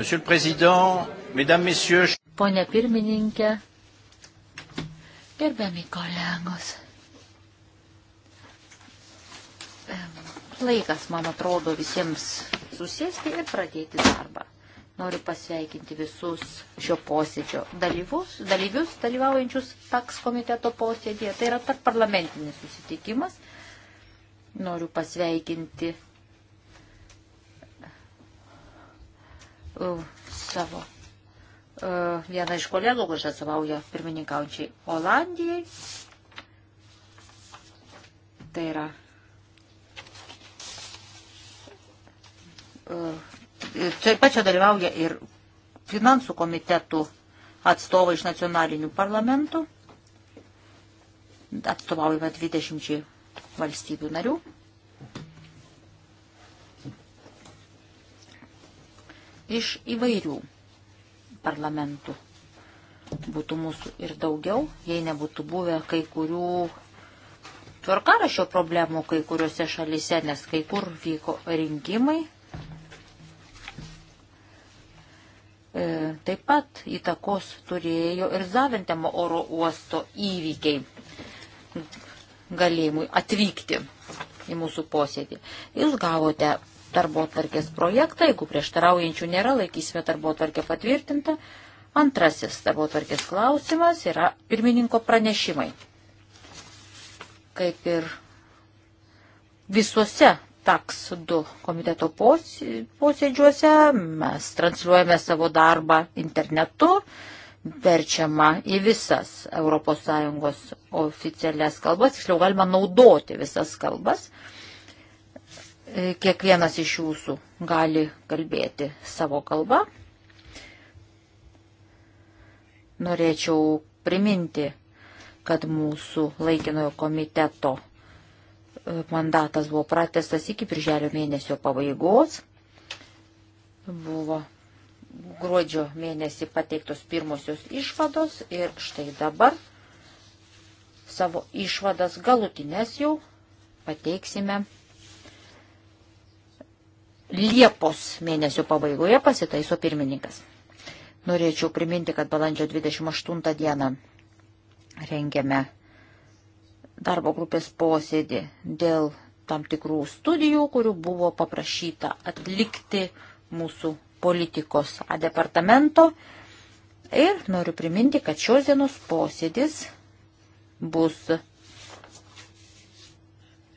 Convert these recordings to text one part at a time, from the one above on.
Pone pirmininkė, gerbiami kolegos. Laikas, man atrodo, visiems susėsti ir pradėti darbą. Noriu pasveikinti visus šio posėdžio dalyvus, dalyvius, dalyvaujančius taks komiteto posėdėje. Tai yra tarp parlamentinis susitikimas. Noriu pasveikinti uh, savo uh, vieną iš kolegų, kuris atsavauja pirmininkaujančiai Olandijai. Tai yra e, Taip pat čia dalyvauja ir finansų komitetų atstovai iš nacionalinių parlamentų, atstovaujama 20 valstybių narių. iš įvairių parlamentų. Būtų mūsų ir daugiau, jei nebūtų buvę kai kurių tvarkarašio problemų kai kuriuose šalise, nes kai kur vyko rinkimai. E, taip pat įtakos turėjo ir Zaventemo oro uosto įvykiai galėjimui atvykti į mūsų posėdį. Jūs gavote darbo atvarkės projektą, jeigu prieštaraujančių nėra, laikysime darbo atvarkę patvirtintą. Antrasis darbo atvarkės klausimas yra pirmininko pranešimai. Kaip ir visuose TAX 2 komiteto posėdžiuose mes transliuojame savo darbą internetu, verčiama į visas ES oficialias kalbas, tiksliau galima naudoti visas kalbas. E, kiekvienas iš jūsų gali kalbėti savo kalbą. Norėčiau priminti, kad mūsų laikinojo komiteto e, mandatas buvo pratestas iki birželio mėnesio pabaigos. Buvo gruodžio mėnesį pateiktos pirmosios išvados ir štai dabar savo išvadas galutinės jau pateiksime Liepos mėnesio pabaigoje pasitaiso pirmininkas. Norėčiau priminti, kad balandžio 28 dieną rengiame darbo grupės posėdį dėl tam tikrų studijų, kurių buvo paprašyta atlikti mūsų politikos departamento. Ir noriu priminti, kad šios dienos posėdis bus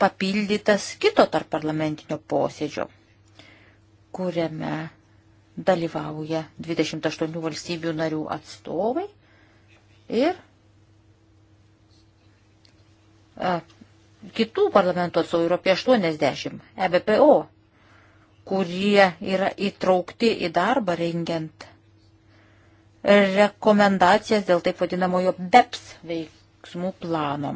papildytas kito tarp parlamentinio posėdžio kuriame dalyvauja 28 valstybių narių atstovai ir a, e, kitų parlamento atstovų yra apie 80 EBPO, kurie yra įtraukti į darbą rengiant rekomendacijas dėl taip vadinamojo BEPS veiksmų plano.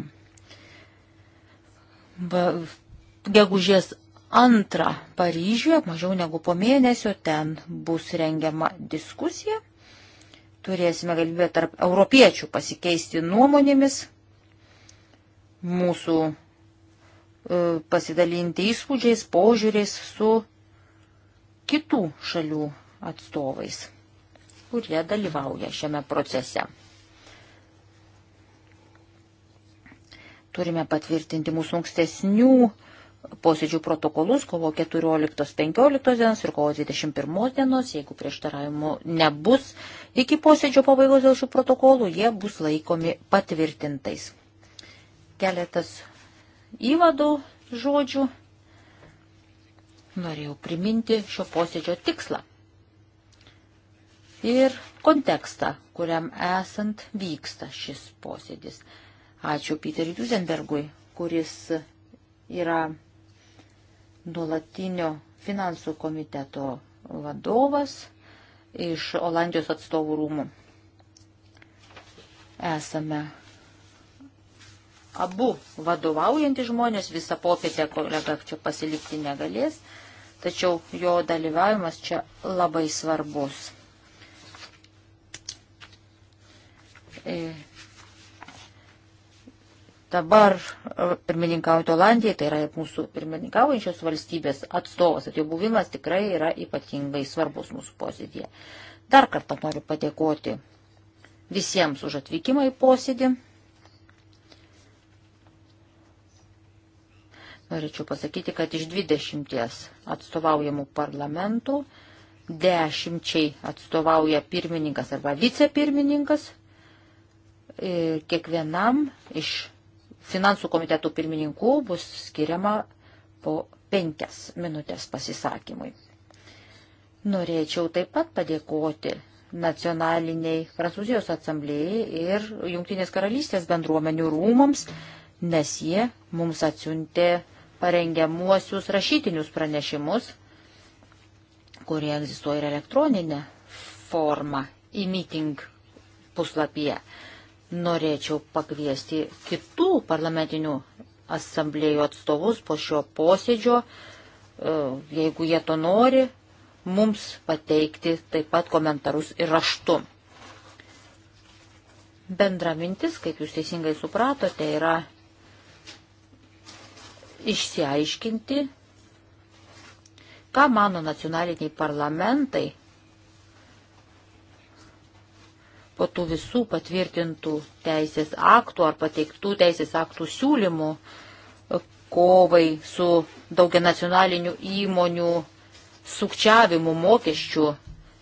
Gegužės antrą Paryžiuje, mažiau negu po mėnesio, ten bus rengiama diskusija. Turėsime galimybę tarp europiečių pasikeisti nuomonėmis, mūsų e, pasidalinti įspūdžiais, požiūriais su kitų šalių atstovais, kurie dalyvauja šiame procese. Turime patvirtinti mūsų ankstesnių posėdžių protokolus kovo 14-15 dienos ir kovo 21 dienos, jeigu prieštaravimų nebus iki posėdžio pabaigos dėl šių protokolų, jie bus laikomi patvirtintais. Keletas įvadų žodžių. Norėjau priminti šio posėdžio tikslą ir kontekstą, kuriam esant vyksta šis posėdis. Ačiū Piteriui Duzenbergui, kuris yra nuolatinio finansų komiteto vadovas iš Olandijos atstovų rūmų. Esame abu vadovaujantys žmonės, visą popietę kolega čia pasilikti negalės, tačiau jo dalyvavimas čia labai svarbus. E Dabar e, pirmininkauti Olandijai, tai yra mūsų pirmininkaujančios valstybės atstovas, kad jo buvimas tikrai yra ypatingai svarbus mūsų posėdėje. Dar kartą noriu padėkoti visiems už atvykimą į posėdį. Norėčiau pasakyti, kad iš 20 atstovaujamų parlamentų 10 atstovauja pirmininkas arba vicepirmininkas. Kiekvienam iš finansų komitetų pirmininkų bus skiriama po penkias minutės pasisakymui. Norėčiau taip pat padėkoti nacionaliniai Prancūzijos asamblėjai ir Junktinės karalystės bendruomenių rūmams, nes jie mums atsiuntė parengiamuosius rašytinius pranešimus, kurie egzistuoja ir elektroninė forma e-meeting puslapyje norėčiau pakviesti kitų parlamentinių asamblėjų atstovus po šio posėdžio, e, jeigu jie to nori, mums pateikti taip pat komentarus ir raštu. Bendra mintis, kaip jūs teisingai supratote, yra išsiaiškinti, ką mano nacionaliniai parlamentai po tų visų patvirtintų teisės aktų ar pateiktų teisės aktų siūlymų e, kovai su daugia nacionalinių įmonių sukčiavimu mokesčių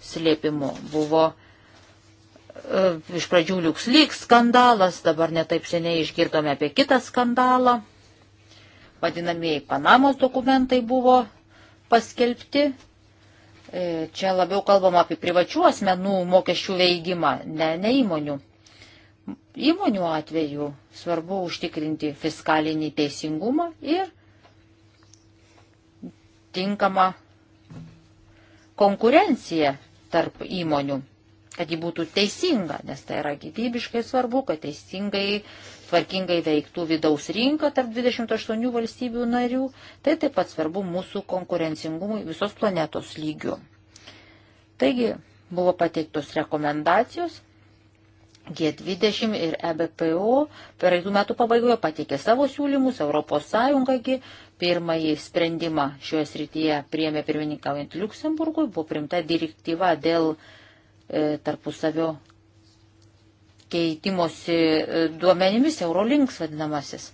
slėpimu buvo e, iš pradžių liukslyk skandalas, dabar netaip seniai išgirdome apie kitą skandalą. Vadinamieji Panamos dokumentai buvo paskelbti E, čia labiau kalbama apie privačių asmenų mokesčių veigimą, ne, ne įmonių. Įmonių atveju svarbu užtikrinti fiskalinį teisingumą ir tinkamą konkurenciją tarp įmonių, kad ji būtų teisinga, nes tai yra gyvybiškai svarbu, kad teisingai tvarkingai veiktų vidaus rinka tarp 28 valstybių narių, tai taip pat svarbu mūsų konkurencingumui visos planetos lygių. Taigi buvo pateiktos rekomendacijos. G20 ir EBPO pereitų metų pabaigoje pateikė savo siūlymus, ES pirmąjį sprendimą šioje srityje priėmė pirmininkaujant Luksemburgui, buvo primta direktyva dėl e, tarpusavio keitimosi e, duomenimis Eurolinks vadinamasis.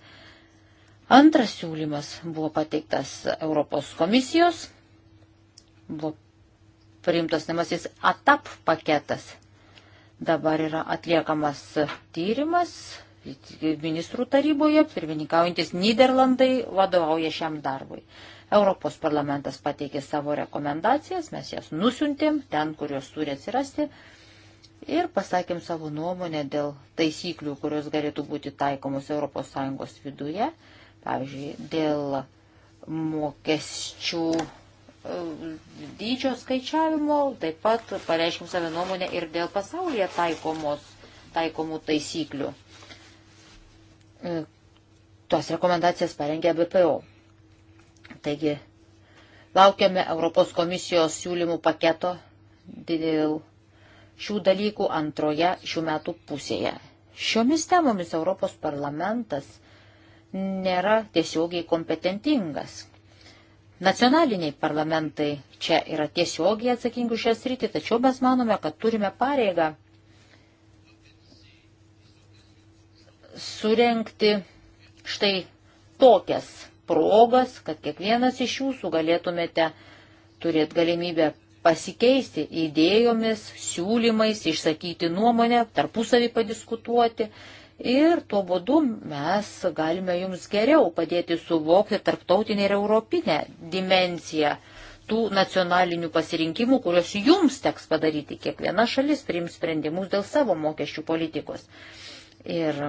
Antras siūlymas buvo pateiktas Europos komisijos, buvo priimtas namasis ATAP paketas. Dabar yra atliekamas tyrimas ministrų taryboje, pirmininkaujantis Niderlandai vadovauja šiam darbui. Europos parlamentas pateikė savo rekomendacijas, mes jas nusiuntėm ten, kur jos turi atsirasti ir pasakėm savo nuomonę dėl taisyklių, kurios galėtų būti taikomos ES viduje, pavyzdžiui, dėl mokesčių e, dydžio skaičiavimo, taip pat pareiškim savo nuomonę ir dėl pasaulyje taikomos, taikomų taisyklių. E, tuos rekomendacijas parengė BPO. Taigi, laukiame Europos komisijos siūlymų paketo dėl šių dalykų antroje šių metų pusėje. Šiomis temomis Europos parlamentas nėra tiesiogiai kompetentingas. Nacionaliniai parlamentai čia yra tiesiogiai atsakingi už šią sritį, tačiau mes manome, kad turime pareigą surenkti štai tokias progas, kad kiekvienas iš jūsų galėtumėte turėti galimybę pasikeisti idėjomis, siūlymais, išsakyti nuomonę, tarpusavį padiskutuoti. Ir tuo būdu mes galime jums geriau padėti suvokti tarptautinę ir europinę dimenciją tų nacionalinių pasirinkimų, kuriuos jums teks padaryti. Kiekviena šalis priims sprendimus dėl savo mokesčių politikos. Ir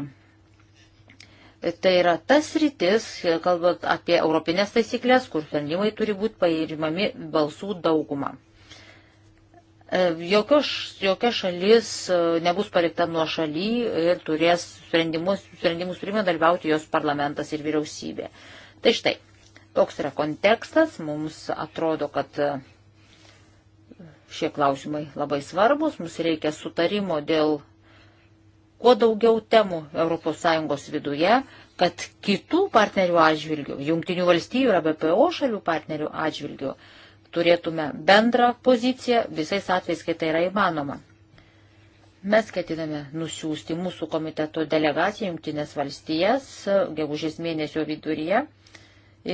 tai yra tas rytis, kalbant apie europinės taisyklės, kur sprendimai turi būti paimami balsų daugumą. E, jokios, jokia šalis e, nebus palikta nuo šaly ir turės sprendimus, sprendimus priimė dalyvauti jos parlamentas ir vyriausybė. Tai štai, toks yra kontekstas, mums atrodo, kad e, šie klausimai labai svarbus, mums reikia sutarimo dėl kuo daugiau temų ES viduje, kad kitų partnerių atžvilgių, jungtinių valstybių ir BPO šalių partnerių atžvilgių, turėtume bendrą poziciją visais atvejais, kai tai yra įmanoma. Mes ketiname nusiųsti mūsų komiteto delegaciją Junktinės valstijas e, gegužės mėnesio viduryje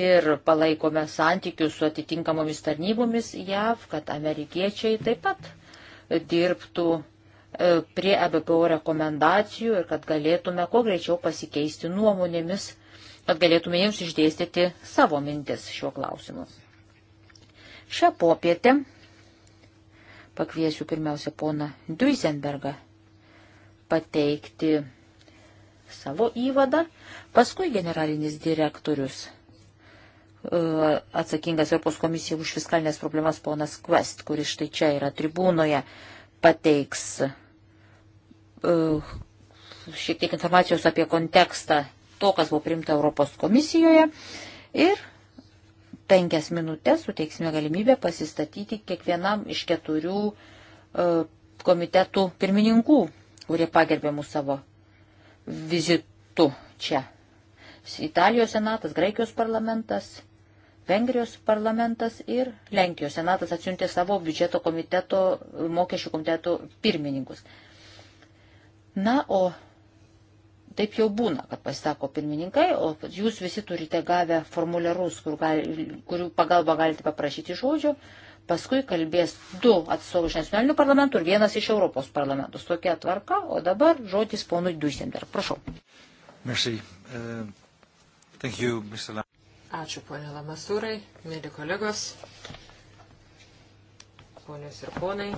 ir palaikome santykius su atitinkamomis tarnybomis JAV, kad amerikiečiai taip pat dirbtų e, prie ABPO rekomendacijų ir kad galėtume kuo greičiau pasikeisti nuomonėmis, kad galėtume jiems išdėstyti savo mintis šiuo klausimu. Šią popietę pakviesiu pirmiausia poną Duisenbergą pateikti savo įvadą, paskui generalinis direktorius e, atsakingas Europos komisija už fiskalinės problemas ponas Quest, kuris štai čia yra tribūnoje, pateiks uh, šiek tiek informacijos apie kontekstą to, kas buvo primta Europos komisijoje. Ir penkias minutės suteiksime galimybę pasistatyti kiekvienam iš keturių e, komitetų pirmininkų, kurie pagerbė mūsų savo vizitu čia. Italijos senatas, Graikijos parlamentas, Vengrijos parlamentas ir Lenkijos senatas atsiuntė savo biudžeto komiteto, mokesčių komiteto pirmininkus. Na, o Taip jau būna, kad pasisako pirmininkai, o jūs visi turite gavę formuliarus, kur gali, kurių pagalba galite paprašyti žodžio. Paskui kalbės du atstovai iš nacionalinių parlamentų ir vienas iš Europos parlamentų. Tokia tvarka, o dabar žodis ponui Duisender. Prašau. Merci. Uh, thank you, Mr. Lam. Ačiū, ponė Lamasūrai, mėly kolegos, ponios ir ponai.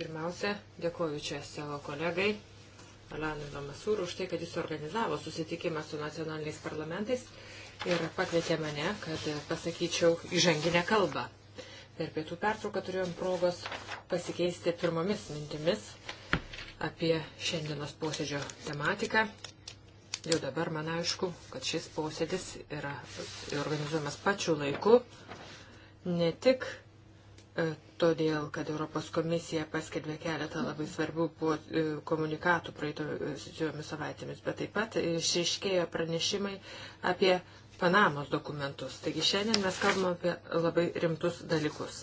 Pirmiausia, dėkoju čia savo kolegai Alaną Lamasūrų už tai, kad jis organizavo susitikimą su nacionaliniais parlamentais ir pakvietė mane, kad pasakyčiau įžanginę kalbą. Per pietų pertrauką turėjom progos pasikeisti pirmomis mintimis apie šiandienos posėdžio tematiką. Jau dabar man aišku, kad šis posėdis yra organizuojamas pačiu laiku, ne tik E, todėl kad Europos komisija paskelbė keletą labai svarbių e, komunikatų praeitomis e, savaitėmis, bet taip pat išiškėjo pranešimai apie Panamos dokumentus. Taigi šiandien mes kalbame apie labai rimtus dalykus.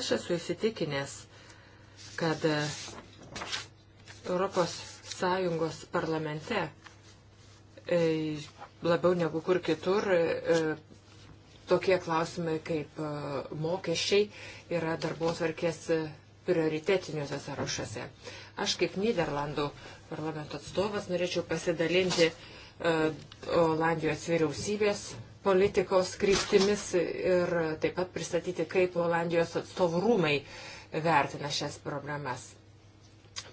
Aš esu įsitikinęs, kad Europos Sąjungos parlamente labiau negu kur kitur tokie klausimai kaip e, mokesčiai yra darbotvarkės prioritetiniuose sąrašuose. Aš kaip Niderlandų parlamento atstovas norėčiau pasidalinti uh, Olandijos vyriausybės politikos kryptimis ir taip pat pristatyti, kaip Olandijos atstovų rūmai vertina šias problemas.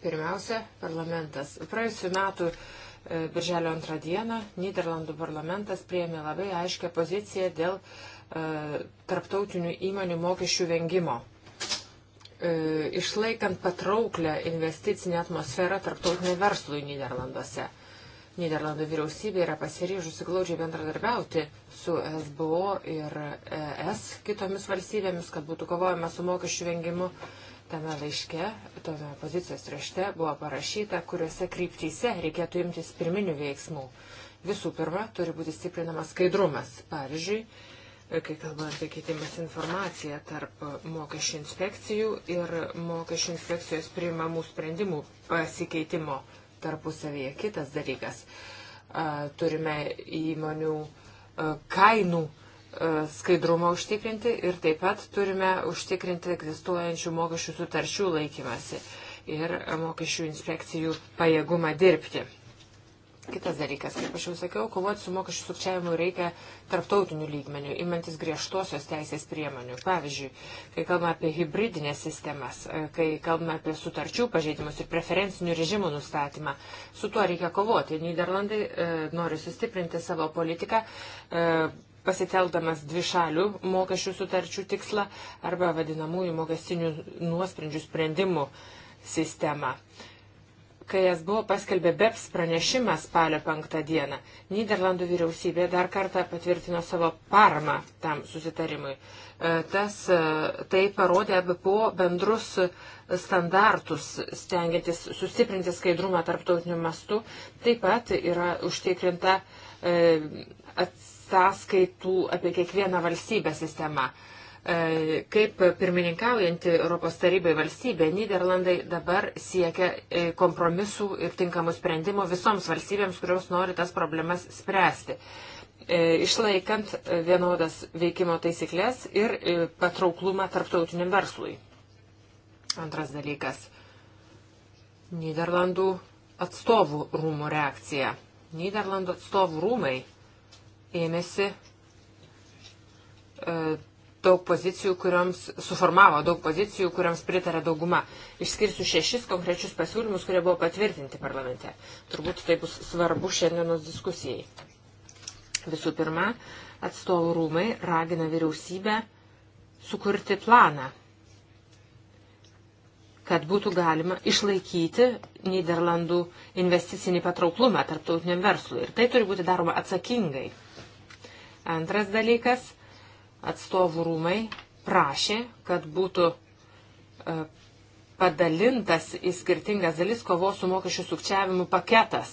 Pirmiausia, parlamentas. Praėjusiu metu uh, E, birželio antrą dieną Niderlandų parlamentas prieėmė labai aiškę poziciją dėl e, tarptautinių įmonių mokesčių vengimo. E, išlaikant patrauklę investicinę atmosferą tarptautiniai verslui Niderlanduose. Niderlandų vyriausybė yra pasiryžusi glaudžiai bendradarbiauti su SBO ir ES kitomis valstybėmis, kad būtų kovojama su mokesčių vengimu. Uh, Tame laiške, tame pozicijos rašte buvo parašyta, kuriuose kryptyse reikėtų imtis pirminių veiksmų. Visų pirma, turi būti stiprinamas skaidrumas. Pavyzdžiui, kai kalbant apie keitimas informaciją tarp mokesčių inspekcijų ir mokesčių inspekcijos priimamų sprendimų pasikeitimo tarpusavėje. Kitas dalykas, turime įmonių kainų E, skaidrumą užtikrinti ir taip pat turime užtikrinti egzistuojančių mokesčių sutarčių laikymasi ir mokesčių inspekcijų pajėgumą dirbti. Kitas dalykas, kaip aš jau sakiau, kovoti su mokesčių sukčiavimu reikia tarptautinių lygmenių, imantis griežtosios teisės priemonių. Pavyzdžiui, kai kalbame apie hybridinės sistemas, e, kai kalbame apie sutarčių pažeidimus ir preferencinių režimų nustatymą, su tuo reikia kovoti. Niderlandai e, nori sustiprinti savo politiką, e, pasiteldamas dvišalių mokesčių sutarčių tikslą arba vadinamųjų mokestinių nuosprendžių sprendimų sistemą. Kai jas buvo paskelbė BEPS pranešimas spalio 5 dieną, Niderlandų vyriausybė dar kartą patvirtino savo paramą tam susitarimui. E, tas, e, tai parodė BPO bendrus standartus, stengiantis sustiprinti skaidrumą tarptautiniu mastu. Taip pat yra užtikrinta e, ats sąskaitų apie kiekvieną valstybę sistemą. E, kaip pirmininkaujanti Europos tarybai valstybė, Niderlandai dabar siekia e, kompromisų ir tinkamų sprendimų visoms valstybėms, kurios nori tas problemas spręsti e, išlaikant vienodas veikimo taisyklės ir patrauklumą tarptautiniam verslui. Antras dalykas - Niderlandų atstovų rūmų reakcija. Niderlandų atstovų rūmai ėmėsi e, daug pozicijų, kuriams suformavo daug pozicijų, kuriams pritarė dauguma. Išskirsiu šešis konkrečius pasiūlymus, kurie buvo patvirtinti parlamente. Turbūt tai bus svarbu šiandienos diskusijai. Visų pirma, atstovų rūmai ragina vyriausybę sukurti planą, kad būtų galima išlaikyti Niderlandų investicinį patrauklumą tarptautiniam verslui. Ir tai turi būti daroma atsakingai Antras dalykas, atstovų rūmai prašė, kad būtų e, padalintas į skirtingas dalis kovos su mokesčių sukčiavimu paketas.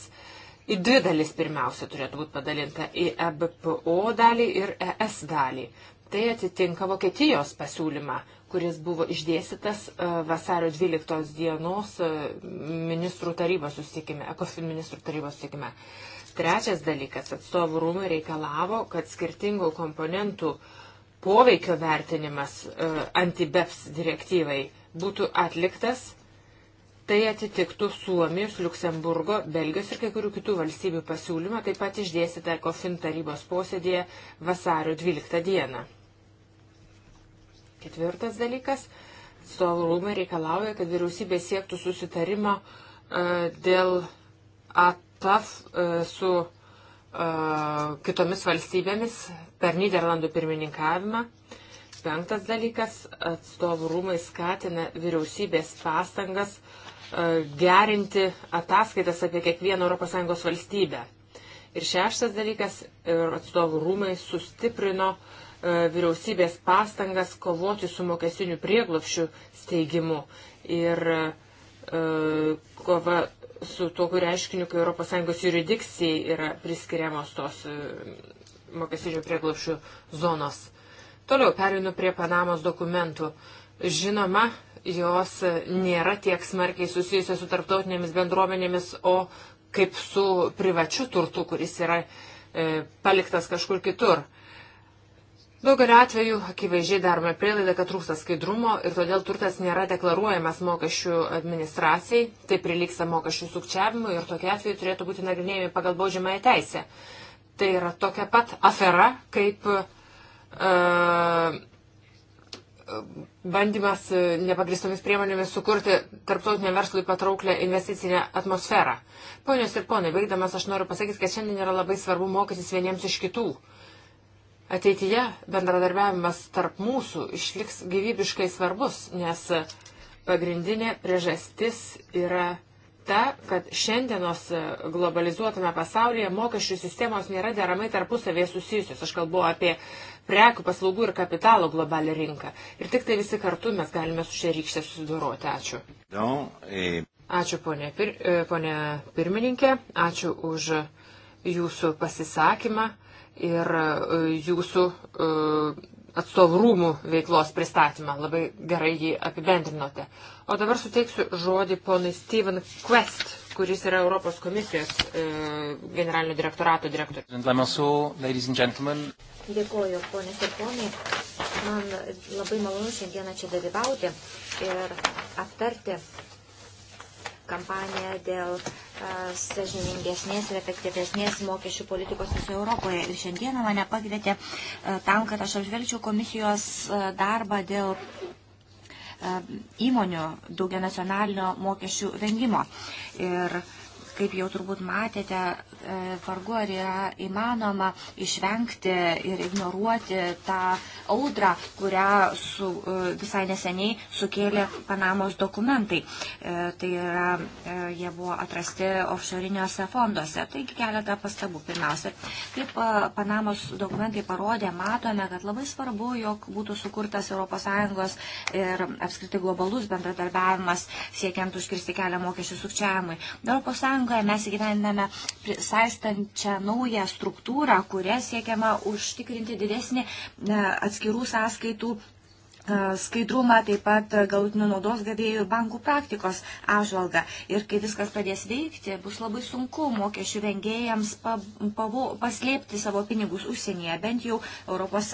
Į dvi dalis pirmiausia turėtų būti padalinta - į EBPO dalį ir ES dalį. Tai atitinka Vokietijos pasiūlymą, kuris buvo išdėstytas e, vasario 12 dienos e, ministrų tarybos susitikime, ECOFIN ministrų tarybos susitikime. Uh, Trečias dalykas, atstovų rūmai reikalavo, kad skirtingų komponentų poveikio vertinimas e, antibeps direktyvai būtų atliktas, tai atitiktų Suomijos, Luksemburgo, Belgijos ir kai kurių kitų valstybių pasiūlymą, taip pat išdėstytą COFIN tarybos posėdėje vasario 12 dieną. Ketvirtas dalykas, atstovų rūmai reikalauja, kad vyriausybė siektų susitarimo e, dėl at, TAF e, su e, kitomis valstybėmis per Niderlandų pirmininkavimą. Penktas dalykas - atstovų rūmai skatina vyriausybės pastangas e, gerinti ataskaitas apie kiekvieną ES valstybę. Ir šeštas dalykas - atstovų rūmai sustiprino vyriausybės pastangas kovoti su mokesiniu prieglopšiu steigimu. Ir kova su tokiu reiškiniu, kai ES juridikcijai yra priskiriamos tos e, mokesčių prieglapšių zonos. Toliau perinu prie Panamos dokumentų. Žinoma, jos nėra tiek smarkiai susijusios su tarptautinėmis bendruomenėmis, o kaip su privačiu turtu, kuris yra e, paliktas kažkur kitur. E, Daugelio atveju akivaizdžiai darome prielaidą, kad trūksta skaidrumo ir todėl turtas nėra deklaruojamas mokesčių administracijai, tai priliksta mokesčių sukčiavimui ir tokie atvejai turėtų būti nagrinėjami pagal baudžiamąją teisę. Tai yra tokia pat afera, kaip uh, bandymas nepagristomis priemonėmis sukurti tarptautiniam verslui patrauklę investicinę atmosferą. Ponios ir ponai, baigdamas aš noriu pasakyti, kad šiandien yra labai svarbu mokytis vieniems iš kitų. Uh, Ateityje bendradarbiavimas tarp mūsų išliks gyvybiškai svarbus, nes pagrindinė priežastis yra ta, kad šiandienos globalizuotame pasaulyje mokesčių sistemos nėra deramai tarpusavėje susijusios. Aš kalbu apie prekių, paslaugų ir kapitalo globalią rinką. Ir tik tai visi kartu mes galime su šia rykšte susidoroti. Ačiū. Ačiū, ponė, pir, e, ponė pirmininkė. Ačiū už jūsų pasisakymą ir e, jūsų e, atstovų rūmų veiklos pristatymą. Labai gerai jį apibendrinote. O dabar suteiksiu žodį ponui Steven Quest, kuris yra Europos komisijos e, generalinio direktorato direktorius. Dėkuoju, ponės ir ponai. Man labai malonu šiandieną čia dalyvauti ir aptarti kampaniją dėl e, sažiningesnės ir efektyvesnės mokesčių politikos visoje Europoje. Ir šiandieną mane pakvietė e, tam, kad aš apžvelgčiau komisijos e, darbą dėl įmonių daugianacionalinio mokesčių vengimo. Ir uh, Kaip jau turbūt matėte, e, vargu ar yra įmanoma išvengti ir ignoruoti tą audrą, kurią su, e, visai neseniai sukėlė Panamos dokumentai. E, tai yra, jie buvo atrasti offshoriniuose fonduose. Taigi keletą pastabų. Pirmiausia, kaip Panamos dokumentai parodė, matome, kad labai svarbu, jog būtų sukurtas ES ir apskritai globalus bendradarbiavimas siekiant užkirsti kelią mokesčių sukčiavimui. ES mes įgyvendiname saistančią naują struktūrą, kuria siekiama užtikrinti didesnį e, atskirų sąskaitų E, skaidrumą, taip pat galutinių naudos gavėjų ir bankų praktikos apžvalgą. Ir kai viskas pradės veikti, bus labai sunku mokesčių vengėjams pa, pa, paslėpti savo pinigus užsienyje, bent jau ES.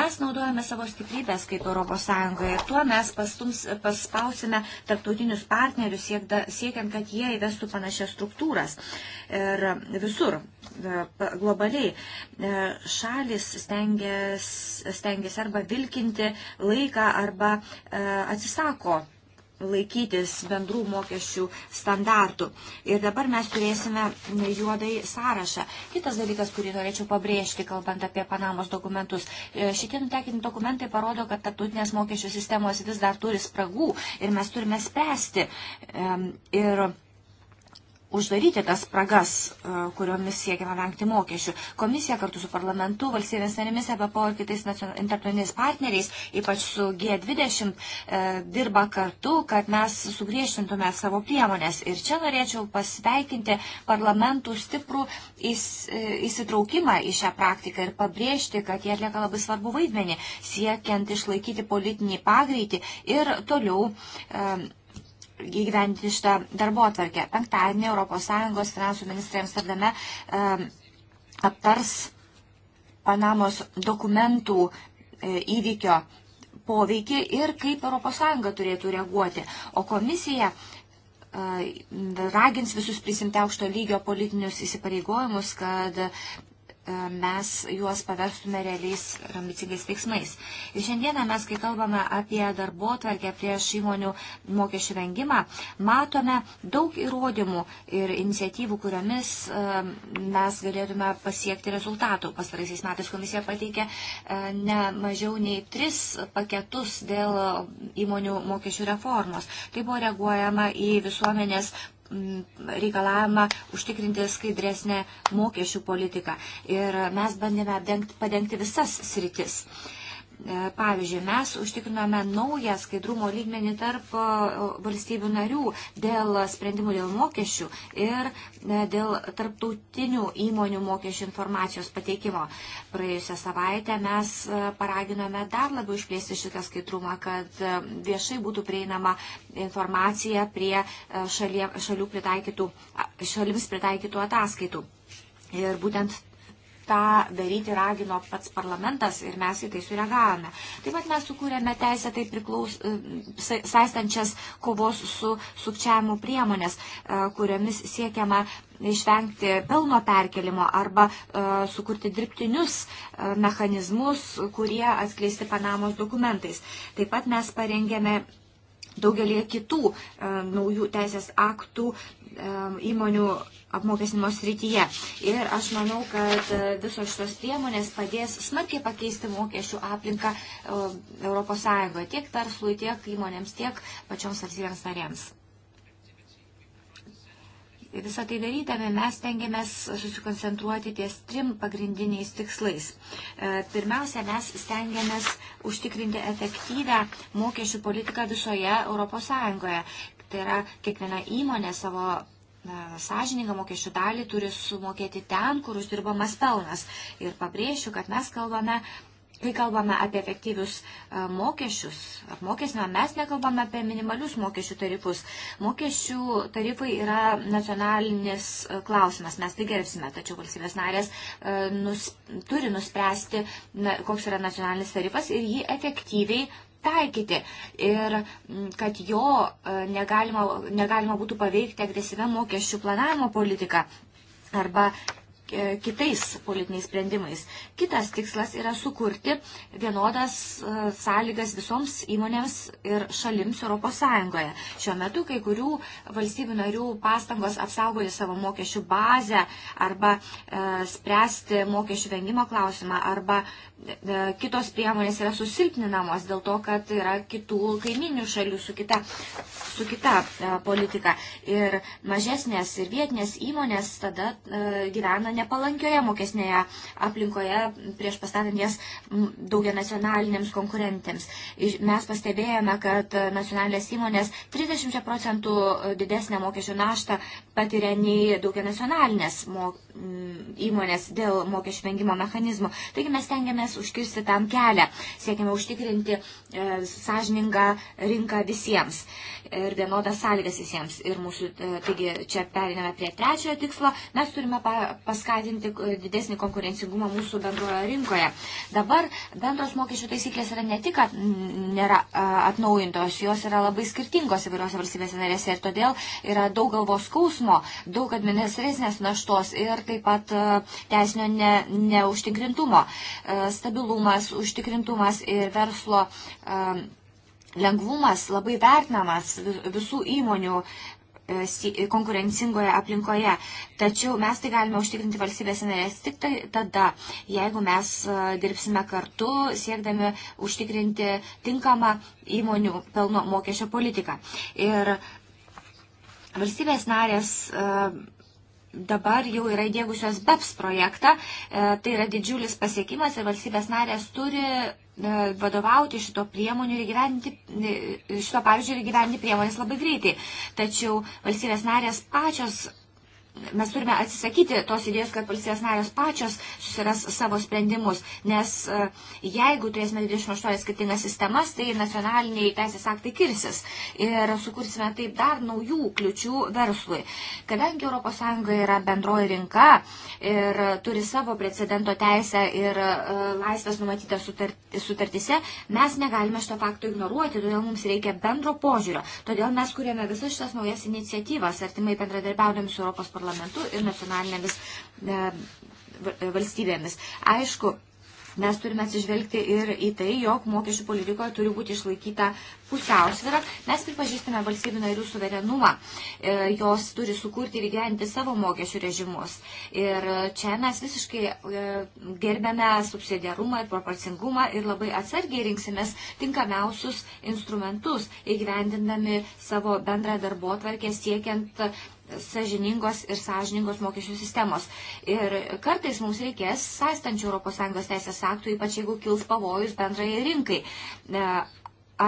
Mes naudojame savo stiprybės kaip ES ir tuo mes pastums, paspausime tarptautinius partnerius siekda, siekiant, kad jie įvestų panašias struktūras. Ir visur E, globaliai. E, šalis stengiasi arba vilkinti laiką, arba e, atsisako laikytis bendrų mokesčių standartų. Ir dabar mes turėsime juodai sąrašą. Kitas dalykas, kurį norėčiau pabrėžti, kalbant apie Panamos dokumentus. Šitie nutekinti dokumentai parodo, kad tarptautinės mokesčių sistemos vis dar turi spragų ir mes turime spręsti. Ir uždaryti tas spragas, e, kuriomis siekiama vengti mokesčių. Komisija kartu su parlamentu, valstybės narėmis, EBPO ir kitais interplaniniais partneriais, ypač su G20, e, dirba kartu, kad mes sugriešintume savo priemonės. Ir čia norėčiau pasveikinti parlamentų stiprų e, įsitraukimą į šią praktiką ir pabrėžti, kad jie atlieka labai svarbu vaidmenį, siekiant išlaikyti politinį pagreitį ir toliau. Um, įgyvendinti šitą darbo atvarkę. Penktadienį ES finansų ministrai Amsterdame aptars Panamos dokumentų e, įvykio poveikį ir kaip ES turėtų reaguoti. O komisija e, ragins visus prisimti aukšto lygio politinius įsipareigojimus, kad E, mes juos paverstume realiais ambicingais veiksmais. Ir šiandieną mes, kai kalbame apie darbo tvarkę prieš įmonių mokesčių vengimą, matome daug įrodymų ir iniciatyvų, kuriomis e, mes galėtume pasiekti rezultatų. Pastaraisiais metais komisija pateikė e, ne mažiau nei tris paketus dėl įmonių mokesčių reformos. Tai buvo reaguojama į visuomenės reikalavimą užtikrinti skaidresnę mokesčių politiką. Ir mes bandėme apdengti, padengti visas sritis. Uh, E, pavyzdžiui, mes užtikriname naują skaidrumo lygmenį tarp e, valstybių narių dėl sprendimų dėl mokesčių ir e, dėl tarptautinių įmonių mokesčių informacijos pateikimo. Praėjusią savaitę mes paraginome dar labiau išplėsti šitą skaidrumą, kad viešai būtų prieinama informacija prie šalie, šalių pritaikytų, šalims pritaikytų ataskaitų. Ir būtent tą daryti ragino pats parlamentas ir mes į tai sureagavome. Taip pat mes sukūrėme teisę tai priklaus, e, saistančias kovos su sukčiavimu priemonės, e, kuriomis siekiama išvengti pelno perkelimo arba e, sukurti dirbtinius mechanizmus, kurie atskleisti Panamos dokumentais. Taip pat mes parengėme daugelį kitų e, naujų teisės aktų įmonių apmokestinimo srityje. Ir aš manau, kad e, visos šios priemonės padės smarkiai pakeisti mokesčių aplinką ES tiek verslui, tiek įmonėms, tiek pačioms valstybėms narėms. Visą tai darydami mes tengiamės susikoncentruoti ties trim pagrindiniais tikslais. E, pirmiausia, mes stengiamės užtikrinti efektyvę mokesčių politiką visoje ES. Tai yra, kiekviena įmonė savo sąžiningą mokesčių dalį turi sumokėti ten, kur uždirbamas pelnas. Ir pabrėšiu, kad mes kalbame, kai kalbame apie efektyvius e, mokesčius, apmokestinimą, mes nekalbame apie minimalius mokesčių tarifus. Mokesčių tarifai yra nacionalinis e, klausimas, mes tai gerbsime, tačiau valstybės narės e, nus, turi nuspręsti, na, koks yra nacionalinis tarifas ir jį efektyviai taikyti ir mm, kad jo e, negalima, negalima būtų paveikti agresyvę mokesčių planavimo politiką arba e, kitais politiniais sprendimais. Kitas tikslas yra sukurti vienodas e, sąlygas visoms įmonėms ir šalims ES. Šiuo metu kai kurių valstybių narių pastangos apsaugoti savo mokesčių bazę arba e, spręsti mokesčių vengimo klausimą arba E, kitos priemonės yra susilpninamos dėl to, kad yra kitų kaiminių šalių su kita, su kita e, politika. Ir mažesnės ir vietinės įmonės tada e, gyvena nepalankioje mokesnėje aplinkoje prieš pastatant jas daugia nacionalinėms konkurentėms. Ir mes pastebėjome, kad nacionalinės įmonės 30 procentų didesnę mokesčių naštą patiria nei daugia nacionalinės Mm, įmonės dėl mokesčių vengimo mechanizmų. Taigi mes tengiamės užkirsti tam kelią, siekiame užtikrinti e, sąžiningą rinką visiems ir vienodas sąlygas visiems. Ir mūsų, e, taigi čia periname prie trečiojo tikslo, mes turime paskatinti e, didesnį konkurencingumą mūsų bendrojo rinkoje. Dabar bendros mokesčių taisyklės yra ne tik, kad nėra atnaujintos, jos yra labai skirtingos įvairiose valstybėse narėse ir todėl yra daug galvos skausmo, daug administracinės naštos ir taip pat e, teisinio ne, neužtikrintumo. Stabilumas, užtikrintumas ir verslo. Um, lengvumas labai vertinamas visų įmonių e, konkurencingoje aplinkoje. Tačiau mes tai galime užtikrinti valstybės narės tik tai tada, jeigu mes e, dirbsime kartu, siekdami užtikrinti tinkamą įmonių pelno mokesčio politiką. Ir valstybės narės e, dabar jau yra įdėgusios BEPS projektą. Tai yra didžiulis pasiekimas ir valstybės narės turi E, vadovauti šito priemonių ir gyventi, šito pavyzdžio ir gyventi priemonės labai greitai. Tačiau valstybės narės pačios mes turime atsisakyti tos idėjos, kad valstybės narės pačios susiras savo sprendimus, nes e, jeigu turėsime 28 skirtingas sistemas, tai nacionaliniai teisės aktai kirsis ir sukursime taip dar naujų kliučių verslui. Kadangi ES yra bendroji rinka ir turi savo precedento teisę ir e, laisvės numatytą sutartise, mes negalime šito fakto ignoruoti, todėl mums reikia bendro požiūrio. Todėl mes kūrėme visas šitas naujas iniciatyvas, artimai bendradarbiaudami su ES parlamentu parlamentu ir nacionalinėmis e, valstybėmis. Aišku, mes turime atsižvelgti ir į tai, jog mokesčių politikoje turi būti išlaikyta pusiausvėra. Mes pripažįstame valstybių narių suverenumą. E, jos turi sukurti ir gyventi savo mokesčių režimus. Ir čia mes visiškai e, gerbėme subsidiarumą ir proporcingumą ir labai atsargiai rinksimės tinkamiausius instrumentus, įgyvendindami savo bendrą darbo tvarkę siekiant sažiningos ir sąžiningos mokesčių sistemos. Ir kartais mums reikės sąstančių ES teisės aktų, ypač jeigu kils pavojus bendrai rinkai. E,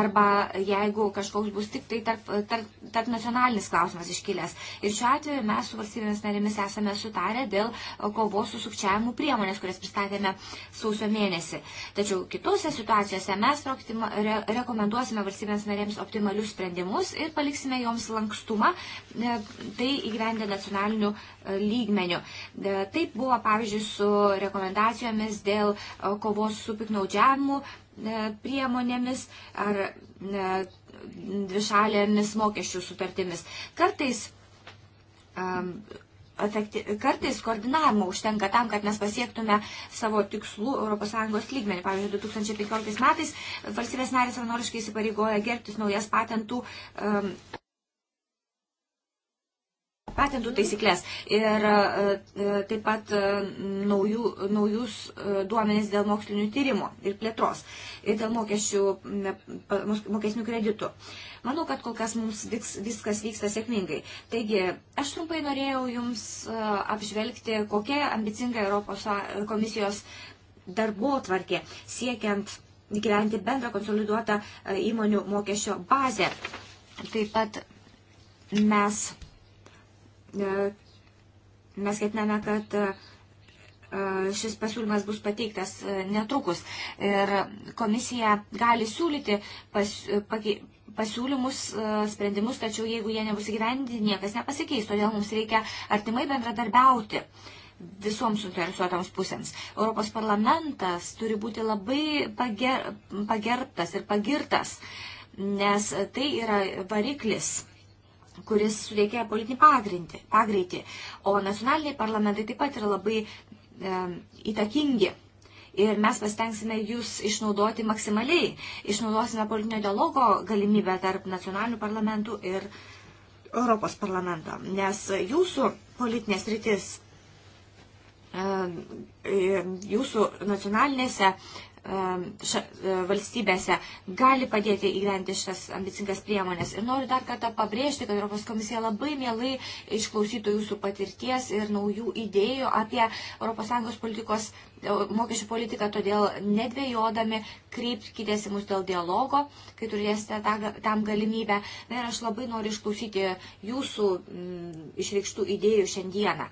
arba jeigu kažkoks bus tik tai tarp, tarp, tarp nacionalinis klausimas iškilęs. Ir šiuo atveju mes su valstybėmis narėmis esame sutarę dėl kovos su sukčiavimu priemonės, kurias pristatėme sausio mėnesį. Tačiau kitose situacijose mes optima, re, rekomenduosime valstybėms narėms optimalius sprendimus ir paliksime joms lankstumą, e, tai įgyvendė nacionaliniu e, lygmeniu. E, taip buvo, pavyzdžiui, su rekomendacijomis dėl kovos su piknaudžiavimu E, priemonėmis ar e, dvišalėmis mokesčių sutartimis. Kartais um, efekti, kartais koordinavimo užtenka tam, kad mes pasiektume savo tikslų ES lygmenį. Pavyzdžiui, 2015 metais valstybės narės savanoriškai įsipareigoja gerbtis naujas patentų um, patentų taisyklės ir e, e, taip pat e, naujų, naujus duomenys dėl mokslinių tyrimų ir plėtros ir dėl mokesčių, mokesnių kreditų. Manau, kad kol kas mums vis, viskas vyksta sėkmingai. Taigi, aš trumpai norėjau Jums apžvelgti, kokia ambicinga Europos komisijos darbo tvarkė siekiant gyventi bendrą konsoliduotą įmonių mokesčio bazę. Taip pat mes E, mes ketiname, kad e, šis pasiūlymas bus pateiktas e, netrukus. Ir komisija gali siūlyti pas, pake, pasiūlymus, sprendimus, tačiau jeigu jie nebus įgyvendinti, niekas nepasikeis. Todėl mums reikia artimai bendradarbiauti visoms suinteresuotams pusėms. Europos parlamentas turi būti labai pager, pagerbtas ir pagirtas, nes tai yra variklis kuris suteikia politinį pagrindį, pagreitį. O nacionaliniai parlamentai taip pat yra labai e, įtakingi. Ir mes pastengsime jūs išnaudoti maksimaliai. Išnaudosime politinio dialogo galimybę tarp nacionalinių parlamentų ir Europos parlamento. Nes jūsų politinės rytis jūsų nacionalinėse Um, ša, e, valstybėse gali padėti įgyventi šias ambicingas priemonės. Ir noriu dar kartą pabrėžti, kad Europos komisija labai mielai išklausytų jūsų patirties ir naujų idėjų apie ES politikos, e, mokesčių politiką, todėl nedvėjodami krypkitės į mus dėl dialogo, kai turėsite tą, tam galimybę. Na ir aš labai noriu išklausyti jūsų m, išreikštų idėjų šiandieną.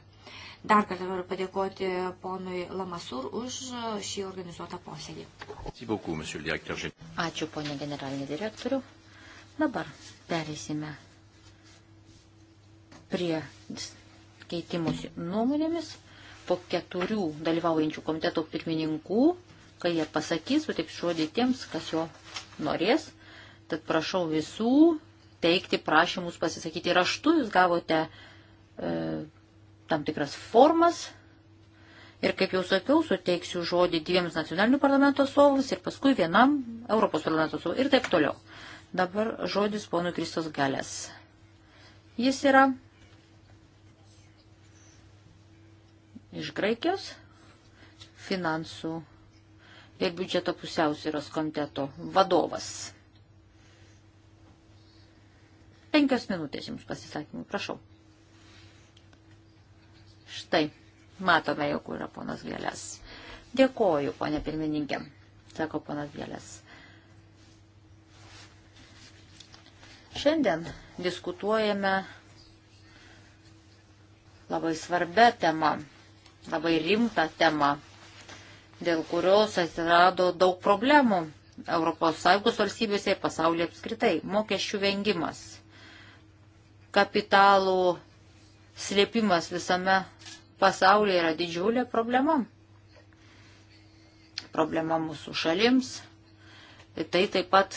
Dar kartą noriu padėkoti ponui Lamasur už šį organizuotą posėdį. Ačiū, ponė generalinė direktorių. Dabar perėsime prie keitimusi nuomonėmis po keturių dalyvaujančių komiteto pirmininkų, kai jie pasakys, sutiks žodį tiems, kas jo norės. Tad prašau visų teikti prašymus pasisakyti raštu, jūs gavote e, tam tikras formas. Ir kaip jau sakiau, suteiksiu žodį dviems nacionalinių parlamento atstovams ir paskui vienam Europos parlamento atstovui ir taip toliau. Dabar žodis ponui Kristos Galės. Jis yra iš Graikijos finansų ir biudžeto pusiausvyros komiteto vadovas. Penkios minutės jums pasisakymų, prašau. Štai, matome jau, kur yra ponas Gėlės. Dėkoju, ponė pirmininkė, sako ponas Gėlės. Šiandien diskutuojame labai svarbę temą, labai rimtą temą, dėl kurios atsirado daug problemų ES valstybėse ir pasaulyje apskritai. Mokesčių vengimas, kapitalų slėpimas visame pasaulyje yra didžiulė problema. Problema mūsų šalims. Tai taip pat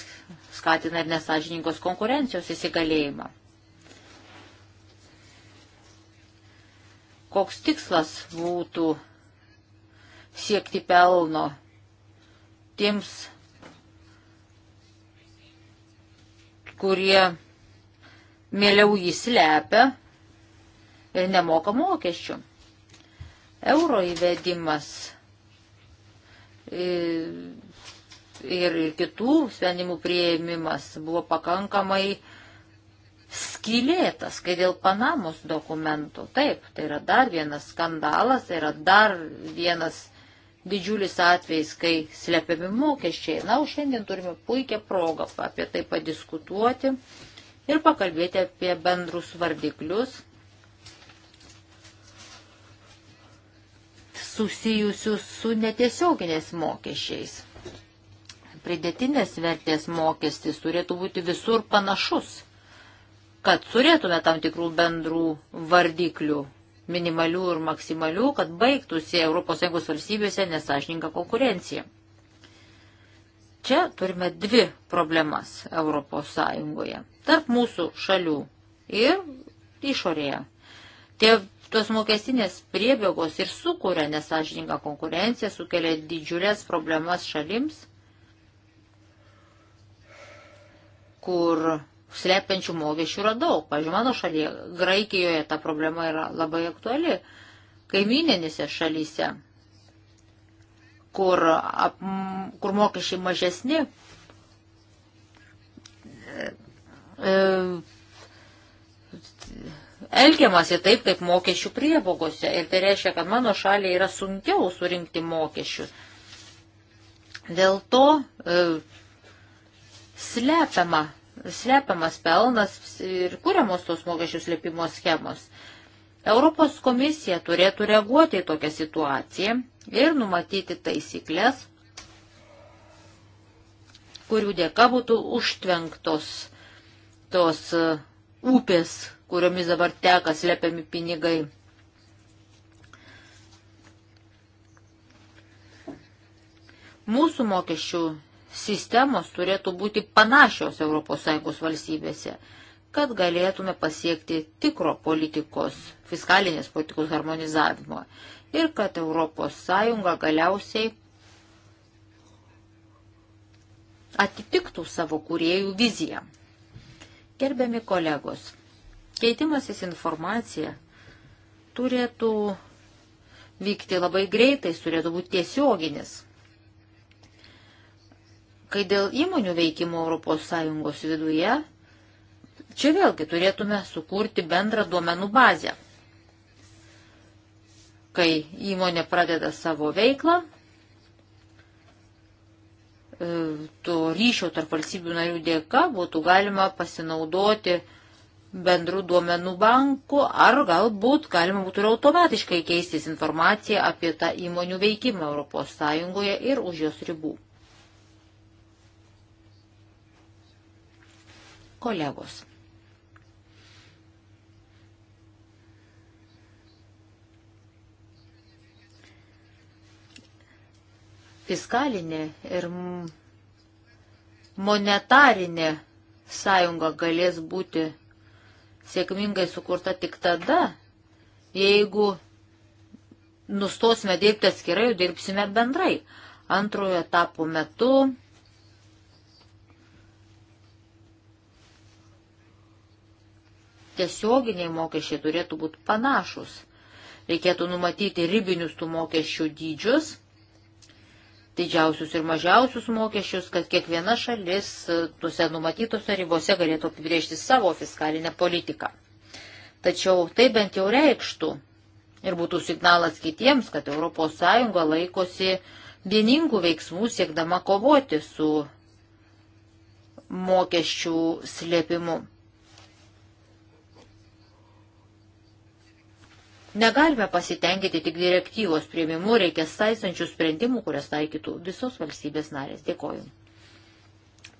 skatina ir nesažininkos konkurencijos įsigalėjimą. Koks tikslas būtų siekti pelno tiems, kurie mėliau jį slepia ir nemoka mokesčių. Euro įvedimas ir kitų sprendimų prieimimas buvo pakankamai skylėtas, kai dėl Panamos dokumentų. Taip, tai yra dar vienas skandalas, tai yra dar vienas didžiulis atvejis, kai slepiami mokesčiai. Na, o šiandien turime puikią progą apie tai padiskutuoti ir pakalbėti apie bendrus vardiklius susijusių su netiesioginės mokesčiais. Pridėtinės vertės mokestis turėtų būti visur panašus, kad turėtume tam tikrų bendrų vardiklių, minimalių ir maksimalių, kad baigtųsi ES valstybėse nesažininga konkurencija. Čia turime dvi problemas ES tarp mūsų šalių ir išorėje. Tie tos mokestinės priebėgos ir sukuria nesažininką konkurenciją, sukelia didžiulės problemas šalims, kur slepiančių mokesčių yra daug. Pavyzdžiui, mano šalyje, Graikijoje ta problema yra labai aktuali, kaimininėse šalyse, kur, ap, kur mokesčiai mažesni. E, e elgiamasi taip, kaip mokesčių priebogose. Ir tai reiškia, kad mano šaliai yra sunkiau surinkti mokesčius. Dėl to e, slepiama, slepiamas pelnas ir kuriamos tos mokesčių slėpimo schemos. Europos komisija turėtų reaguoti į tokią situaciją ir numatyti taisyklės, kurių dėka būtų užtvenktos tos e, upės kuriomis dabar teka slepiami pinigai. Mūsų mokesčių sistemos turėtų būti panašios ES valstybėse, kad galėtume pasiekti tikro politikos, fiskalinės politikos harmonizavimo ir kad ES galiausiai atitiktų savo kuriejų viziją. Gerbiami kolegos, Keitimasis informacija turėtų vykti labai greitai, turėtų būti tiesioginis. Kai dėl įmonių veikimo ES viduje, čia vėlgi turėtume sukurti bendrą duomenų bazę. Kai įmonė pradeda savo veiklą, e, to ryšio tarp valstybių narių dėka būtų galima pasinaudoti uh, bendrų duomenų bankų, ar galbūt galima būtų ir automatiškai keistis informaciją apie tą įmonių veikimą ES ir už jos ribų. Kolegos. Fiskalinė ir monetarinė sąjunga galės būti sėkmingai sukurta tik tada, jeigu nustosime dirbti atskirai, dirbsime bendrai. Antrojo etapo metu tiesioginiai mokesčiai turėtų būti panašus. Reikėtų numatyti ribinius tų mokesčių dydžius didžiausius ir mažiausius mokesčius, kad kiekviena šalis e, tuose numatytose ribose galėtų apibriežti savo fiskalinę politiką. Tačiau tai bent jau reikštų ir būtų signalas kitiems, kad ES laikosi vieningų veiksmų siekdama kovoti su mokesčių slėpimu. Negalime pasitenkinti tik direktyvos prieimimu, reikia saisančių sprendimų, kurias taikytų visos valstybės narės. Dėkoju.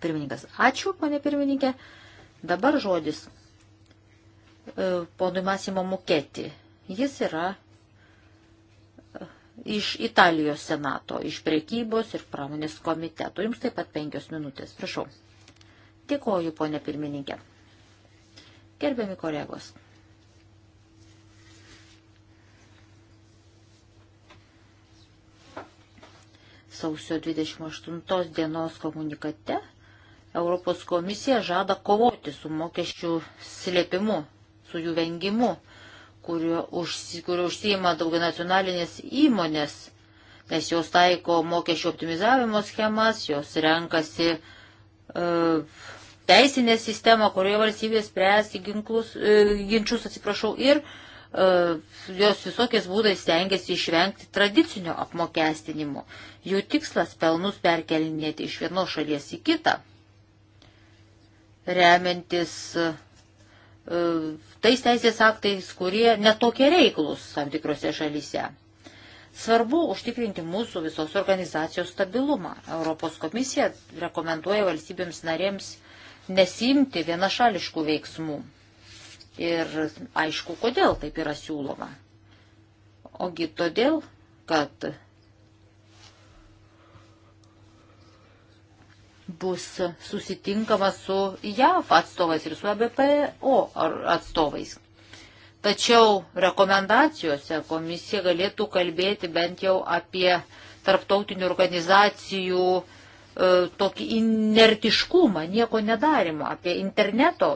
Pirmininkas, ačiū, ponė pirmininkė. Dabar žodis e, ponui Masimo Muketi. Jis yra e, iš Italijos senato, iš priekybos ir pramonės komiteto. Jums taip pat penkios minutės. Prašau. Dėkoju, ponė pirmininkė. Gerbiami kolegos. sausio 28 dienos komunikate Europos komisija žada kovoti su mokesčių slėpimu, su jų vengimu, kurio, užsi, kurio užsijima daugianacionalinės įmonės, nes jos taiko mokesčių optimizavimo schemas, jos renkasi e, teisinę sistemą, kurioje valstybės spręsti ginklus, e, ginčius, atsiprašau, ir e, E, jos visokiais būdais stengiasi išvengti tradicinio apmokestinimo. Jų tikslas pelnus perkelinėti iš vienos šalies į kitą, remiantis e, tais teisės aktais, kurie netokie reiklus tam tikrose šalyse. Svarbu užtikrinti mūsų visos organizacijos stabilumą. Europos komisija rekomenduoja valstybėms narėms nesimti vienašališkų veiksmų. Ir aišku, kodėl taip yra siūloma. Ogi todėl, kad bus susitinkama su JAV atstovais ir su ABPO atstovais. Tačiau rekomendacijose komisija galėtų kalbėti bent jau apie tarptautinių organizacijų e, tokį inertiškumą, nieko nedarimą, apie interneto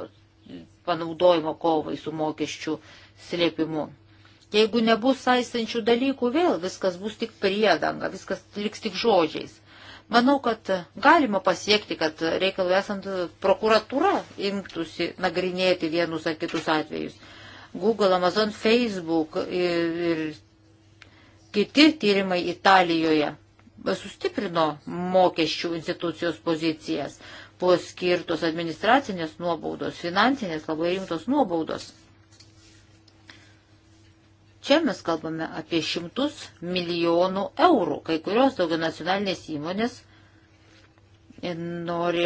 panaudojimo kovai su mokesčių slėpimu. Jeigu nebus saistančių dalykų, vėl viskas bus tik priedanga, viskas liks tik žodžiais. Manau, kad galima pasiekti, kad reikalui esant prokuratūra imtųsi nagrinėti vienus ar kitus atvejus. Google, Amazon, Facebook ir, ir kiti tyrimai Italijoje sustiprino mokesčių institucijos pozicijas buvo skirtos administracinės nuobaudos, finansinės labai rimtos nuobaudos. Čia mes kalbame apie šimtus milijonų eurų. Kai kurios daugia nacionalinės įmonės nori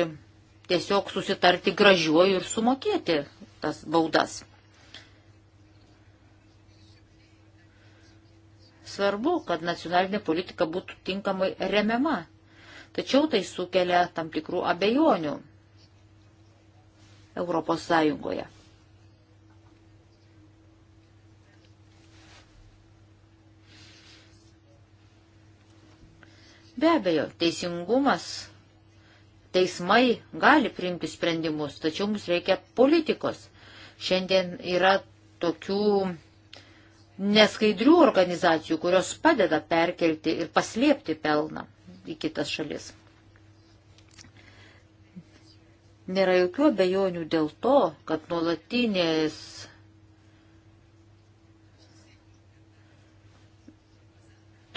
tiesiog susitarti gražiuoju ir sumokėti tas baudas. Svarbu, kad nacionalinė politika būtų tinkamai remiama. Tačiau tai sukelia tam tikrų abejonių Europos Sąjungoje. Be abejo, teisingumas, teismai gali priimti sprendimus, tačiau mums reikia politikos. Šiandien yra tokių neskaidrių organizacijų, kurios padeda perkelti ir paslėpti pelną į kitas šalis. Nėra jokių abejonių dėl to, kad nuolatinės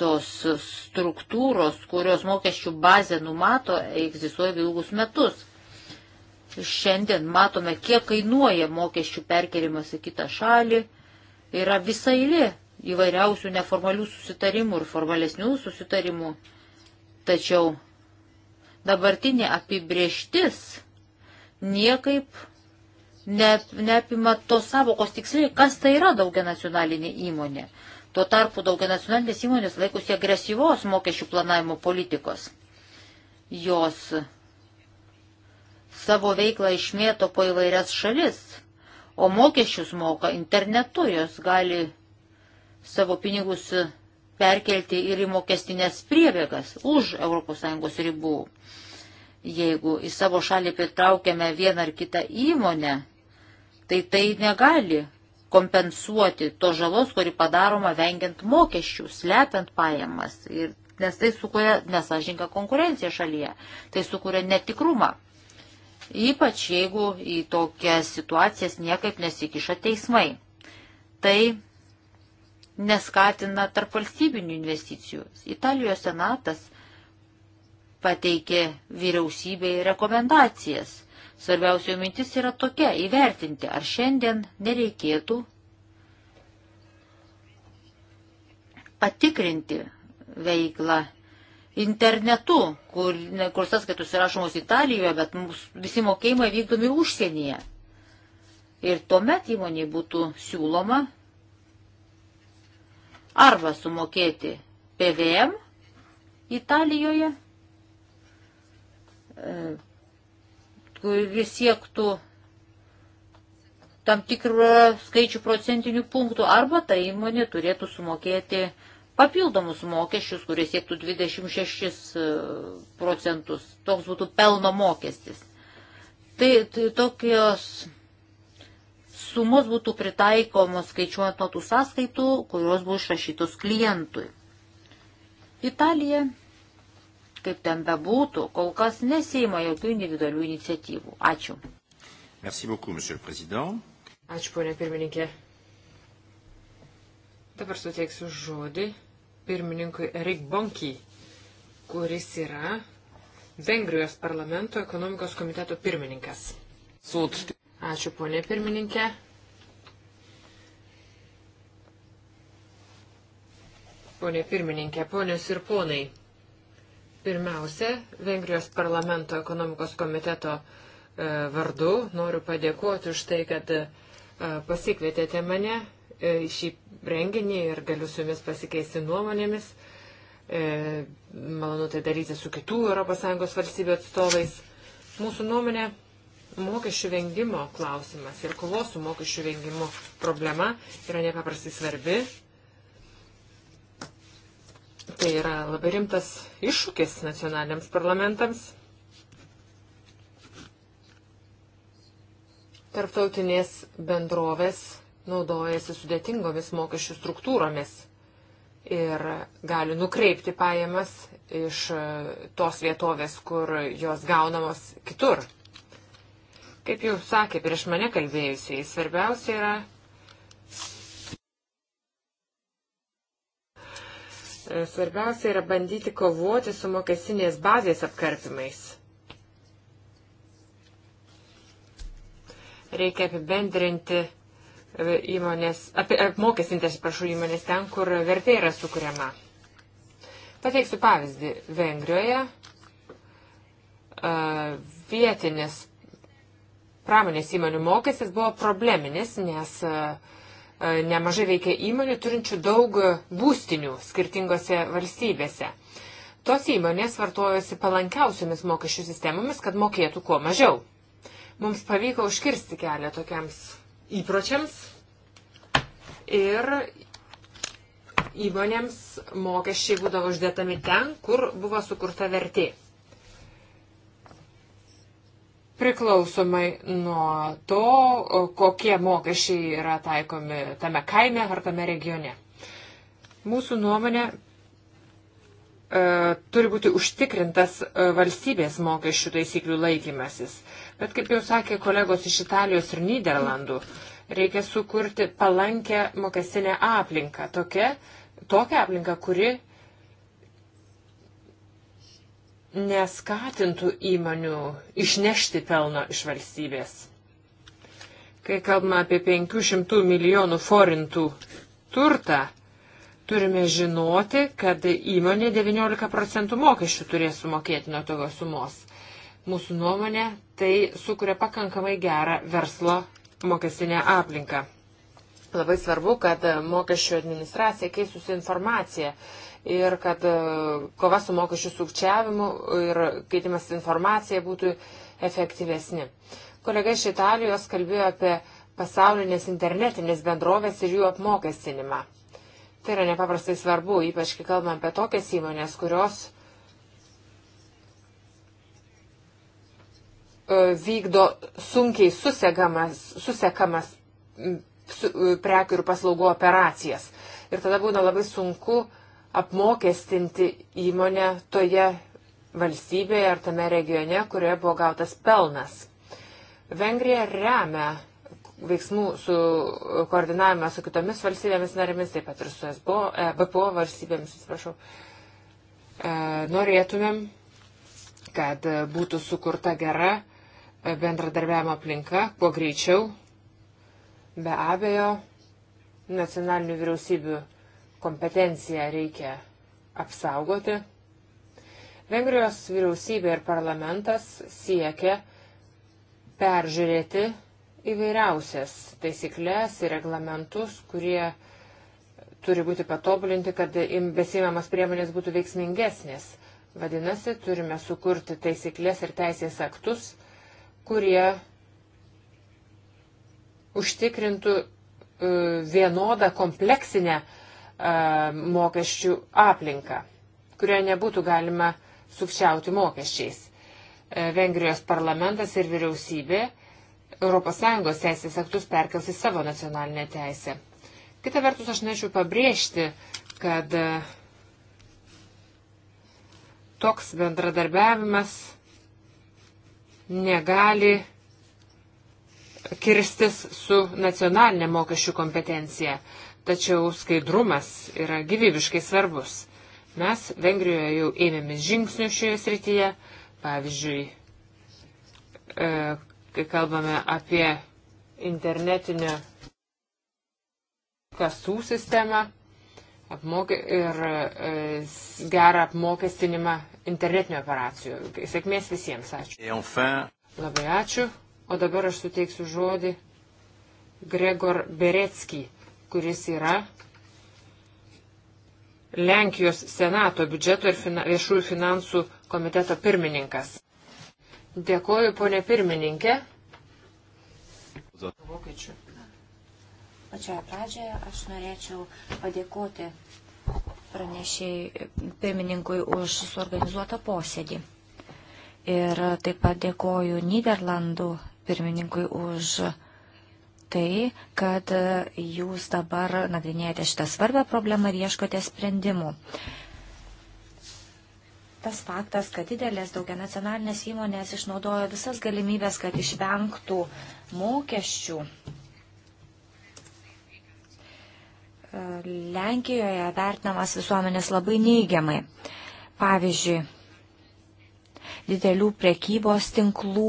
tos struktūros, kurios mokesčių bazė numato, egzistuoja ilgus metus. Šiandien matome, kiek kainuoja mokesčių perkelimas į kitą šalį. Yra visa eilė įvairiausių neformalių susitarimų ir formalesnių susitarimų Tačiau dabartinė apibrieštis niekaip ne, neapima tos savokos tiksliai, kas tai yra daugia nacionalinė įmonė. Tuo tarpu daugia nacionalinės įmonės laikosi agresyvos mokesčių planavimo politikos. Jos savo veiklą išmėto po įvairias šalis, o mokesčius moka internetu, jos gali savo pinigus perkelti ir į mokestinės priebėgas už ES ribų. Jeigu į savo šalį pritraukiame vieną ar kitą įmonę, tai tai negali kompensuoti to žalos, kuri padaroma vengiant mokesčių, slepiant pajamas, ir, nes tai sukuria nesažinką konkurenciją šalyje, tai sukuria netikrumą. Ypač jeigu į tokias situacijas niekaip nesikiša teismai. Tai neskatina tarp valstybinių investicijų. Italijos senatas pateikė vyriausybei rekomendacijas. Svarbiausia mintis yra tokia - įvertinti, ar šiandien nereikėtų patikrinti veiklą internetu, kur, kur sąskaitos įrašomos Italijoje, bet visi mokėjimai vykdomi užsienyje. Ir tuomet įmoniai būtų siūloma arba sumokėti PVM Italijoje, e, kuris siektų tam tikrą skaičių procentinių punktų, arba ta įmonė turėtų sumokėti papildomus mokesčius, kurie siektų 26 e, procentus. Toks būtų pelno mokestis. Tai, tai tokios sumos būtų pritaikomos skaičiuojant nuo tų sąskaitų, kurios buvo išrašytos klientui. Italija, kaip ten bebūtų, kol kas nesima jokių individualių iniciatyvų. Ačiū. Merci beaucoup, monsieur le président. Ačiū, ponė pirmininkė. Dabar suteiksiu žodį pirmininkui Erik Bonky, kuris yra Vengrijos parlamento ekonomikos komiteto pirmininkas. Sūt. Ačiū, ponė pirmininkė. ponė pirmininkė, ponios ir ponai. Pirmiausia, Vengrijos parlamento ekonomikos komiteto e, vardu noriu padėkoti už tai, kad e, pasikvietėte mane e, šį renginį ir galiu su jumis pasikeisti nuomonėmis. Malonu tai daryti su kitų ES valstybių atstovais. Mūsų nuomonė mokesčių vengimo klausimas ir kovos su mokesčių vengimu problema yra nepaprastai svarbi Tai yra labai rimtas iššūkis nacionaliniams parlamentams. Tarptautinės bendrovės naudojasi sudėtingomis mokesčių struktūromis ir gali nukreipti pajamas iš e, tos vietovės, kur jos gaunamos kitur. Kaip jau sakė prieš mane kalbėjusiai, svarbiausia yra E, svarbiausia yra bandyti kovoti su mokesinės bazės apkarpimais. Reikia apibendrinti e, įmonės, apie, apmokestinti, aš prašau, įmonės ten, kur vertė yra sukuriama. Pateiksiu pavyzdį. Vengrijoje e, vietinis pramonės įmonių mokestis buvo probleminis, nes uh, E, nemažai veikia įmonių turinčių daug būstinių skirtingose valstybėse. Tos įmonės vartojosi palankiausiamis mokesčių sistemomis, kad mokėtų kuo mažiau. Mums pavyko užkirsti kelią tokiams įpročiams ir įmonėms mokesčiai būdavo uždėtami ten, kur buvo sukurta vertė priklausomai nuo to, kokie mokesčiai yra taikomi tame kaime ar tame regione. Mūsų nuomonė e, turi būti užtikrintas e, valstybės mokesčių taisyklių laikymasis. Bet kaip jau sakė kolegos iš Italijos ir Niderlandų, reikia sukurti palankę mokestinę aplinką. Tokia, tokią aplinką, kuri neskatintų įmonių išnešti pelno iš valstybės. Kai kalbame apie 500 milijonų forintų turtą, turime žinoti, kad įmonė 19 procentų mokesčių turės sumokėti nuo tokios sumos. Mūsų nuomonė tai sukuria pakankamai gerą verslo mokestinę aplinką. Labai svarbu, kad mokesčio administracija keistųsi informaciją ir kad e, kova su mokesčių sukčiavimu ir keitimas informacija būtų efektyvesni. Kolega iš Italijos kalbėjo apie pasaulinės internetinės bendrovės ir jų apmokestinimą. Tai yra nepaprastai svarbu, ypač kai kalbam apie tokias įmonės, kurios e, vykdo sunkiai susekamas, susekamas su, e, prekių ir paslaugų operacijas. Ir tada būna labai sunku uh, apmokestinti įmonę toje valstybėje ar tame regione, kurioje buvo gautas pelnas. Vengrija remia veiksmų su koordinavimą su kitomis valstybėmis narėmis, taip pat ir su SBO, e, BPO valstybėmis, atsiprašau. E, norėtumėm, kad būtų sukurta gera e, bendradarbiavimo aplinka, kuo greičiau, be abejo, nacionalinių vyriausybių kompetenciją reikia apsaugoti. Vengrijos vyriausybė ir parlamentas siekia peržiūrėti įvairiausias taisyklės ir reglamentus, kurie turi būti patobulinti, kad besimamas priemonės būtų veiksmingesnės. Vadinasi, turime sukurti taisyklės ir teisės aktus, kurie užtikrintų e, vienodą kompleksinę uh, mokesčių aplinką, kurioje nebūtų galima sukčiauti mokesčiais. E, Vengrijos parlamentas ir vyriausybė ES teisės aktus perkels į savo nacionalinę teisę. Kita vertus, aš norėčiau pabrėžti, kad e, toks bendradarbiavimas negali kirstis su nacionalinė mokesčių kompetencija. Tačiau skaidrumas yra gyvybiškai svarbus. Mes Vengrijoje jau ėmėmės žingsnių šioje srityje. Pavyzdžiui, e, kai kalbame apie internetinę kasų sistemą apmokė, ir e, gerą apmokestinimą internetinių operacijų. Sėkmės visiems, ačiū. Labai ačiū. O dabar aš suteiksiu žodį Gregor Beretski, kuris yra Lenkijos Senato biudžeto ir fina, viešųjų finansų komiteto pirmininkas. Dėkoju, ponė pirmininkė. Vokiečių. Pačioje pradžioje aš norėčiau padėkoti pranešiai pirmininkui už suorganizuotą posėdį. Ir taip pat dėkoju Niderlandų pirmininkui už tai, kad jūs dabar nagrinėjate šitą svarbę problemą ir ieškote sprendimų. Tas faktas, kad didelės daugia nacionalinės įmonės išnaudojo visas galimybės, kad išvengtų mokesčių. Lenkijoje vertinamas visuomenės labai neigiamai. Pavyzdžiui, didelių prekybos tinklų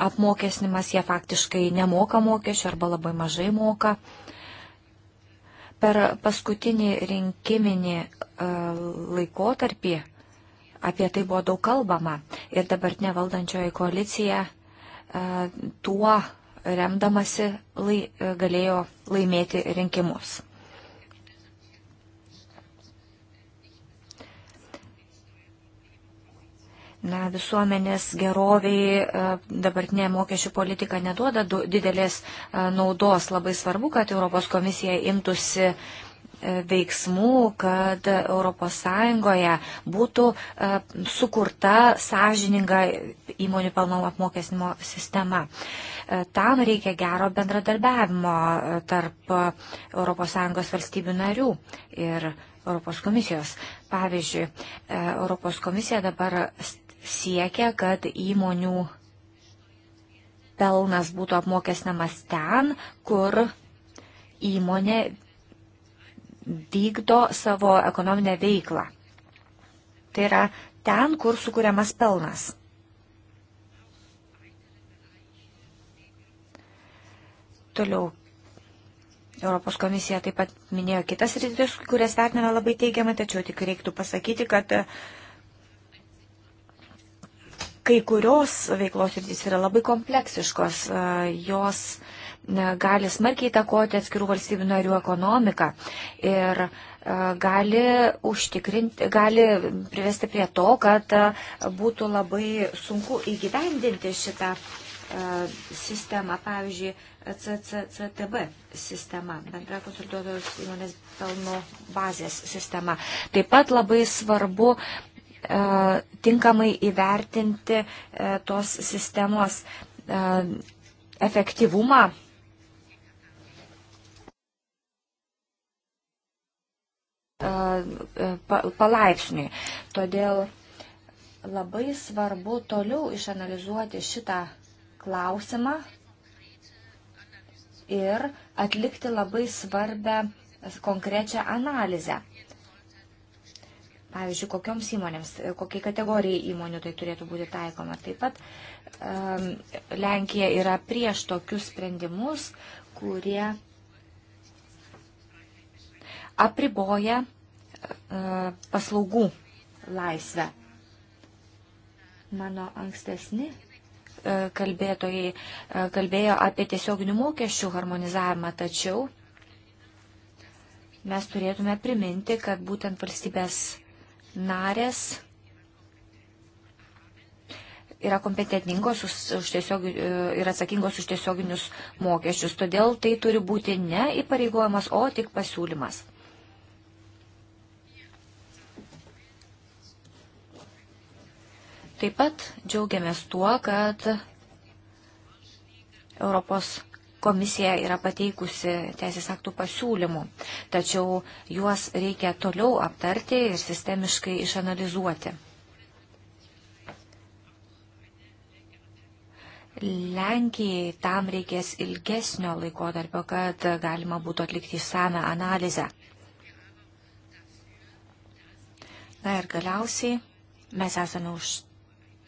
apmokesnimas, jie faktiškai nemoka mokesčių arba labai mažai moka. Per paskutinį rinkiminį laikotarpį apie tai buvo daug kalbama ir dabartinė valdančioji koalicija tuo remdamasi lai, galėjo laimėti rinkimus. na, visuomenės geroviai e, dabartinė mokesčių politika neduoda didelės e, naudos. Labai svarbu, kad Europos komisija imtųsi e, veiksmų, kad ES būtų sukurta sąžininga įmonių pelno apmokesnimo sistema. Tam reikia gero bendradarbiavimo tarp ES valstybių narių ir Europos komisijos. Pavyzdžiui, Europos komisija dabar siekia, kad įmonių pelnas būtų apmokestinamas ten, kur įmonė vykdo savo ekonominę veiklą. Tai yra ten, kur sukūriamas pelnas. Toliau. Europos komisija taip pat minėjo kitas rytis, kurias vertiname labai teigiamai, tačiau tik reiktų pasakyti, kad uh, kai kurios veiklos rytis yra labai kompleksiškos, e, jos e, gali smarkiai įtakoti atskirų valstybių narių ekonomiką ir e, gali užtikrinti, gali privesti prie to, kad būtų labai sunku įgyvendinti šitą sistemą, pavyzdžiui, CCCTB sistema, bendra konsultuotojos įmonės pelno bazės sistema. Taip pat labai svarbu E, tinkamai įvertinti e, tos sistemos e, efektyvumą. palaipsniui. Todėl labai svarbu toliau išanalizuoti šitą klausimą ir atlikti labai svarbę konkrečią analizę. Pavyzdžiui, kokioms įmonėms, e, kokiai kategorijai įmonių tai turėtų būti taikoma. Taip pat um, Lenkija yra prieš tokius sprendimus, kurie apriboja uh, paslaugų laisvę. Mano ankstesni uh, kalbėtojai uh, kalbėjo apie tiesioginių mokesčių harmonizavimą, tačiau mes turėtume priminti, kad būtent valstybės narės yra kompetentingos už, už tiesiog, e, ir atsakingos už tiesioginius mokesčius. Todėl tai turi būti ne įpareigojimas, o tik pasiūlymas. Taip pat džiaugiamės tuo, kad Europos Komisija yra pateikusi teisės aktų pasiūlymų, tačiau juos reikia toliau aptarti ir sistemiškai išanalizuoti. Lenkijai tam reikės ilgesnio laikotarpio, kad galima būtų atlikti išsame analizę. Na ir galiausiai mes esame už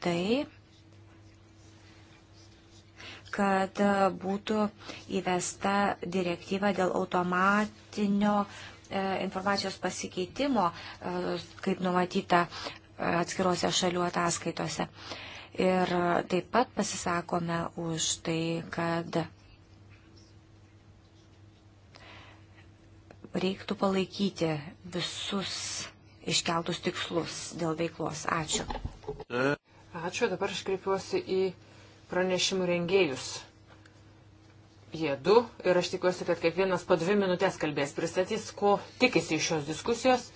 tai, kad e, būtų įvesta direktyva dėl automatinio e, informacijos pasikeitimo, e, kaip numatyta atskiruose šalių ataskaitose. Ir taip pat pasisakome už tai, kad reiktų palaikyti visus iškeltus tikslus dėl veiklos. Ačiū. Ačiū, dabar aš kreipiuosi į pranešimų rengėjus. Jie du ir aš tikiuosi, kad kiekvienas po dvi minutės kalbės, pristatys, ko tikisi iš šios diskusijos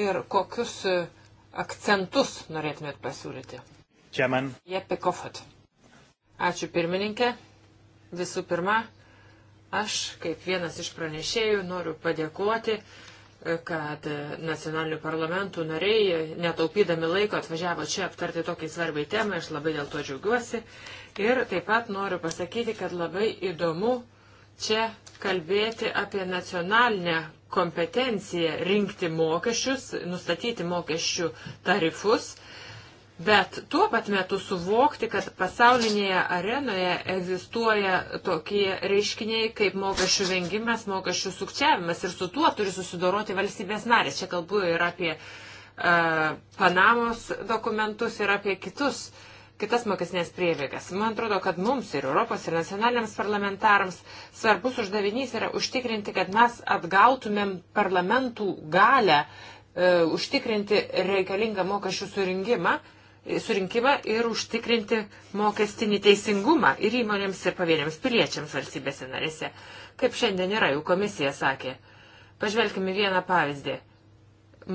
ir kokius e, akcentus norėtumėt pasiūlyti. Čia man. Jeppe Kofat. Ačiū pirmininkė. Visų pirma, aš kaip vienas iš pranešėjų noriu padėkoti e, kad e, nacionalinių parlamentų nariai, netaupydami laiko, atvažiavo čia aptarti tokį svarbiai temą, aš labai dėl to džiaugiuosi. Ir taip pat noriu pasakyti, kad labai įdomu čia kalbėti apie nacionalinę kompetenciją rinkti mokesčius, nustatyti mokesčių tarifus, bet tuo pat metu suvokti, kad pasaulinėje arenoje egzistuoja tokie reiškiniai kaip mokesčių vengimas, mokesčių sukčiavimas ir su tuo turi susidoroti valstybės narės. Čia kalbu ir apie uh, Panamos dokumentus, ir apie kitus uh, kitas mokesnės prievėgas. Man atrodo, kad mums ir Europos ir nacionaliniams parlamentarams svarbus uždavinys yra užtikrinti, kad mes atgautumėm parlamentų galę e, užtikrinti reikalingą mokesčių surinkimą, e, surinkimą ir užtikrinti mokestinį teisingumą ir įmonėms ir pavieniams piliečiams valstybėse narėse, kaip šiandien yra, jau komisija sakė. Pažvelkime vieną pavyzdį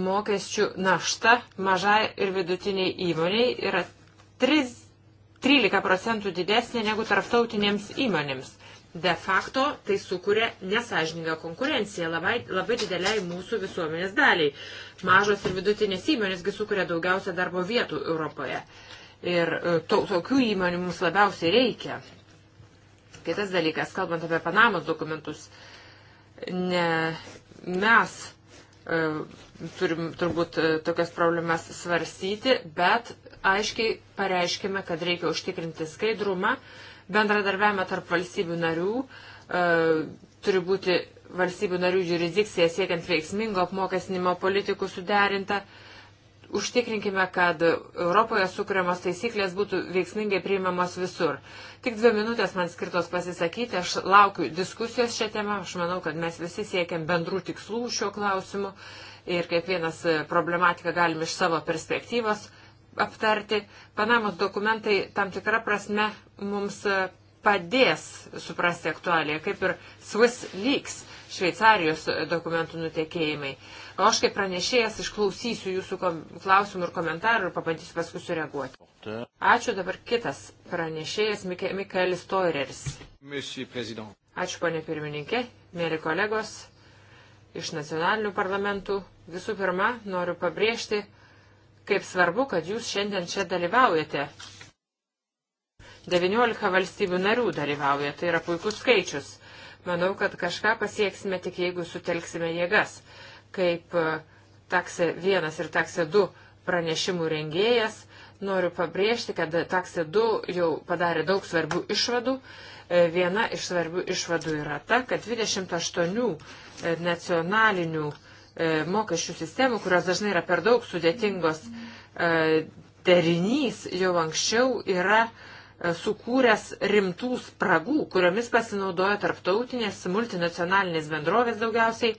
mokesčių našta mažai ir vidutiniai įmoniai yra 3, 13 procentų didesnė negu tarptautinėms įmonėms. De facto tai sukuria nesažininką konkurenciją labai, labai dideliai mūsų visuomenės daliai. Mažos ir vidutinės įmonėsgi sukuria daugiausia darbo vietų Europoje. Ir e, to, tokių įmonių mums labiausiai reikia. Kitas dalykas, kalbant apie Panamos dokumentus, ne mes e, turim turbūt e, tokias problemas svarstyti, bet aiškiai pareiškime, kad reikia užtikrinti skaidrumą, bendradarbiavimą tarp valstybių narių, e, turi būti valstybių narių jurisdikcija siekiant veiksmingo apmokestinimo politikų suderinta. Užtikrinkime, kad Europoje sukūriamos taisyklės būtų veiksmingai priimamos visur. Tik dvi minutės man skirtos pasisakyti, aš laukiu diskusijos šią temą, aš manau, kad mes visi siekiam bendrų tikslų šiuo klausimu ir kiekvienas e, problematiką galim iš savo perspektyvos aptarti. Panamos dokumentai tam tikrą prasme mums padės suprasti aktualiją, kaip ir Swiss Leaks, Šveicarijos dokumentų nutekėjimai. O aš kaip pranešėjas išklausysiu jūsų klausimų ir komentarų ir pabandysiu paskui sureaguoti. Ačiū dabar kitas pranešėjas Mike, Mikaelis Toireris. Ačiū, ponė pirmininkė, mėly kolegos iš nacionalinių parlamentų. Visų pirma, noriu pabrėžti, Kaip svarbu, kad jūs šiandien čia dalyvaujate. 19 valstybių narių dalyvauja, tai yra puikus skaičius. Manau, kad kažką pasieksime tik jeigu sutelksime jėgas. Kaip e, taksė 1 ir taksė 2 pranešimų rengėjas, noriu pabrėžti, kad taksė 2 jau padarė daug svarbių išvadų. E, viena iš svarbių išvadų yra ta, kad 28 e, nacionalinių uh, E, mokesčių sistemų, kurios dažnai yra per daug sudėtingos e, derinys, jau anksčiau yra e, sukūręs rimtų spragų, kuriomis pasinaudoja tarptautinės, multinacionalinės bendrovės daugiausiai.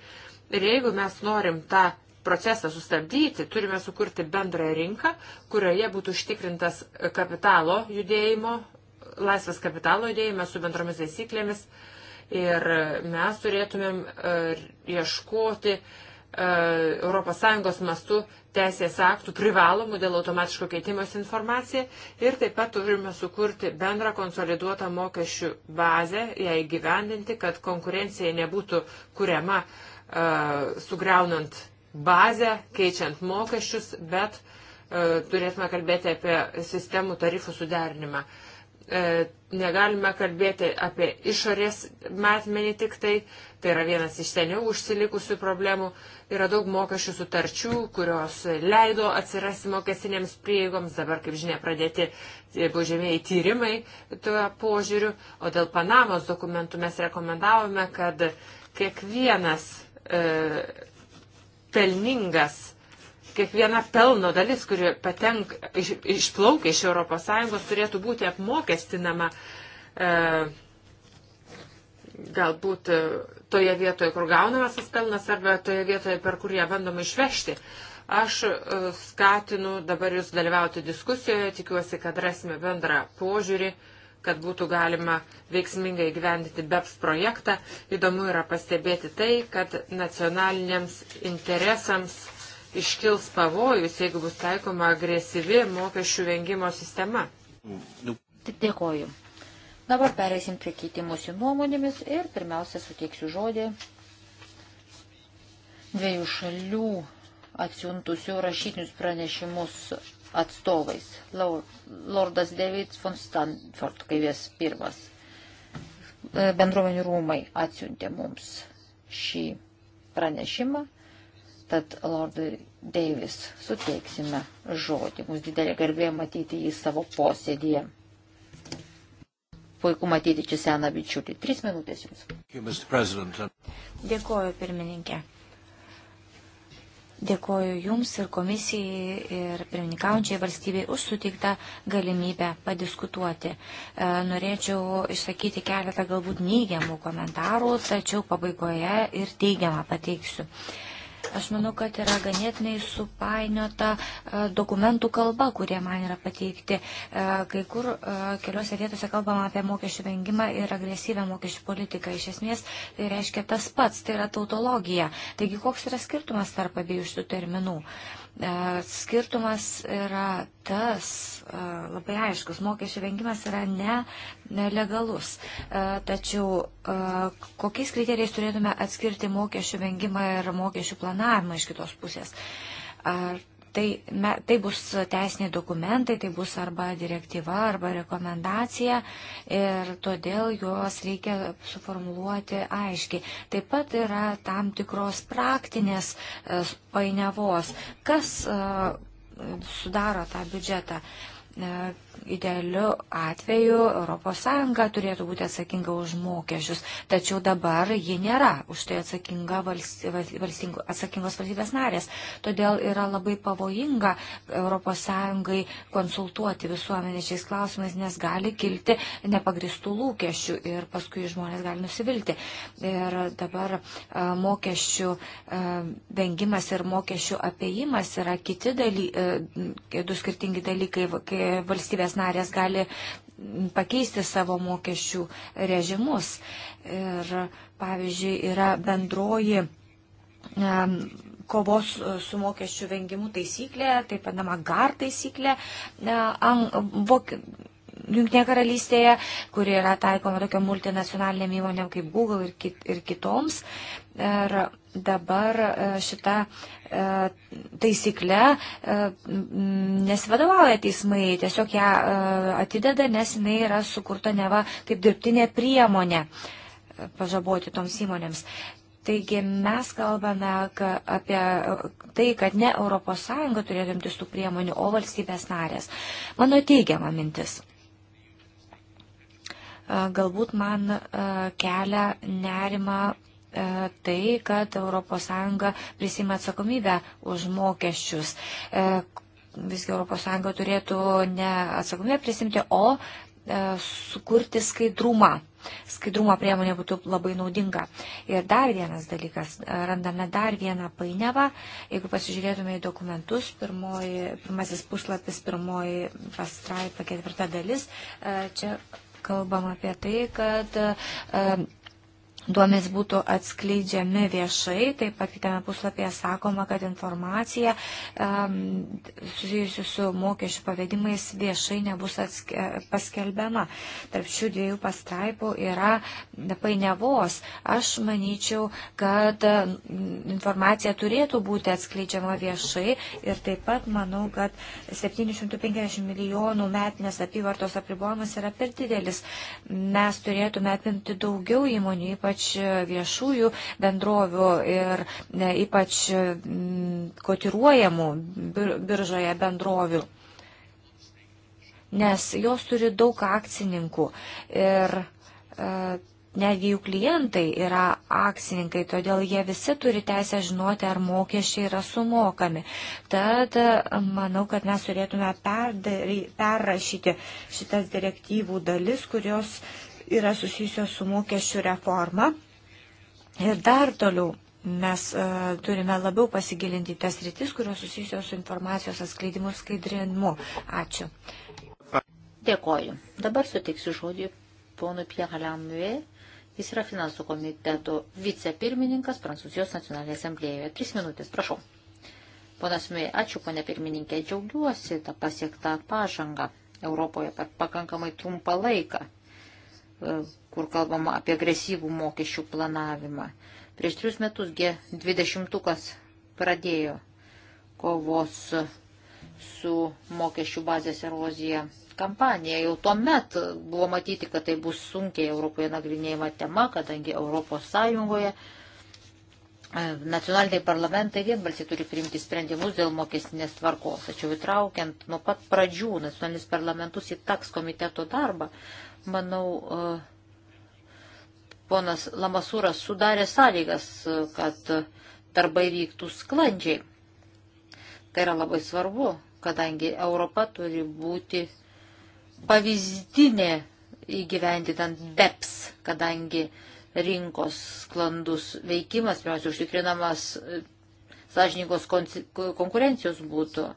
Ir jeigu mes norim tą procesą sustabdyti, turime sukurti bendrą rinką, kurioje būtų užtikrintas kapitalo judėjimo, laisvas kapitalo judėjimas su bendromis taisyklėmis. Ir mes turėtumėm ieškoti uh, ES mastu teisės aktų privalomų dėl automatiško keitimos informacija ir taip pat turime sukurti bendrą konsoliduotą mokesčių bazę, ją įgyvendinti, kad konkurencija nebūtų kuriama e, sugriaunant bazę, keičiant mokesčius, bet e, turėtume kalbėti apie sistemų tarifų suderinimą. E, E, negalime kalbėti apie išorės matmenį tik tai, tai yra vienas iš seniau užsilikusių problemų, yra daug mokesčių sutarčių, kurios leido atsirasti mokestinėms prieigoms, dabar, kaip žinia, pradėti baudžiamieji tyrimai tuo požiūriu, o dėl Panamos dokumentų mes rekomendavome, kad kiekvienas e, pelningas Kiekviena pelno dalis, kuri patenk, iš, išplaukia iš ES, turėtų būti apmokestinama e, galbūt e, toje vietoje, kur gaunamas tas pelnas, arba toje vietoje, per kur ją bandoma išvežti. Aš e, skatinu dabar jūs dalyvauti diskusijoje, tikiuosi, kad rasime bendrą požiūrį, kad būtų galima veiksmingai gyvendyti BEPS projektą. Įdomu yra pastebėti tai, kad nacionaliniams interesams iškils pavojus, jeigu bus taikoma agresyvi mokesčių vengimo sistema. Dėkoju. Dabar pereisim prie keitimusi nuomonėmis ir pirmiausia suteiksiu žodį dviejų šalių atsiuntusių rašytinius pranešimus atstovais. Lordas David von Stanford, kai vis pirmas, e, bendruomenių rūmai atsiuntė mums šį pranešimą Tad Lordui Davis suteiksime žodį. Mums didelė garbė matyti jį savo posėdėje. Puiku matyti čia seną bičiulį. Tris minutės jums. Dėkuoju, pirmininkė. Dėkuoju Jums ir komisijai ir pirmininkaujančiai valstybei už suteiktą galimybę padiskutuoti. E, norėčiau išsakyti keletą galbūt neigiamų komentarų, tačiau pabaigoje ir teigiamą pateiksiu. Aš manau, kad yra ganėtinai supainiota e, dokumentų kalba, kurie man yra pateikti. E, kai kur e, keliuose vietose kalbama apie mokesčių vengimą ir agresyvę mokesčių politiką. Iš esmės, tai reiškia tas pats, tai yra tautologija. Taigi, koks yra skirtumas tarp abiejų šių terminų? Uh, E, skirtumas yra tas, e, labai aiškus, mokesčių vengimas yra nelegalus. E, tačiau kokiais kriterijais turėtume atskirti mokesčių vengimą ir mokesčių planavimą iš kitos pusės? Ar Tai, me, tai bus teisiniai dokumentai, tai bus arba direktyva, arba rekomendacija ir todėl juos reikia suformuluoti aiškiai. Taip pat yra tam tikros praktinės e, painiavos. Kas e, sudaro tą biudžetą. E, idealiu atveju ES turėtų būti atsakinga už mokesčius, tačiau dabar ji nėra už tai atsakinga valsty, valsty, atsakingos valstybės narės. Todėl yra labai pavojinga ES konsultuoti visuomenė šiais klausimais, nes gali kilti nepagristų lūkesčių ir paskui žmonės gali nusivilti. Ir dabar e, mokesčių e, vengimas ir mokesčių apėjimas yra kiti daly, du skirtingi dalykai. Kai E, valstybės narės gali pakeisti savo mokesčių režimus. Ir, pavyzdžiui, yra bendroji e, kovos su mokesčių vengimu taisyklė, taip vadinama GAR taisyklė. E, Junktinė karalystėje, kuri yra taikoma tokiam multinacionaliniam įmonėm kaip Google ir, kit, ir kitoms. Ir dabar e, šitą e, taisyklę e, nesivadovauja teismai, tiesiog ją atideda, nes jinai yra sukurta neva kaip dirbtinė priemonė pažaboti toms įmonėms. Taigi mes kalbame apie tai, kad ne ES turėtų imtis tų priemonių, o valstybės narės. Mano teigiama mintis galbūt man kelia nerima E, tai, kad ES prisima atsakomybę už mokesčius. E, visgi ES turėtų ne atsakomybę prisimti, o e, sukurti skaidrumą. Skaidrumo priemonė būtų labai naudinga. Ir dar vienas dalykas, randame dar vieną painiavą. Jeigu pasižiūrėtume į dokumentus, pirmoji, pirmasis puslapis, pirmoji pastraipa, ketvirta dalis, čia kalbam apie tai, kad duomenys būtų atskleidžiami viešai. Taip pat kitame puslapyje sakoma, kad informacija um, susijusi su mokesčių pavedimais viešai nebus atske, paskelbiama. Tarp šių dviejų pastraipų yra painiavos. Aš manyčiau, kad informacija turėtų būti atskleidžiama viešai ir taip pat manau, kad 750 milijonų metinės apyvartos apribojimas yra per didelis. Mes turėtume apimti daugiau įmonių, ypač ypač viešųjų bendrovių ir ypač mm, kotiruojamų biržoje bendrovių. Nes jos turi daug akcininkų ir e, netgi jų klientai yra akcininkai, todėl jie visi turi teisę žinoti, ar mokesčiai yra sumokami. Tad manau, kad mes turėtume perdary, perrašyti šitas direktyvų dalis, kurios uh, yra susijusios su mokesčių reforma. Ir dar toliau mes uh, turime labiau pasigilinti tas rytis, kurios susijusios su informacijos atskleidimu ir skaidrinimu. Ačiū. Dėkoju. Dabar suteiksiu žodį ponui Pierre Lamue. Jis yra finansų komiteto vicepirmininkas Prancūzijos nacionalinėje asamblėjoje. Tris minutės, prašau. Ponas Mui, ačiū, ponė pirmininkė, džiaugiuosi tą pasiektą pažangą Europoje per pakankamai trumpą laiką. E, kur kalbama apie agresyvų mokesčių planavimą. Prieš tris metus G20 pradėjo kovos su mokesčių bazės erozija kampaniją. Jau tuo met buvo matyti, kad tai bus sunkiai Europoje nagrinėjama tema, kadangi Europos Sąjungoje e, nacionaliniai parlamentai vienbalsiai turi priimti sprendimus dėl mokestinės tvarkos. Tačiau įtraukiant nuo pat pradžių nacionalinis parlamentus į taks komiteto darbą, Manau, e, ponas Lamasūras sudarė sąlygas, e, kad darbai vyktų sklandžiai. Tai yra labai svarbu, kadangi Europa turi būti pavyzdinė įgyvendinant DEPS, kadangi rinkos sklandus veikimas, pirmiausia, užtikrinamas e, sąžininkos konkurencijos būtų.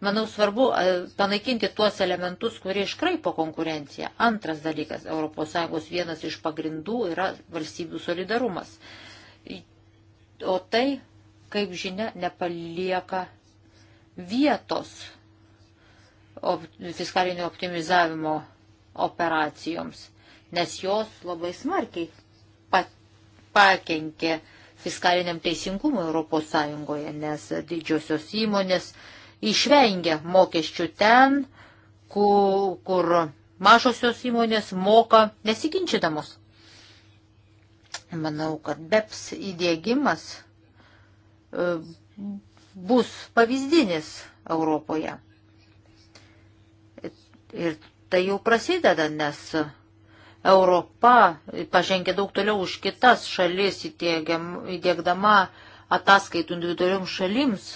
Manau, svarbu e, panaikinti tuos elementus, kurie iškraipo konkurenciją. Antras dalykas - ES vienas iš pagrindų yra valstybių solidarumas. O tai, kaip žinia, nepalieka vietos op fiskalinio optimizavimo operacijoms, nes jos labai smarkiai pakenkė fiskaliniam teisingumui Europos Sąjungoje, nes didžiosios įmonės išvengia mokesčių ten, kur, kur mažosios įmonės moka nesiginčydamos. Manau, kad BEPS įdėgymas e, bus pavyzdinis Europoje. Ir tai jau prasideda, nes Europa pažengė daug toliau už kitas šalis įdėgdama ataskaitų individualioms šalims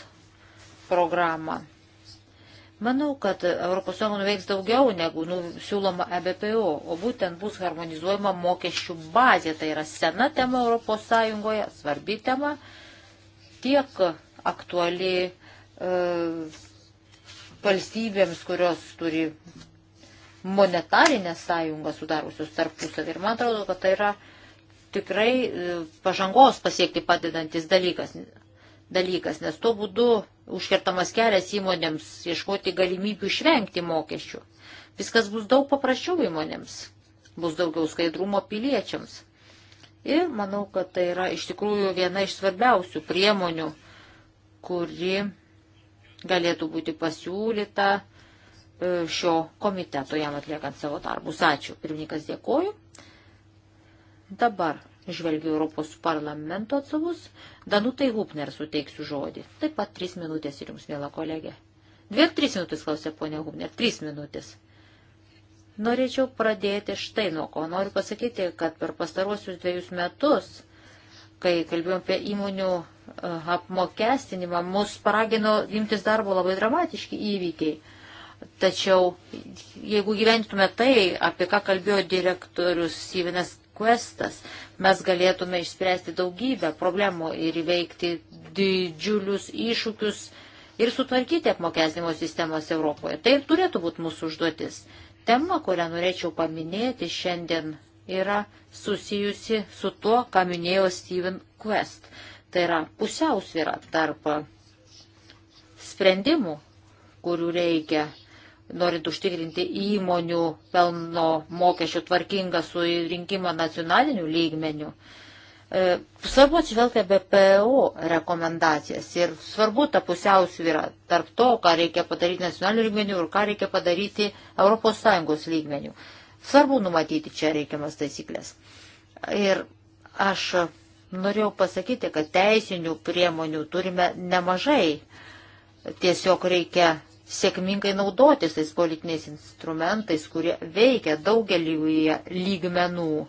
programą. Manau, kad ES nuveiks daugiau negu nu, siūloma EBPO, o būtent bus harmonizuojama mokesčių bazė. Tai yra sena tema ES, svarbi tema, tiek aktuali e, valstybėms, kurios turi monetarinę sąjungą sudarusius tarpusavį. Ir man atrodo, kad tai yra tikrai e, pažangos pasiekti padedantis dalykas dalykas, nes tuo būdu užkertamas kelias įmonėms ieškoti galimybių išvengti mokesčių. Viskas bus daug paprasčiau įmonėms, bus daugiau skaidrumo piliečiams. Ir manau, kad tai yra iš tikrųjų viena iš svarbiausių priemonių, kuri galėtų būti pasiūlyta e, šio komiteto jam atliekant savo darbus. Ačiū. Pirmininkas dėkoju. Dabar žvelgiu Europos parlamento atsovus, Danutai Hupner suteiksiu žodį. Taip pat trys minutės ir jums, mėla kolegė. Dvi ar trys minutės, klausė ponia Hupner, trys minutės. Norėčiau pradėti štai nuo ko. Noriu pasakyti, kad per pastaruosius dviejus metus, kai kalbėjom apie įmonių e, apmokestinimą, mus paragino imtis darbo labai dramatiški įvykiai. Tačiau jeigu gyventume tai, apie ką kalbėjo direktorius Syvinas requestas, mes galėtume išspręsti daugybę problemų ir įveikti didžiulius iššūkius ir sutvarkyti apmokestinimo sistemas Europoje. Tai ir turėtų būti mūsų užduotis. Tema, kurią norėčiau paminėti šiandien, yra susijusi su tuo, ką minėjo Steven Quest. Tai yra pusiausvyrą tarp sprendimų, kurių reikia norint užtikrinti įmonių pelno mokesčių tvarkingą surinkimą nacionaliniu lygmeniu. E, svarbu atsižvelgti BPO rekomendacijas ir svarbu ta pusiausvyra tarp to, ką reikia padaryti nacionaliniu lygmeniu ir ką reikia padaryti ES lygmeniu. Svarbu numatyti čia reikiamas taisyklės. Ir aš norėjau pasakyti, kad teisinių priemonių turime nemažai. Tiesiog reikia sėkmingai naudotis tais politiniais instrumentais, kurie veikia daugelį lygmenų.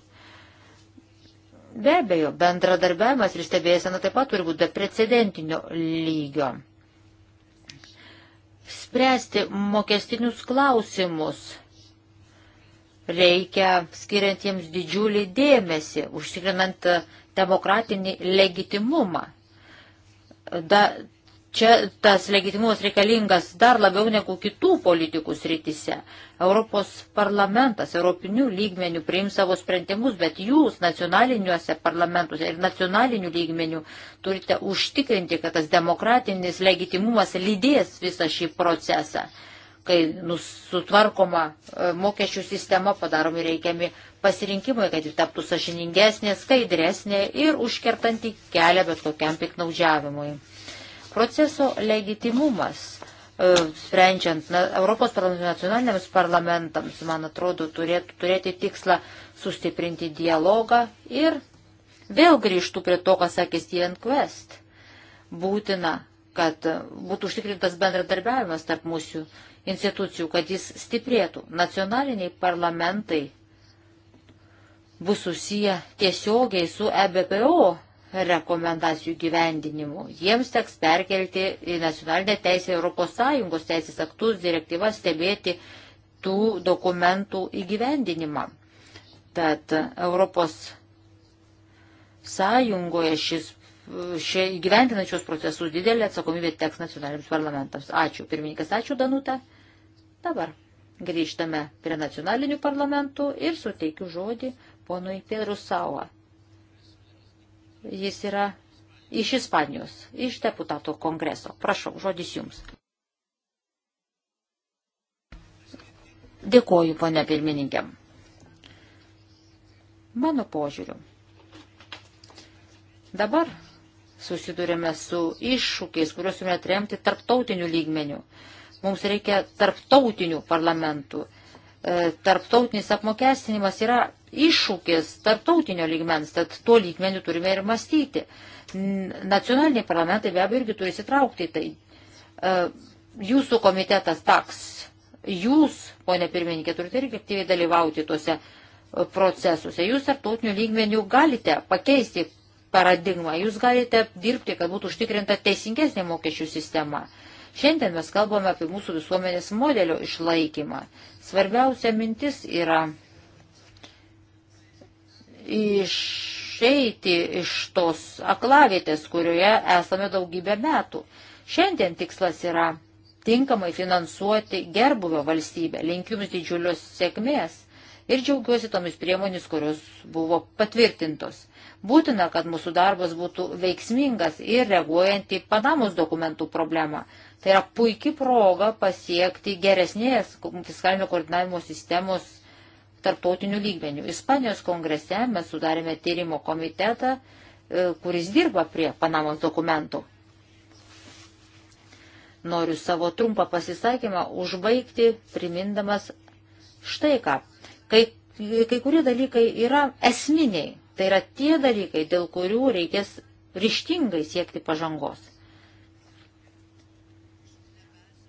Be abejo, bendradarbiavimas ir stebėsena taip pat turi būti precedentinio lygio. Spręsti mokestinius klausimus reikia skiriant jiems didžiulį dėmesį, užtikrinant demokratinį legitimumą. Da, Čia tas legitimumas reikalingas dar labiau negu kitų politikų srityse. Europos parlamentas europinių lygmenių priims savo sprendimus, bet jūs nacionaliniuose parlamentuose ir nacionalinių lygmenių turite užtikrinti, kad tas demokratinis legitimumas lydės visą šį procesą, kai nu, sutvarkoma e, mokesčių sistema, padaromi reikiami pasirinkimai, kad ji taptų sažiningesnė, skaidresnė ir užkertanti kelią bet kokiam piknaudžiavimui. Proceso legitimumas, e, sprendžiant na, Europos parlamentų nacionaliniams parlamentams, man atrodo, turėtų turėti tikslą sustiprinti dialogą ir vėl grįžtų prie to, ką sakė Steven Quest. Būtina, kad būtų užtikrintas bendradarbiavimas tarp mūsų institucijų, kad jis stiprėtų. Nacionaliniai parlamentai bus susiję tiesiogiai su EBPO rekomendacijų gyvendinimu. Jiems teks perkelti į nacionalinę teisę ES teisės aktus direktyvas stebėti tų dokumentų įgyvendinimą. Tad Europos Sąjungoje šis, šie įgyvendinančios procesus didelė atsakomybė teks nacionaliniams parlamentams. Ačiū. Pirmininkas, ačiū Danutė. Dabar grįžtame prie nacionalinių parlamentų ir suteikiu žodį ponui Pedrus Sauą. Jis yra iš Ispanijos, iš deputatų kongreso. Prašau, žodis jums. Dėkoju, ponė pirmininkė. Mano požiūriu. Dabar susidurėme su iššūkiais, kuriuos turime atremti tarptautiniu lygmeniu. Mums reikia tarptautinių parlamentų. E, tarptautinis apmokestinimas yra iššūkis tarptautinio lygmens, tad tuo lygmeniu turime ir mąstyti. Nacionaliniai parlamentai be abejo irgi turi įsitraukti į tai. E, jūsų komitetas taks, jūs, ponė pirmininkė, turite irgi aktyviai dalyvauti tuose e, procesuose. Jūs tarptautiniu lygmeniu galite pakeisti paradigmą, jūs galite dirbti, kad būtų užtikrinta teisingesnė mokesčių sistema. Šiandien mes kalbame apie mūsų visuomenės modelio išlaikymą. Svarbiausia mintis yra išeiti iš tos aklavietės, kurioje esame daugybę metų. Šiandien tikslas yra tinkamai finansuoti gerbuvio valstybę. Linkiu Jums didžiulios sėkmės ir džiaugiuosi tomis priemonės, kurios buvo patvirtintos. Būtina, kad mūsų darbas būtų veiksmingas ir reaguojant į Panamos dokumentų problemą. Tai yra puikia proga pasiekti geresnės fiskalinio koordinavimo sistemos tarptautinių lygmenių. Ispanijos kongrese mes sudarėme tyrimo komitetą, e, kuris dirba prie Panamos dokumentų. Noriu savo trumpą pasisakymą užbaigti, primindamas štai ką. Kai, kai kurie dalykai yra esminiai, tai yra tie dalykai, dėl kurių reikės ryštingai siekti pažangos.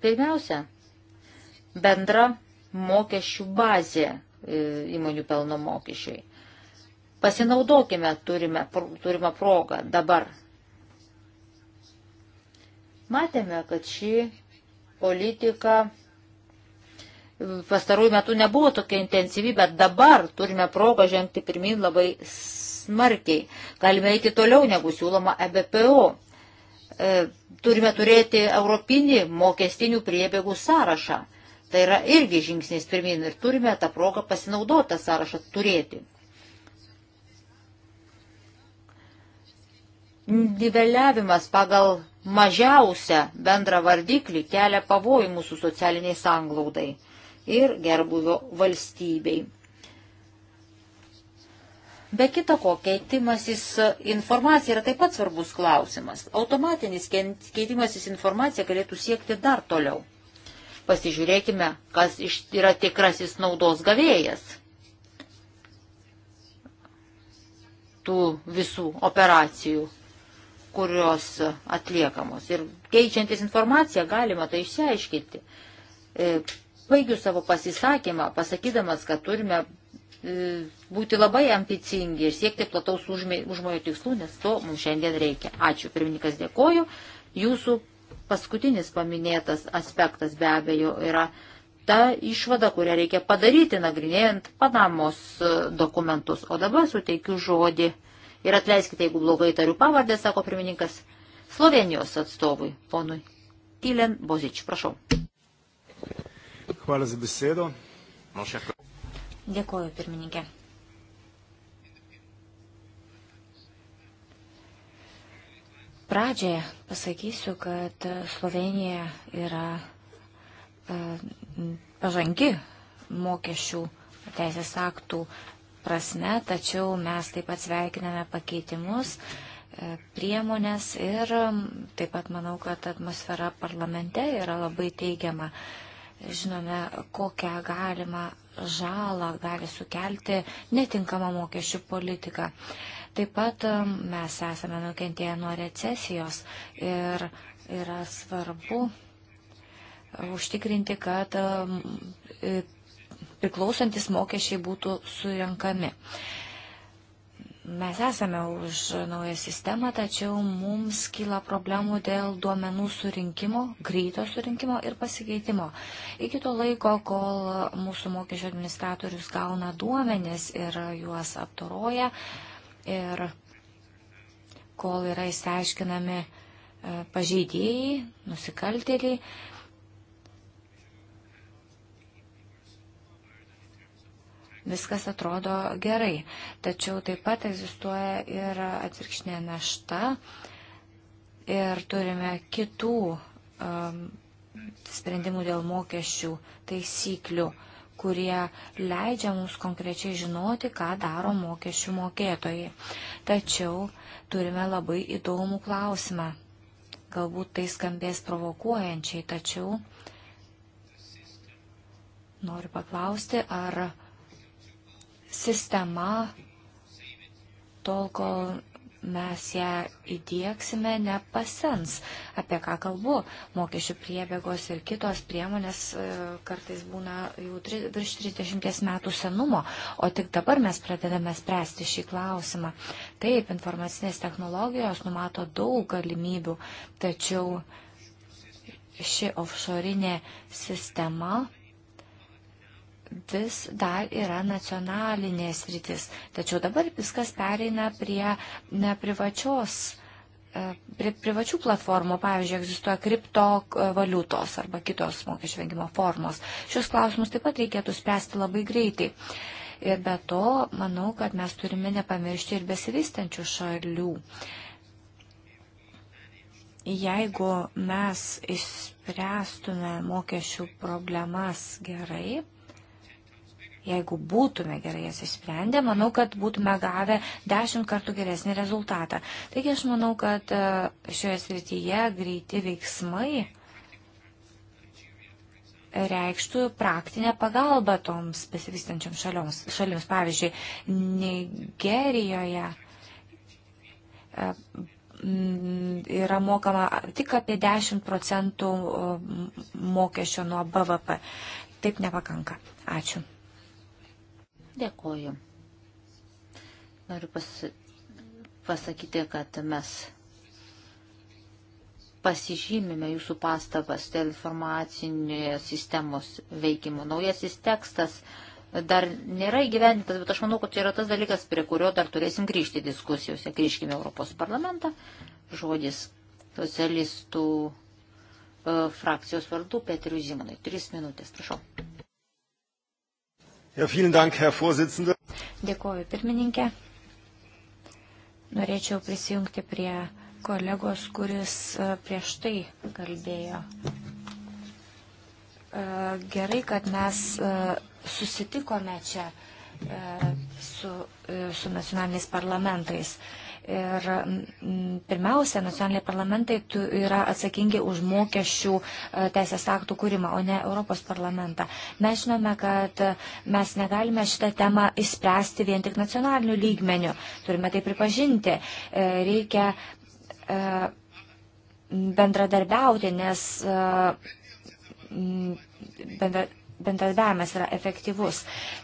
Pirmiausia, bendra mokesčių bazė, E, įmonių pelno mokesčiui. Pasinaudokime turime, turimą progą dabar. Matėme, kad ši politika pastarųjų metų nebuvo tokia intensyvi, bet dabar turime progą žengti pirmin labai smarkiai. Galime eiti toliau negu siūloma EBPO. E, turime turėti europinį mokestinių priebėgų sąrašą. Tai yra irgi žingsnis pirmin ir turime tą progą pasinaudotą sąrašą turėti. Niveliavimas pagal mažiausią bendrą vardiklį kelia pavojų mūsų socialiniai sanglaudai ir gerbuvio valstybei. Be kita ko, keitimasis informacija yra taip pat svarbus klausimas. Automatinis keitimasis informacija galėtų siekti dar toliau. Pasižiūrėkime, kas yra tikrasis naudos gavėjas tų visų operacijų, kurios atliekamos. Ir keičiantis informaciją galima tai išsiaiškinti. E, baigiu savo pasisakymą, pasakydamas, kad turime e, būti labai ambicingi ir siekti plataus užmojo tikslų, nes to mums šiandien reikia. Ačiū. Pirmininkas dėkoju. Jūsų Paskutinis paminėtas aspektas be abejo yra ta išvada, kurią reikia padaryti nagrinėjant Panamos e, dokumentus. O dabar suteikiu žodį ir atleiskite, jeigu blogai tariu pavardę, sako pirmininkas, Slovenijos atstovui, ponui Tilen Bozič. Prašau. Hvala za besedo. Dėkoju, pirmininkė. Pradžioje pasakysiu, kad Slovenija yra e, pažangi mokesčių teisės aktų prasme, tačiau mes taip pat sveikiname pakeitimus, e, priemonės ir taip pat manau, kad atmosfera parlamente yra labai teigiama. Žinome, kokią galima žalą gali sukelti netinkama mokesčių politika. Taip pat um, mes esame nukentėję nuo recesijos ir yra svarbu uh, užtikrinti, kad um, priklausantis mokesčiai būtų surinkami. Mes esame už naują sistemą, tačiau mums kyla problemų dėl duomenų surinkimo, greito surinkimo ir pasikeitimo. Iki to laiko, kol mūsų mokesčio administratorius gauna duomenis ir juos aptoroja, uh, ir kol yra įsiaiškinami e, pažeidėjai, nusikaltėliai. Viskas atrodo gerai, tačiau taip pat egzistuoja ir atvirkšnė našta ir turime kitų um, sprendimų dėl mokesčių taisyklių. Uh, kurie leidžia mums konkrečiai žinoti, ką daro mokesčių mokėtojai. Tačiau turime labai įdomų klausimą. Galbūt tai skambės provokuojančiai, tačiau noriu paklausti, ar sistema tol, kol mes ją įdėksime, nepasens. Apie ką kalbu? Mokesčių priebėgos ir kitos priemonės e, kartais būna jau tri, virš 30 metų senumo, o tik dabar mes pradedame spręsti šį klausimą. Taip, informacinės technologijos numato daug galimybių, tačiau ši offshorinė sistema vis dar yra nacionalinės rytis. Tačiau dabar viskas pereina prie privačios e, prie privačių platformų, pavyzdžiui, egzistuoja kriptovaliutos arba kitos mokesčių vengimo formos. Šios klausimus taip pat reikėtų spręsti labai greitai. Ir be to, manau, kad mes turime nepamiršti ir besivystančių šalių. Jeigu mes išspręstume mokesčių problemas gerai, Jeigu būtume gerai jas išsprendę, manau, kad būtume gavę dešimt kartų geresnį rezultatą. Taigi aš manau, kad e, šioje srityje greiti veiksmai reikštų praktinę pagalbą toms besivystančiam šalims. Pavyzdžiui, Nigerijoje e, yra mokama tik apie 10 procentų mokesčio nuo BVP. Taip nepakanka. Ačiū. Dėkoju. Noriu pas, pasakyti, kad mes pasižymime jūsų pastabas dėl informacinės sistemos veikimo. Naujasis tekstas dar nėra įgyvendintas, bet aš manau, kad čia yra tas dalykas, prie kurio dar turėsim grįžti diskusijose. Grįžkime Europos parlamentą. Žodis socialistų e, frakcijos vardu Petriu Zimonai. Tris minutės, prašau. Ja, Dank, Herr Dėkuoju, pirmininkė. Norėčiau prisijungti prie kolegos, kuris e, prieš tai kalbėjo. E, gerai, kad mes e, susitikome čia su, su nacionaliniais parlamentais. Ir mm, pirmiausia, nacionaliniai parlamentai yra atsakingi už mokesčių e, teisės aktų kūrimą, o ne Europos parlamentą. Mes žinome, kad mes negalime šitą temą įspręsti vien tik nacionaliniu lygmeniu. Turime tai pripažinti. E, reikia e, bendradarbiauti, nes bendradarbiavimas yra efektyvus.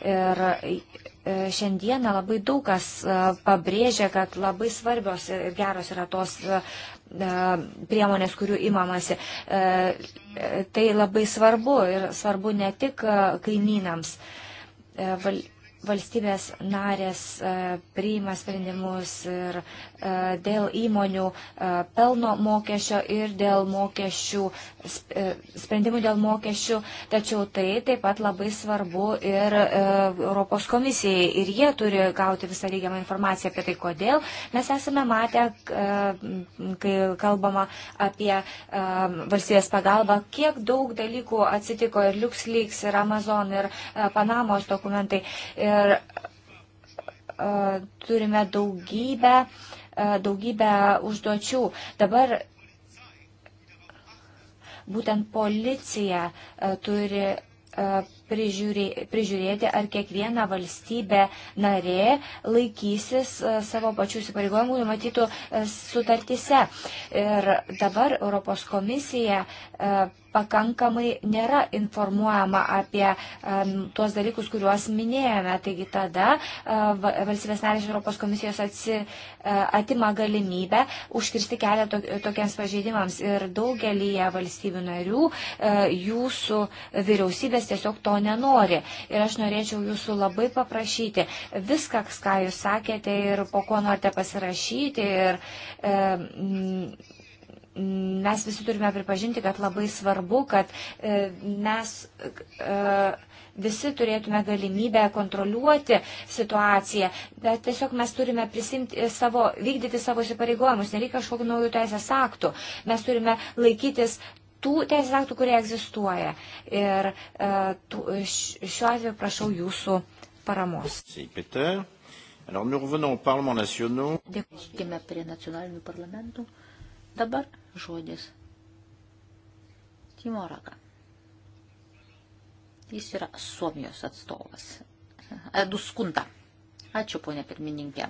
Ir E, šiandieną labai daug kas e, pabrėžia, kad labai svarbios ir geros yra tos e, priemonės, kurių imamasi. Tai labai svarbu ir svarbu ne tik kaimynams valstybės narės e, priima sprendimus ir e, dėl įmonių e, pelno mokesčio ir dėl mokesčių, sprendimų dėl mokesčių, tačiau tai taip pat labai svarbu ir Europos komisijai ir jie turi gauti visą reikiamą informaciją apie tai, kodėl. Mes esame matę, kai kalbama apie valstybės pagalbą, kiek daug dalykų atsitiko ir LuxLeaks, ir Amazon, ir Panamos dokumentai. Ir ir turime daugybę, daugybę užduočių. Dabar būtent policija turi prižiūrėti, ar kiekviena valstybė narė laikysis savo pačių įsipareigojimų numatytų sutartise. Ir dabar Europos komisija pakankamai nėra informuojama apie um, tuos dalykus, kuriuos minėjome. Taigi tada uh, valstybės narės Europos komisijos atsi, uh, atima galimybę užkirsti kelią to, tokiems pažeidimams. Ir daugelį valstybių narių uh, jūsų vyriausybės tiesiog to nenori. Ir aš norėčiau jūsų labai paprašyti viską, ką jūs sakėte ir po ko norite pasirašyti. Ir, um, mes visi turime pripažinti, kad labai svarbu, kad e, mes e, visi turėtume galimybę kontroliuoti situaciją, bet tiesiog mes turime prisimti e, savo, vykdyti savo įsipareigojimus, nereikia kažkokių naujų teisės aktų. Mes turime laikytis tų teisės aktų, kurie egzistuoja. Ir šiuo atveju prašau jūsų paramos. Alors nous revenons aux parlements nationaux. Dėkime prie nacionalinių parlamentų. Dabar žodis. Timo Raga. Jis yra Suomijos atstovas. Eduskunta. Ačiū, ponė pirmininkė.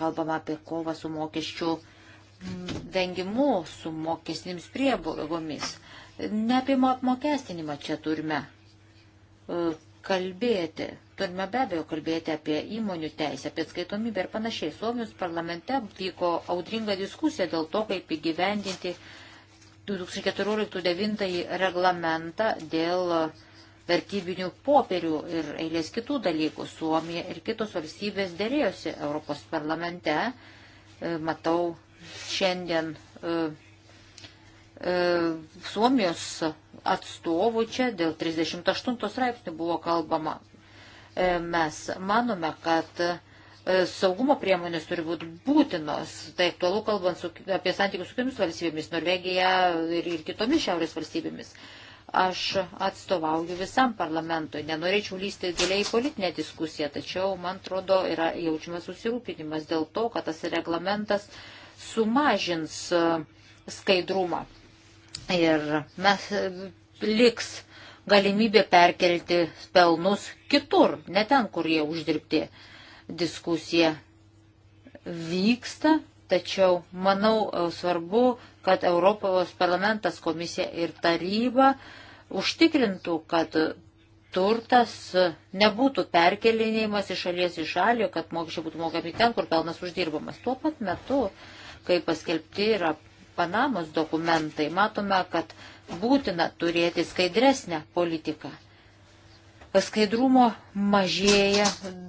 Kalbam apie kovą su mokesčių vengimu, su mokestinėmis priebūgomis. Ne apie apmokestinimą čia turime kalbėti. Turime be abejo kalbėti apie įmonių teisę, apie skaitomybę ir panašiai. Suomijos parlamente vyko audringa diskusija dėl to, kaip įgyvendinti 2014-2009 reglamentą dėl vertybinių popierių ir eilės kitų dalykų. Suomija ir kitos valstybės dėrėjosi Europos parlamente. E, matau šiandien e, E, Suomijos atstovų čia dėl 38 straipsnių buvo kalbama. E, Mes manome, kad e, saugumo priemonės turi būti būtinos. Tai aktualu kalbant su, apie santykius su kitomis valstybėmis, Norvegija ir, ir kitomis šiaurės valstybėmis. Aš atstovauju visam parlamentui, nenorėčiau lysti giliai į politinę diskusiją, tačiau, man atrodo, yra jaučiamas susirūpinimas dėl to, kad tas reglamentas sumažins skaidrumą. Ir mes e, liks galimybė perkelti pelnus kitur, ne ten, kur jie uždirbti. Diskusija vyksta, tačiau manau e, svarbu, kad Europos parlamentas, komisija ir taryba užtikrintų, kad turtas nebūtų perkelinėjimas iš šalies į šalį, kad mokesčiai būtų mokami ten, kur pelnas uždirbamas. Tuo pat metu, kai paskelbti yra Panamos dokumentai, matome, kad būtina turėti skaidresnę politiką. Skaidrumo mažėja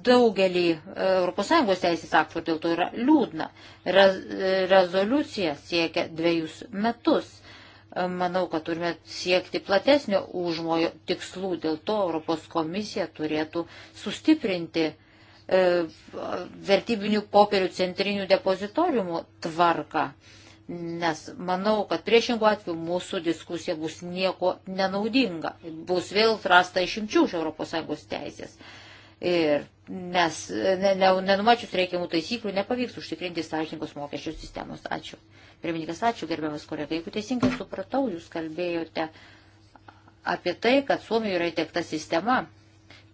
daugelį ES teisės aktų, dėl to yra liūdna. Re, rezoliucija siekia dviejus metus. Manau, kad turime siekti platesnio užmojo tikslų, dėl to Europos komisija turėtų sustiprinti e, vertybinių popierių centrinių depozitoriumų tvarką nes manau, kad priešingų atveju mūsų diskusija bus nieko nenaudinga. Bus vėl rasta išimčių iš ES teisės. Ir nes ne, ne, nenumačius reikiamų taisyklių nepavyks užtikrinti sąžininkos mokesčių sistemos. Ačiū. Pirmininkas, ačiū, gerbiamas kolega. Jeigu teisingai supratau, jūs kalbėjote apie tai, kad Suomijoje yra įtekta sistema,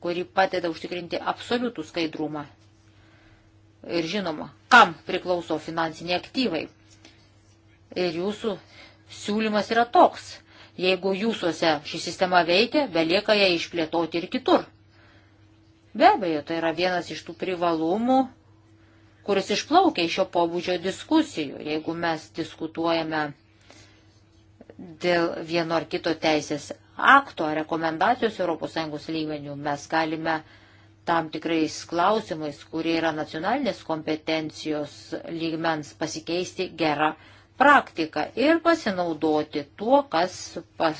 kuri padeda užtikrinti absoliutų skaidrumą. Ir žinoma, kam priklauso finansiniai aktyvai ir jūsų siūlymas yra toks. Jeigu jūsuose ši sistema veikia, belieka ją išplėtoti ir kitur. Be abejo, tai yra vienas iš tų privalumų, kuris išplaukia iš šio pobūdžio diskusijų, jeigu mes diskutuojame dėl vieno ar kito teisės akto ar rekomendacijos ES lygmenių, mes galime tam tikrais klausimais, kurie yra nacionalinės kompetencijos lygmens, pasikeisti gerą praktiką ir pasinaudoti tuo, kas pas,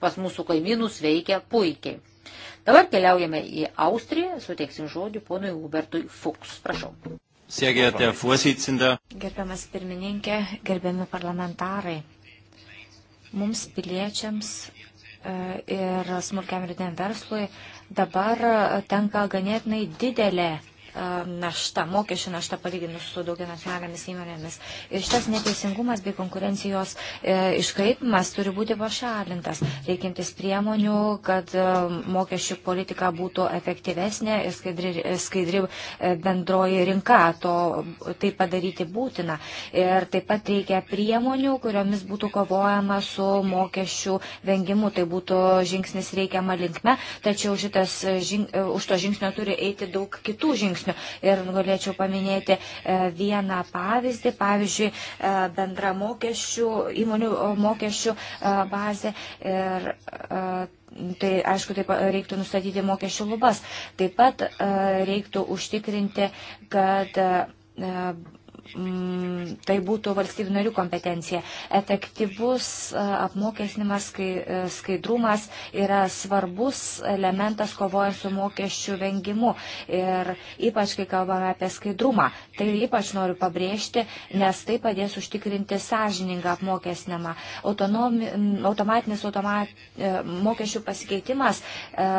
pas mūsų kaimynus veikia puikiai. Dabar keliaujame į Austriją, suteiksim žodį ponui Hubertui Fuchs. Prašau. Gerbiamas pirmininkė, gerbiami parlamentarai, mums piliečiams e, ir smulkiam vidiniam verslui dabar e, tenka ganėtinai didelė našta, mokesčių našta palyginus su daugia nacionalinėmis įmonėmis. Ir šitas neteisingumas bei konkurencijos e, iškreipimas turi būti pašalintas, reikintis priemonių, kad e, mokesčių politika būtų efektyvesnė ir skaidri, e, skaidri e, bendroji rinka. To tai padaryti būtina. Ir taip pat reikia priemonių, kuriomis būtų kovojama su mokesčių vengimu. Tai būtų žingsnis reikiama linkme, tačiau šitas žing, e, už to žingsnio turi eiti daug kitų žingsnių žingsnių. Ir galėčiau paminėti e, vieną pavyzdį, pavyzdžiui, e, bendra mokesčių, įmonių mokesčių e, bazė. Ir, tai aišku, taip reiktų nustatyti mokesčių lubas. Taip pat reiktų užtikrinti, kad Mm, tai būtų valstybių narių kompetencija. Efektyvus e, apmokesnimas, e, skaidrumas yra svarbus elementas kovojant su mokesčių vengimu. Ir ypač, kai kalbame apie skaidrumą, tai ypač noriu pabrėžti, nes tai padės užtikrinti sąžiningą apmokesnimą. Autonomi, automatinis automat, e, mokesčių pasikeitimas. E,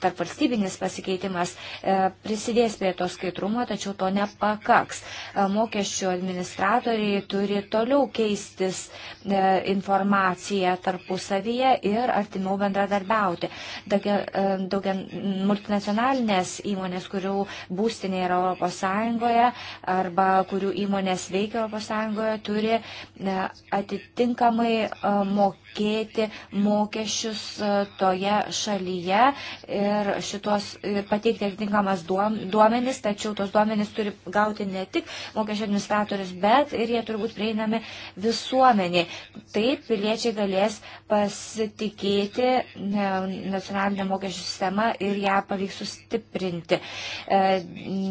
tarp valstybinis pasikeitimas e, prisidės prie to skaidrumo, tačiau to nepakaks. E, mokesčių administratoriai turi toliau keistis e, informaciją tarpusavyje ir artimiau bendradarbiauti. Daugia, daugia multinacionalinės įmonės, kurių būstinė yra ES arba kurių įmonės veikia ES, turi atitinkamai mokėti mokėti mokesčius e, toje šalyje ir šitos ir e, pateikti atitinkamas duomenis, tačiau tos duomenis turi gauti ne tik mokesčio administratorius, bet ir jie turi būti prieinami visuomeniai. Taip piliečiai galės pasitikėti e, nacionalinę mokesčių sistemą ir ją pavyks sustiprinti.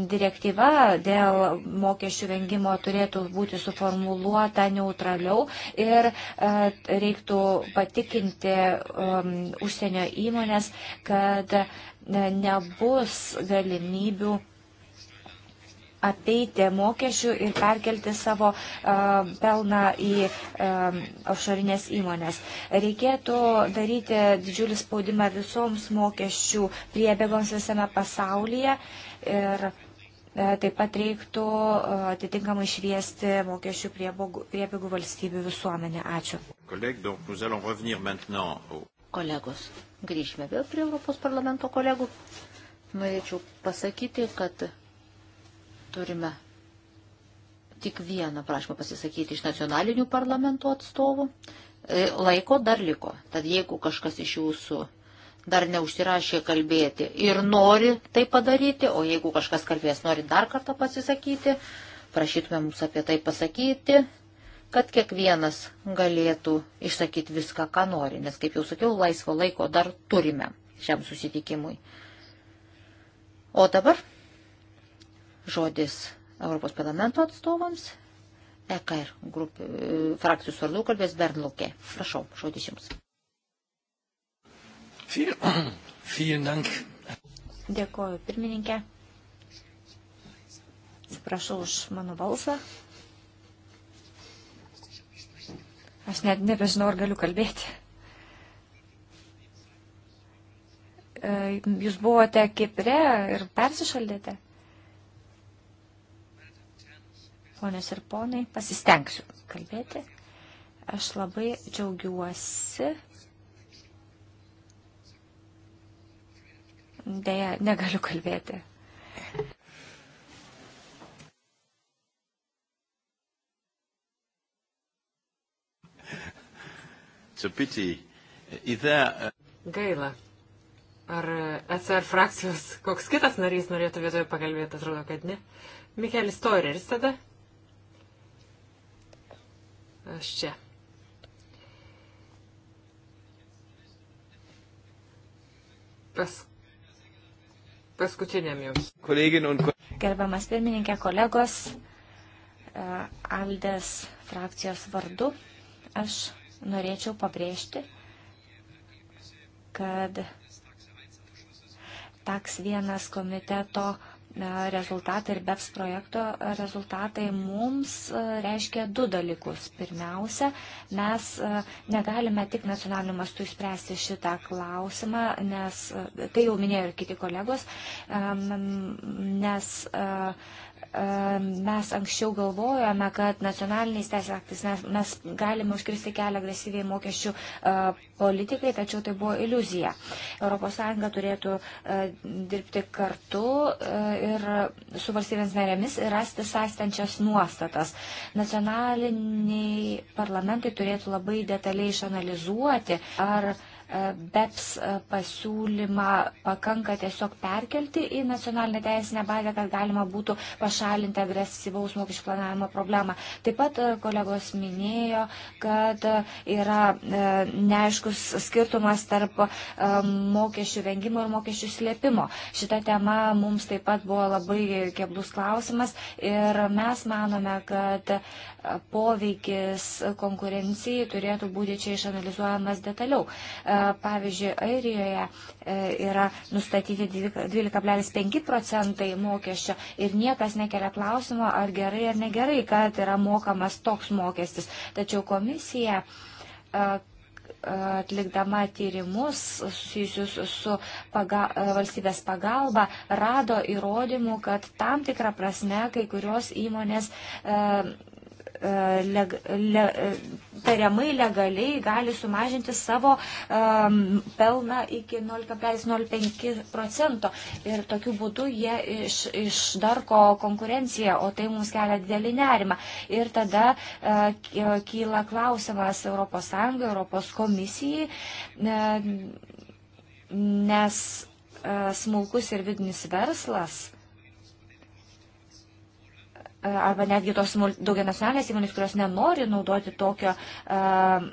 Direktyva dėl mokesčių vengimo turėtų būti suformuluota neutraliau ir reiktų patikinti um, užsienio įmonės, kad e, nebus galimybių apeiti mokesčių ir perkelti savo uh, pelną į uh, e, offshorinės įmonės. Reikėtų daryti didžiulį spaudimą visoms mokesčių priebėgoms visame pasaulyje ir uh, E, taip pat reiktų e, atitinkamai šviesti mokesčių priebėgų valstybių visuomenę. Ačiū. Kolegos, grįžime vėl prie Europos parlamento kolegų. Norėčiau pasakyti, kad turime tik vieną prašymą pasisakyti iš nacionalinių parlamento atstovų. E, laiko dar liko. Tad jeigu kažkas iš jūsų dar neužsirašė kalbėti ir nori tai padaryti, o jeigu kažkas kalbės nori dar kartą pasisakyti, prašytume mums apie tai pasakyti, kad kiekvienas galėtų išsakyti viską, ką nori, nes, kaip jau sakiau, laisvo laiko dar turime šiam susitikimui. O dabar žodis Europos parlamento atstovams. EKR grup, e, frakcijų svardu kalbės Bernlukė. Prašau, žodis jums. Vielen Dank. Dėkoju, pirmininkė. Atsiprašau už mano balsą. Aš net nebežinau, ar galiu kalbėti. E, jūs buvote Kipre ir persišaldėte? Ponės ir ponai, pasistengsiu kalbėti. Aš labai džiaugiuosi Deja, negaliu kalbėti. Gaila. Ar ECR frakcijos koks kitas narys norėtų vietoje pakalbėti, atrodo, kad ne. Mikelis Toireris tada. Aš čia. Pas paskutiniam jums. Gerbiamas pirmininkė, kolegos, e, Aldės frakcijos vardu, aš norėčiau pabrėžti, kad TAX vienas komiteto E, rezultatai ir BEPS projekto rezultatai mums e, reiškia du dalykus. Pirmiausia, mes e, negalime tik nacionaliniu mastu išspręsti šitą klausimą, nes tai jau minėjo ir kiti kolegos, nes Ehm, mes anksčiau galvojome, kad nacionaliniais teisės aktais mes, mes galime užkristi kelią agresyviai mokesčių ehm, politikai, tačiau tai buvo iliuzija. ES turėtų ehm, dirbti kartu ir su valstybėms narėmis ir rasti sąstančias nuostatas. Nacionaliniai parlamentai turėtų labai detaliai išanalizuoti, ar E, BEPS e, pasiūlymą pakanka tiesiog perkelti į nacionalinę teisinę bazę, kad galima būtų pašalinti agresyvaus mokesčių planavimo problemą. Taip pat e, kolegos minėjo, kad yra neaiškus skirtumas tarp mokesčių vengimo ir mokesčių slėpimo. Šita tema mums taip pat buvo labai keblus klausimas ir mes manome, kad poveikis konkurencijai turėtų būti čia išanalizuojamas detaliau. Pavyzdžiui, Airijoje e, yra nustatyti 12,5 procentai mokesčio ir niekas nekelia klausimo, ar gerai ar negerai, kad yra mokamas toks mokestis. Tačiau komisija e, e, atlikdama tyrimus susijusius su paga, valstybės pagalba, rado įrodymų, kad tam tikrą prasme kai kurios įmonės e, E, leg, le, e, tariamai legaliai gali sumažinti savo um, pelną iki 0,05 procento. Ir tokiu būdu jie iš, išdarko konkurenciją, o tai mums kelia didelį nerimą. Ir tada uh, kyla klausimas ES, ES komisijai, uh, nes uh, smulkus ir vidinis verslas arba netgi tos daugia nacionalinės įmonės, kurios nenori naudoti tokio uh,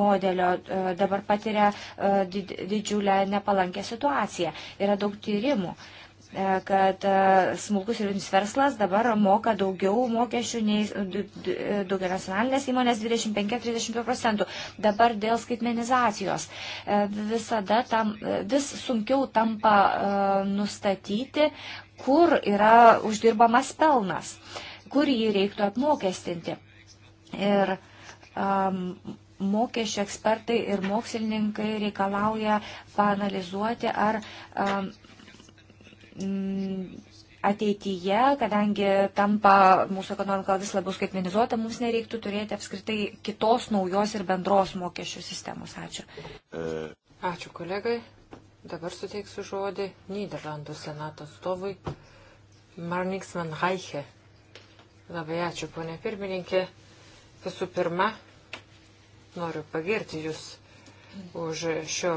modelio, uh, dabar patiria uh, did, didžiulę nepalankę situaciją. Yra daug tyrimų kad smulkus ir jums verslas dabar moka daugiau mokesčių nei daugia nacionalinės įmonės 25-30 procentų. Dabar dėl skaitmenizacijos visada tam, vis sunkiau tampa nustatyti, kur yra uždirbamas pelnas. Uh, kur jį reiktų apmokestinti. Ir um, mokesčių ekspertai ir mokslininkai reikalauja panalizuoti, ar um, ateityje, kadangi tampa mūsų ekonomika vis labiau skaitmenizuota, mums nereiktų turėti apskritai kitos naujos ir bendros mokesčių sistemos. Ačiū. Ačiū kolegai. Dabar suteiksiu žodį Niderlandų senato atstovui Marnix van Reiche. Labai ačiū, ponė pirmininkė. Visų pirma, noriu pagirti Jūs už šio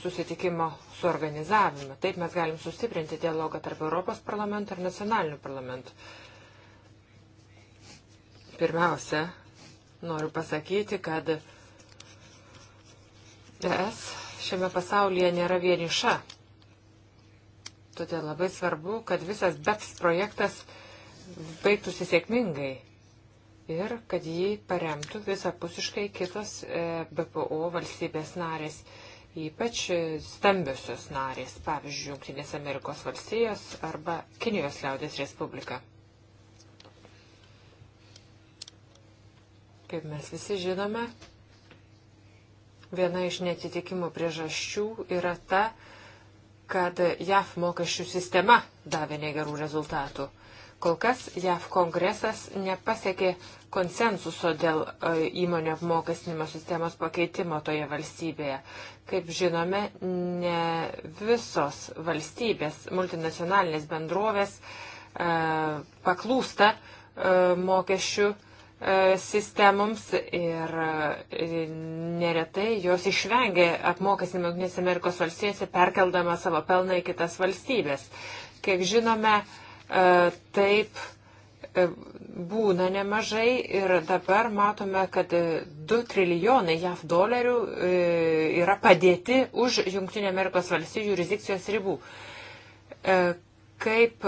susitikimo suorganizavimą. Taip mes galim sustiprinti dialogą tarp Europos parlamento ir nacionalinių parlamentų. Pirmiausia, noriu pasakyti, kad ES šiame pasaulyje nėra vieniša. Todėl labai svarbu, kad visas BEPS projektas baigtųsi sėkmingai ir kad jį paremtų visapusiškai kitos e, BPO valstybės narės, ypač stambiosios narės, pavyzdžiui, Junktinės Amerikos valstijos arba Kinijos liaudės Respublika. Kaip mes visi žinome, viena iš netitikimų priežasčių yra ta, kad JAF mokesčių sistema davė negerų rezultatų. Kol kas JAV kongresas nepasiekė konsensuso dėl e, įmonių apmokestinimo sistemos pakeitimo toje valstybėje. Kaip žinome, ne visos valstybės, multinacionalinės bendrovės e, paklūsta e, mokesčių sistemoms ir neretai jos išvengia apmokestinimo Junktinėse Amerikos valstijose, perkeldama savo pelną į kitas valstybės. Kiek žinome, uh, E, taip e, būna nemažai ir dabar matome, kad 2 e, trilijonai JAV dolerių yra padėti už Junktinio Amerikos valstybių jurisdikcijos ribų. Kaip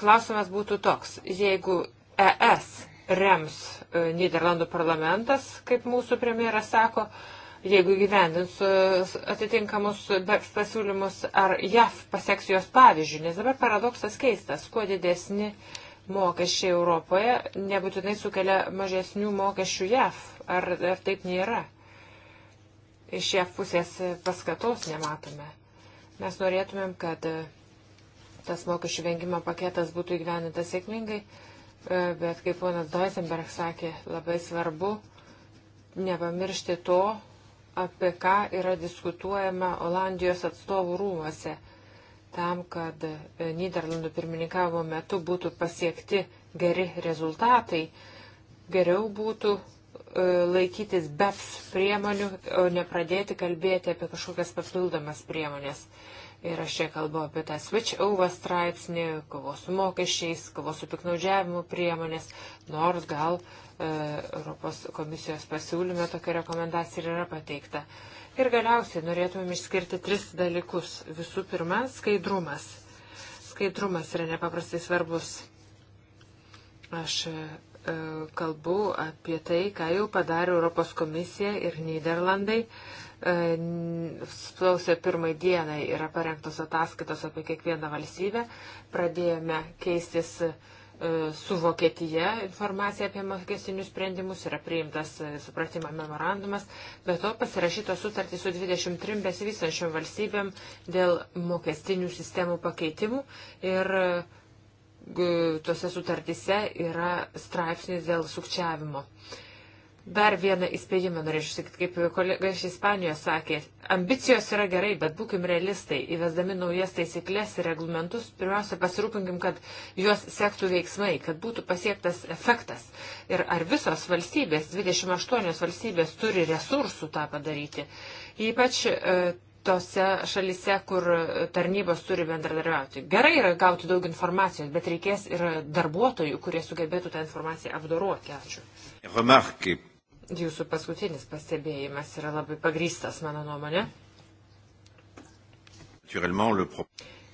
klausimas būtų toks, jeigu ES rems Niderlandų parlamentas, kaip mūsų premjeras sako, uh, jeigu gyvendins uh, atitinkamus BEPS pasiūlymus, ar JAF paseks jos pavyzdžių. Nes dabar paradoksas keistas, kuo didesni mokesčiai Europoje nebūtinai sukelia mažesnių mokesčių JAF. Ar, ar taip nėra? Iš JAF pusės uh, paskatos nematome. Mes norėtumėm, kad uh, tas mokesčių vengimo paketas būtų įgyvenintas sėkmingai, bet kaip ponas Doisenberg sakė, labai svarbu nepamiršti to, apie ką yra diskutuojama Olandijos atstovų rūmose, tam, kad e, Niderlandų pirmininkavo metu būtų pasiekti geri rezultatai, geriau būtų e, laikytis BEPS priemonių, o ne pradėti kalbėti apie kažkokias papildomas priemonės. Ir aš čia kalbu apie tą switch over straipsnį, kovos su mokesčiais, kovos su piknaudžiavimu priemonės, nors gal uh, E, Europos komisijos pasiūlyme tokia rekomendacija ir yra pateikta. Ir galiausiai norėtumėm išskirti tris dalykus. Visų pirma, skaidrumas. Skaidrumas yra nepaprastai svarbus. Aš e, kalbu apie tai, ką jau padarė Europos komisija ir Niderlandai. E, sausio pirmai dienai yra parengtos ataskaitos apie kiekvieną valstybę. Pradėjome keistis uh, E, su Vokietija informacija apie mokestinius sprendimus, yra priimtas e, supratimą memorandumas, bet to pasirašyto sutartį su 23 besivystančiom valstybėm dėl mokestinių sistemų pakeitimų ir e, tuose sutartyse yra straipsnis dėl sukčiavimo. Uh, Dar vieną įspėjimą norėčiau sakyti, kaip kolega iš Ispanijos sakė, ambicijos yra gerai, bet būkim realistai, įvesdami naujas taisyklės ir reglamentus, pirmiausia pasirūpinkim, kad juos sektų veiksmai, kad būtų pasiektas efektas. Ir ar visos valstybės, 28 valstybės turi resursų tą padaryti, ypač e, tose šalise, kur tarnybos turi bendradarbiauti. Gerai yra gauti daug informacijos, bet reikės ir darbuotojų, kurie sugebėtų tą informaciją apdoroti. Ačiū. Remarque Jūsų paskutinis pastebėjimas yra labai pagrystas, mano nuomonė.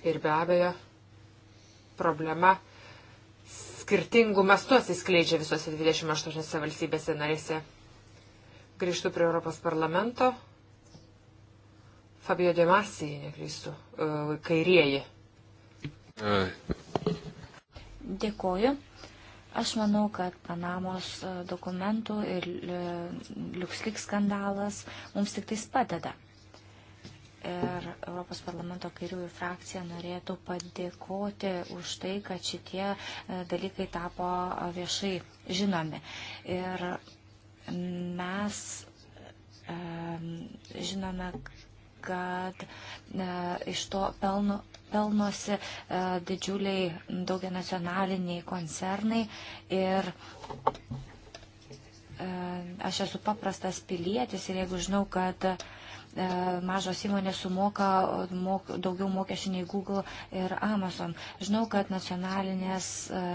Ir be abejo, problema skirtingų mastų atsiskleidžia visose 28 valstybėse narėse. Grįžtu prie Europos parlamento. Fabio Demasi, neklystu, e, kairieji. Dėkoju. Aš manau, kad Panamos e, dokumentų ir e, LuxLeak skandalas mums tik tais padeda. Ir Europos parlamento kairiųjų frakcija norėtų padėkoti už tai, kad šitie e, dalykai tapo viešai žinomi. Ir mes žinome, kad iš to pelno pelnosi e, didžiuliai daugianacionaliniai koncernai ir e, aš esu paprastas pilietis ir jeigu žinau, kad e, mažos įmonės sumoka mok, daugiau mokesčių nei Google ir Amazon. Žinau, kad nacionalinės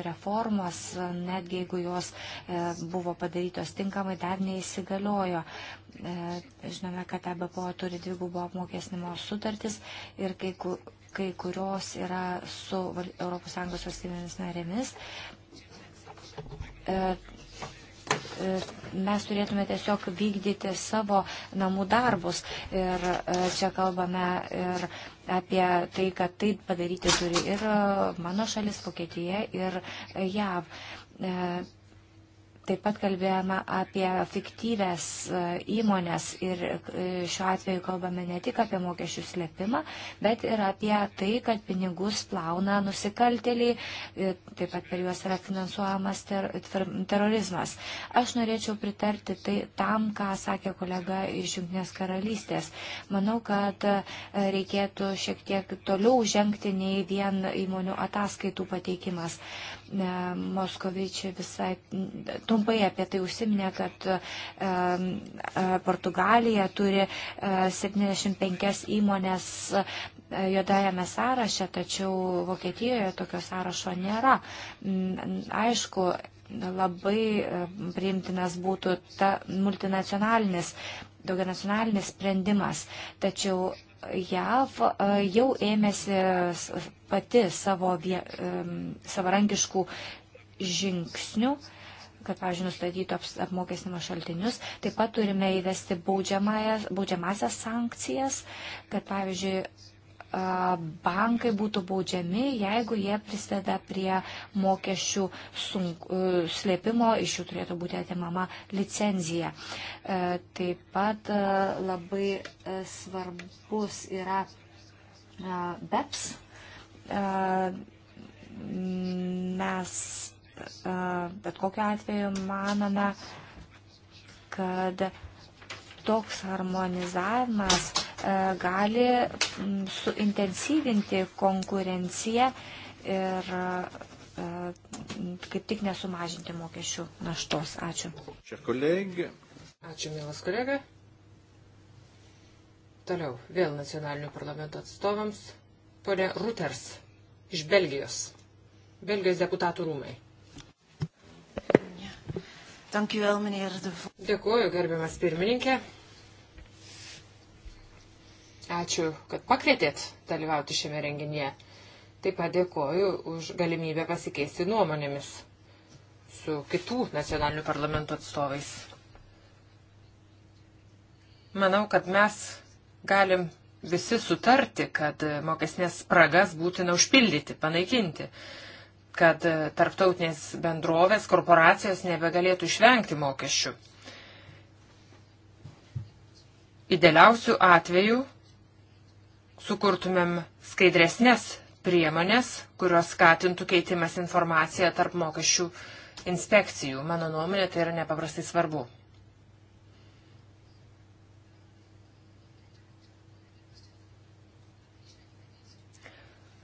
reformos, netgi jeigu jos buvo padarytos tinkamai, dar neįsigaliojo. Žinome, kad ABPO turi dvigubo apmokesnimo sutartis ir kai kai kurios yra su ES valstybėmis narėmis. E, e, mes turėtume tiesiog vykdyti savo namų darbus ir e, čia kalbame ir apie tai, kad tai padaryti turi ir mano šalis, Vokietija ir JAV Taip pat kalbėjome apie fiktyvės e, įmonės ir e, šiuo atveju kalbame ne tik apie mokesčių slėpimą, bet ir apie tai, kad pinigus plauna nusikaltėliai, e, taip pat per juos yra finansuojamas ter, ter, terorizmas. Aš norėčiau pritarti tai, tam, ką sakė kolega iš Junktinės karalystės. Manau, kad reikėtų šiek tiek toliau žengti nei vien įmonių ataskaitų pateikimas. Moskovičiai visai trumpai apie tai užsiminė, kad e, Portugalija turi 75 e, įmonės e, juodajame sąraše, tačiau Vokietijoje tokio sąrašo nėra. Mm, aišku, labai priimtinas būtų ta multinacionalinis daugianacionalinis sprendimas. Tačiau JAV e, jau ėmėsi pati savo vie, e, savarankiškų žingsnių kad, pavyzdžiui, nustatytų apmokestinimo šaltinius. Taip pat turime įvesti baudžiamąsias sankcijas, kad, pavyzdžiui, bankai būtų baudžiami, jeigu jie prisideda prie mokesčių sunk, e, slėpimo, iš jų turėtų būti atimama licenzija. E, taip pat e, labai svarbus yra BEPS. Mes bet kokiu atveju manome, kad toks harmonizavimas E, gali suintensyvinti konkurenciją ir e, kaip tik nesumažinti mokesčių naštos. Ačiū. Čia kolegė. Ačiū, mielas kolega. Toliau, vėl nacionalinių parlamento atstovams. Pone Ruters iš Belgijos. Belgijos deputatų rūmai. Dėkuoju, gerbiamas pirmininkė. Ačiū, kad pakvietėt dalyvauti šiame renginyje. Taip pat dėkoju už galimybę pasikeisti nuomonėmis su kitų nacionalinių parlamentų atstovais. Manau, kad mes galim visi sutarti, kad mokesnės spragas būtina užpildyti, panaikinti, kad tarptautinės bendrovės, korporacijos nebegalėtų išvengti mokesčių. Idealiausių atvejų sukurtumėm skaidresnės priemonės, kurios skatintų keitimas informaciją tarp mokesčių inspekcijų. Mano nuomonė, tai yra nepaprastai svarbu.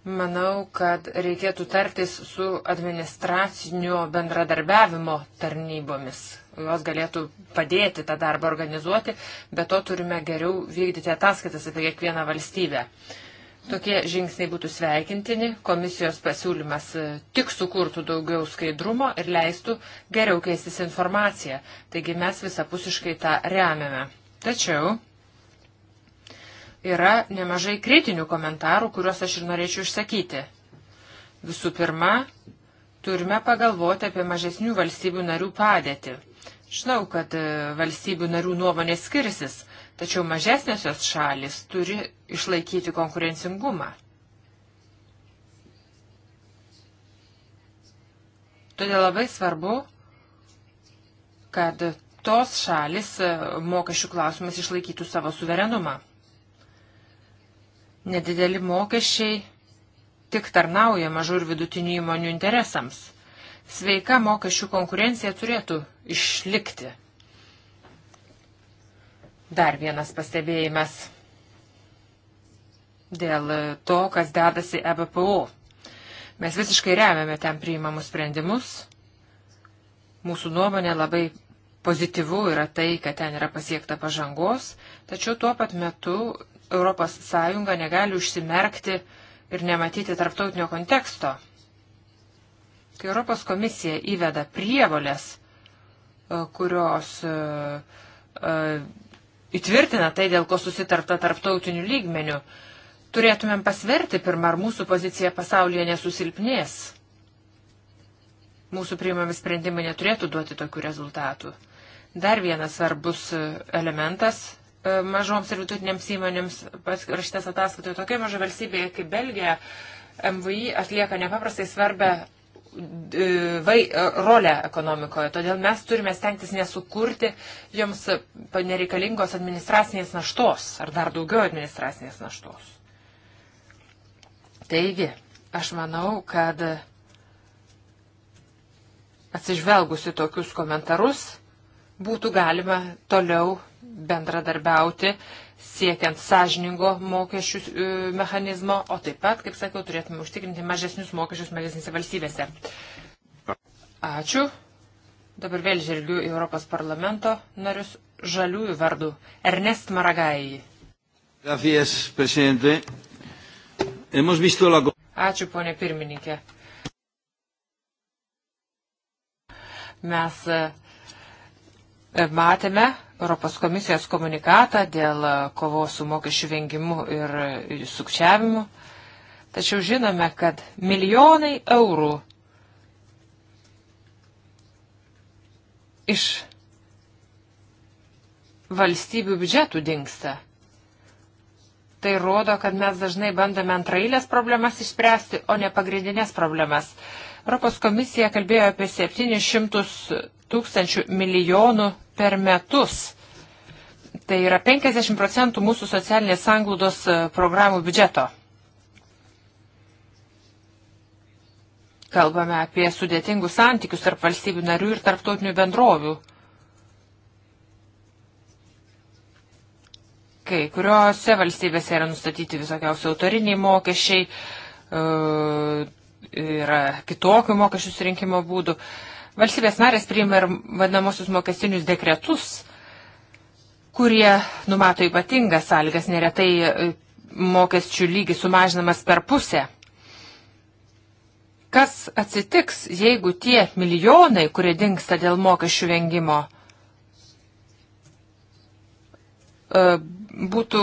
Manau, kad reikėtų tartis su administracinio bendradarbiavimo tarnybomis. Jos galėtų padėti tą darbą organizuoti, bet to turime geriau vykdyti ataskaitas apie kiekvieną valstybę. Tokie žingsniai būtų sveikintini, komisijos pasiūlymas e, tik sukurtų daugiau skaidrumo ir leistų geriau keistis informaciją. Taigi mes visapusiškai tą remiame. Tačiau yra nemažai kritinių komentarų, kuriuos aš ir norėčiau išsakyti. Visų pirma, turime pagalvoti apie mažesnių valstybių narių padėtį. Žinau, kad e, valstybių narių nuomonės skirsis, tačiau mažesnėsios šalis turi išlaikyti konkurencingumą. Todėl labai svarbu, kad tos šalis e, mokesčių klausimas išlaikytų savo suverenumą. Nedideli mokesčiai tik tarnauja mažų ir vidutinių įmonių interesams. Sveika mokesčių konkurencija turėtų išlikti. Dar vienas pastebėjimas dėl to, kas dedasi EBPO. Mes visiškai remiame ten priimamus sprendimus. Mūsų nuomonė labai pozityvu yra tai, kad ten yra pasiekta pažangos, tačiau tuo pat metu ES negali užsimerkti ir nematyti tarptautinio konteksto. Kai Europos komisija įveda prievolės, e, kurios e, e, įtvirtina tai, dėl ko susitarta tarptautiniu lygmeniu, turėtumėm pasverti pirmą, ar mūsų pozicija pasaulyje nesusilpnės. Mūsų priimami sprendimai neturėtų duoti tokių rezultatų. Dar vienas svarbus elementas E, mažoms ir vidutinėms įmonėms rašytas ataskaitoje tokia maža valstybėje kaip Belgija, MVI atlieka nepaprastai svarbę e, vai, e, rolę ekonomikoje. Todėl mes turime stengtis nesukurti joms nereikalingos administracinės naštos ar dar daugiau administracinės naštos. Taigi, aš manau, kad atsižvelgusi tokius komentarus būtų galima toliau bendradarbiauti, siekiant sąžiningo mokesčių e, mechanizmo, o taip pat, kaip sakiau, turėtume užtikrinti mažesnius mokesčius mažesnėse valstybėse. Ačiū. Dabar vėl žvelgiu į Europos parlamento narius žaliųjų vardų. Ernest Maragai. Gracias, presidente. Hemos visto la... Ačiū, ponė pirmininkė. Mes uh, Matėme Europos komisijos komunikatą dėl kovos su mokesčių vengimu ir sukčiavimu, tačiau žinome, kad milijonai eurų iš valstybių biudžetų dinksta. Tai rodo, kad mes dažnai bandome antrailės problemas išspręsti, o ne pagrindinės problemas. Europos komisija kalbėjo apie 700 tūkstančių milijonų per metus. Tai yra 50 procentų mūsų socialinės sanglaudos e, programų biudžeto. Kalbame apie sudėtingus santykius tarp valstybių narių ir tarptautinių bendrovių. Kai kuriuose valstybėse yra nustatyti visokiausi autoriniai mokesčiai, e, yra kitokių mokesčių surinkimo būdų. Uh, Valstybės narės priima ir vadinamosius mokestinius dekretus, kurie numato ypatingas sąlygas, neretai e, mokesčių lygis sumažinamas per pusę. Kas atsitiks, jeigu tie milijonai, kurie dinksta dėl mokesčių vengimo, e, būtų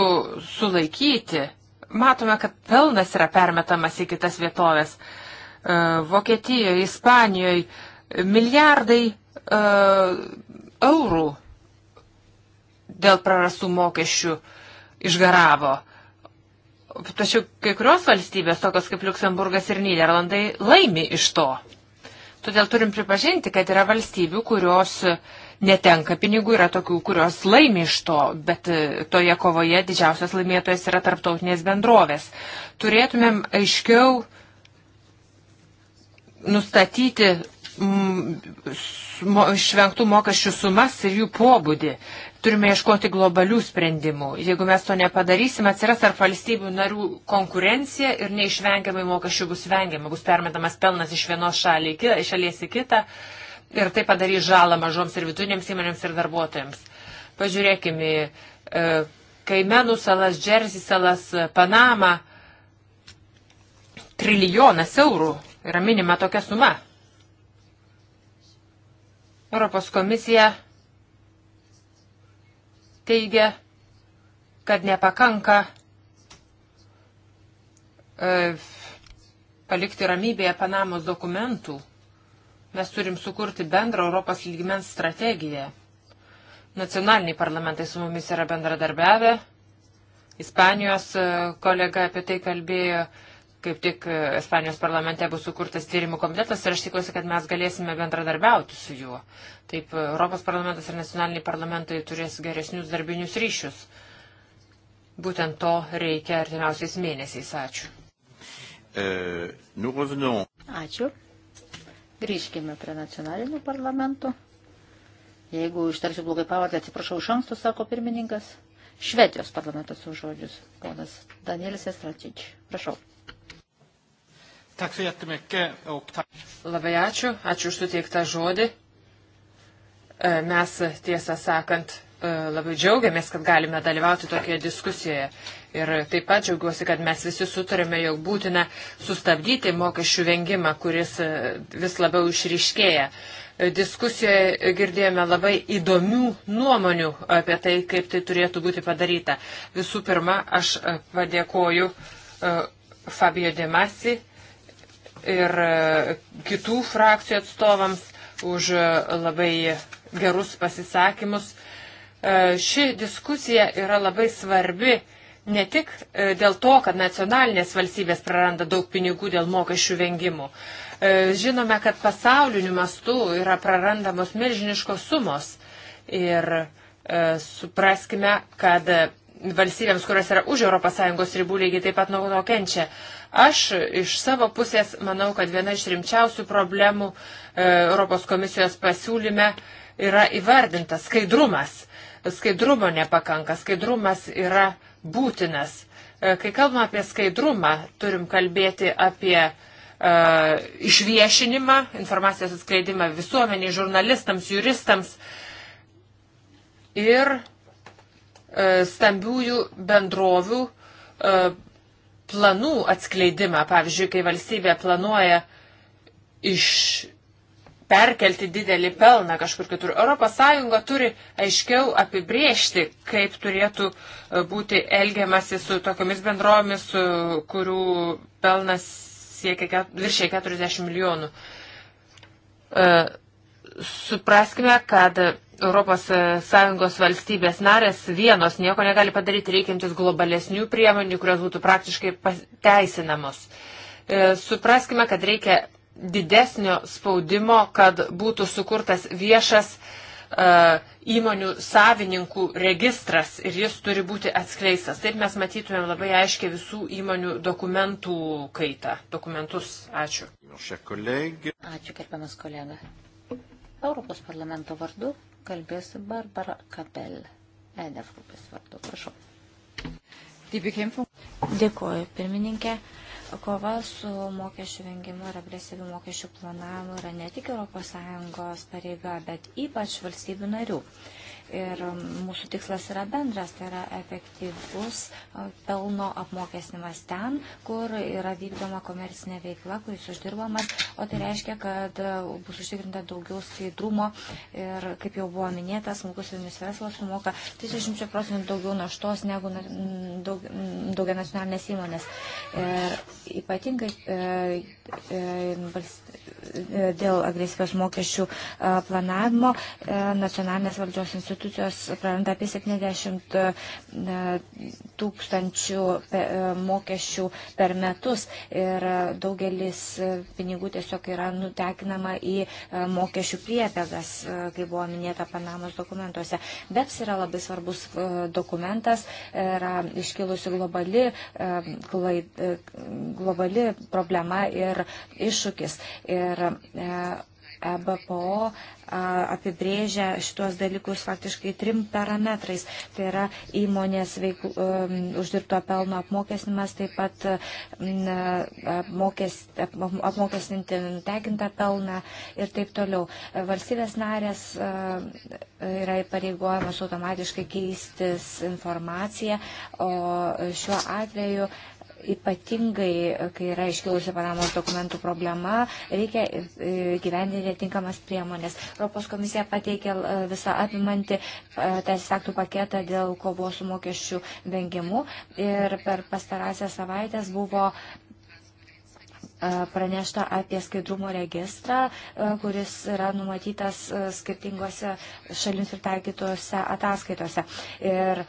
sulaikyti? Matome, kad pelnas yra permetamas į kitas vietovės. E, Vokietijoje, Ispanijoje, Milijardai uh, eurų dėl prarastų mokesčių išgaravo. Tačiau kai kurios valstybės, tokios kaip Luksemburgas ir Niderlandai, laimi iš to. Todėl turim pripažinti, kad yra valstybių, kurios netenka pinigų, yra tokių, kurios laimi iš to, bet e, toje kovoje didžiausias laimėtojas yra tarptautinės bendrovės. Turėtumėm aiškiau nustatyti išvengtų mokesčių sumas ir jų pobūdį. Turime ieškoti globalių sprendimų. Jeigu mes to nepadarysime, atsiras ar valstybių narių konkurencija ir neišvengiamai mokesčių bus vengiama, bus permetamas pelnas iš vienos šaliai, šalies į kitą ir tai padarys žalą mažoms ir vidutinėms įmonėms ir darbuotojams. Pažiūrėkime, e, Kaimenų salas, Džersi salas, Panama, trilijonas eurų yra minima tokia suma. Europos komisija teigia, kad nepakanka e, palikti ramybėje Panamos dokumentų. Mes turim sukurti bendrą Europos lygmens strategiją. Nacionaliniai parlamentai su mumis yra bendradarbiavę. Ispanijos e, kolega apie tai kalbėjo. Kaip tik e, Ispanijos parlamente bus sukurtas tyrimų komitetas ir aš tikiuosi, kad mes galėsime bendradarbiauti su juo. Taip e, Europos parlamentas ir nacionaliniai parlamentai turės geresnius darbinius ryšius. Būtent to reikia artimiausiais mėnesiais. Ačiū. E, nu, Ačiū. Grįžkime prie nacionalinių parlamentų. Jeigu ištarsiu blogai pavardę, atsiprašau iš anksto, sako pirmininkas. Švedijos parlamentas už žodžius, ponas Danielis Estratič. Prašau. Labai ačiū, ačiū už suteiktą žodį. E, mes, tiesą sakant, e, labai džiaugiamės, kad galime dalyvauti tokioje diskusijoje. Ir taip pat džiaugiuosi, kad mes visi sutarėme, jog būtina sustabdyti mokesčių vengimą, kuris e, vis labiau išryškėja. Diskusijoje girdėjome labai įdomių nuomonių apie tai, kaip tai turėtų būti padaryta. Visų pirma, aš padėkoju Fabio Demasi ir e, kitų frakcijų atstovams už e, labai gerus pasisakymus. E, ši diskusija yra labai svarbi ne tik dėl to, kad nacionalinės valstybės praranda daug pinigų dėl mokesčių vengimų. Žinome, kad pasauliniu mastu yra prarandamos milžiniškos sumos ir supraskime, kad valstybėms, kurios yra už ES ribų, lygiai taip pat nuo to kenčia. Uh, Aš iš savo pusės manau, kad viena iš rimčiausių problemų e, Europos komisijos pasiūlyme yra įvardintas skaidrumas. Skaidrumo nepakanka, skaidrumas yra būtinas. E, kai kalbame apie skaidrumą, turim kalbėti apie e, išviešinimą, informacijos atskleidimą visuomeniai, žurnalistams, juristams ir stambiųjų bendrovių planų atskleidimą. Pavyzdžiui, kai valstybė planuoja iš perkelti didelį pelną kažkur kitur. ES turi aiškiau apibriežti, kaip turėtų e, būti elgiamasi su tokiamis bendrovėmis, e, kurių pelnas siekia viršė 40 milijonų. E, supraskime, kad ES e, valstybės narės vienos nieko negali padaryti, reikiantis globalesnių priemonių, kurios būtų praktiškai teisinamos. E, supraskime, kad reikia didesnio spaudimo, kad būtų sukurtas viešas e, įmonių savininkų registras ir jis turi būti atskleistas. Taip mes matytumėm labai aiškiai visų įmonių dokumentų kaitą, dokumentus. Ačiū. Ačiū, gerbiamas kolega. Europos parlamento vardu kalbės Barbara Kapel, EDF grupės vardu. Prašau. Dėkuoju, pirmininkė. Kova su mokesčių vengimu ir agresyviu mokesčių planavimu yra ne tik ES pareiga, bet ypač valstybių narių. Ir um, mūsų tikslas yra bendras, tai yra efektyvus uh, pelno apmokesnimas ten, kur yra vykdoma komercinė veikla, kuris uždirbamas, o tai reiškia, kad uh, bus užtikrinta daugiau skaidrumo ir, kaip jau buvo minėta, smulkus vidinis verslas sumoka 30 procentų daugiau naštos negu daug, daugia nacionalinės įmonės. Ir ypatingai e, e, e dėl agresyvios mokesčių e, planavimo e, nacionalinės valdžios institucijos institucijos praranda apie 70 e, tūkstančių e, mokesčių per metus ir daugelis e, pinigų tiesiog yra nutekinama į mokesčių priepėgas, kaip buvo minėta Panamos dokumentuose. BEPS yra labai svarbus dokumentas, yra iškilusi globali, globali problema ir iššūkis. Ir, E BPO apibrėžia šitos dalykus faktiškai trim parametrais. Tai yra įmonės veikų, uždirbto pelno apmokestinimas, taip pat apmokestinti tegintą pelną ir taip toliau. Valstybės narės e, yra įpareigojamas automatiškai keistis informaciją, o šiuo atveju ypatingai, kai yra iškilusi Panamos dokumentų problema, reikia e, gyvendinti tinkamas priemonės. Europos komisija pateikė e, visą apimantį e, teisės aktų paketą dėl kovos su mokesčių vengimu ir per pastarąsią savaitęs buvo pranešta apie skaidrumo registrą, kuris yra numatytas skirtingose šalims ir taikytose ataskaitose. Ir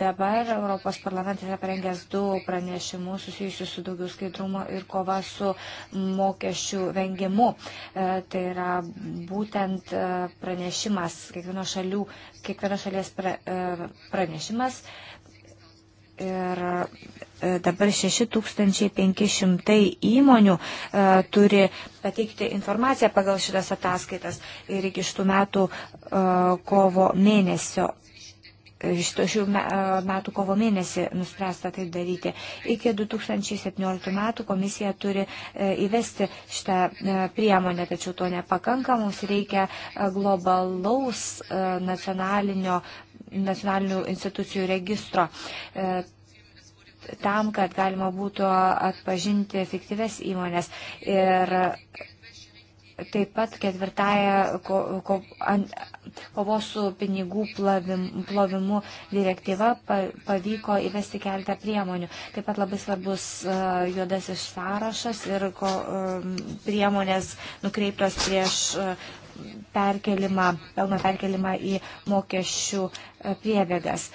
Dabar Europos parlamentas yra parengęs du pranešimus susijusius su daugiau skaidrumo ir kova su mokesčių vengimu. E, tai yra būtent e, pranešimas, kiekvieno, šalių, kiekvieno šalies pra, e, pranešimas. Ir dabar 6500 įmonių turi pateikti informaciją pagal šitas ataskaitas ir iki šitų metų kovo mėnesio šito šių metų kovo mėnesį nuspręsta tai daryti. Iki 2017 metų komisija turi e, įvesti šitą e, priemonę, tačiau to nepakanka, mums reikia e, globalaus nacionalinio, nacionalinių institucijų registro tam, kad galima būtų atpažinti efektyves įmonės. Ir Taip pat ketvirtąją kovos ko, ko, su pinigų plavim, plovimu direktyva pa, pavyko įvesti keletą priemonių. Taip pat labai svarbus uh, juodasis sąrašas ir ko, um, priemonės nukreiptos prieš uh, perkelimą, pelno perkelimą į mokesčių uh, priebėgas.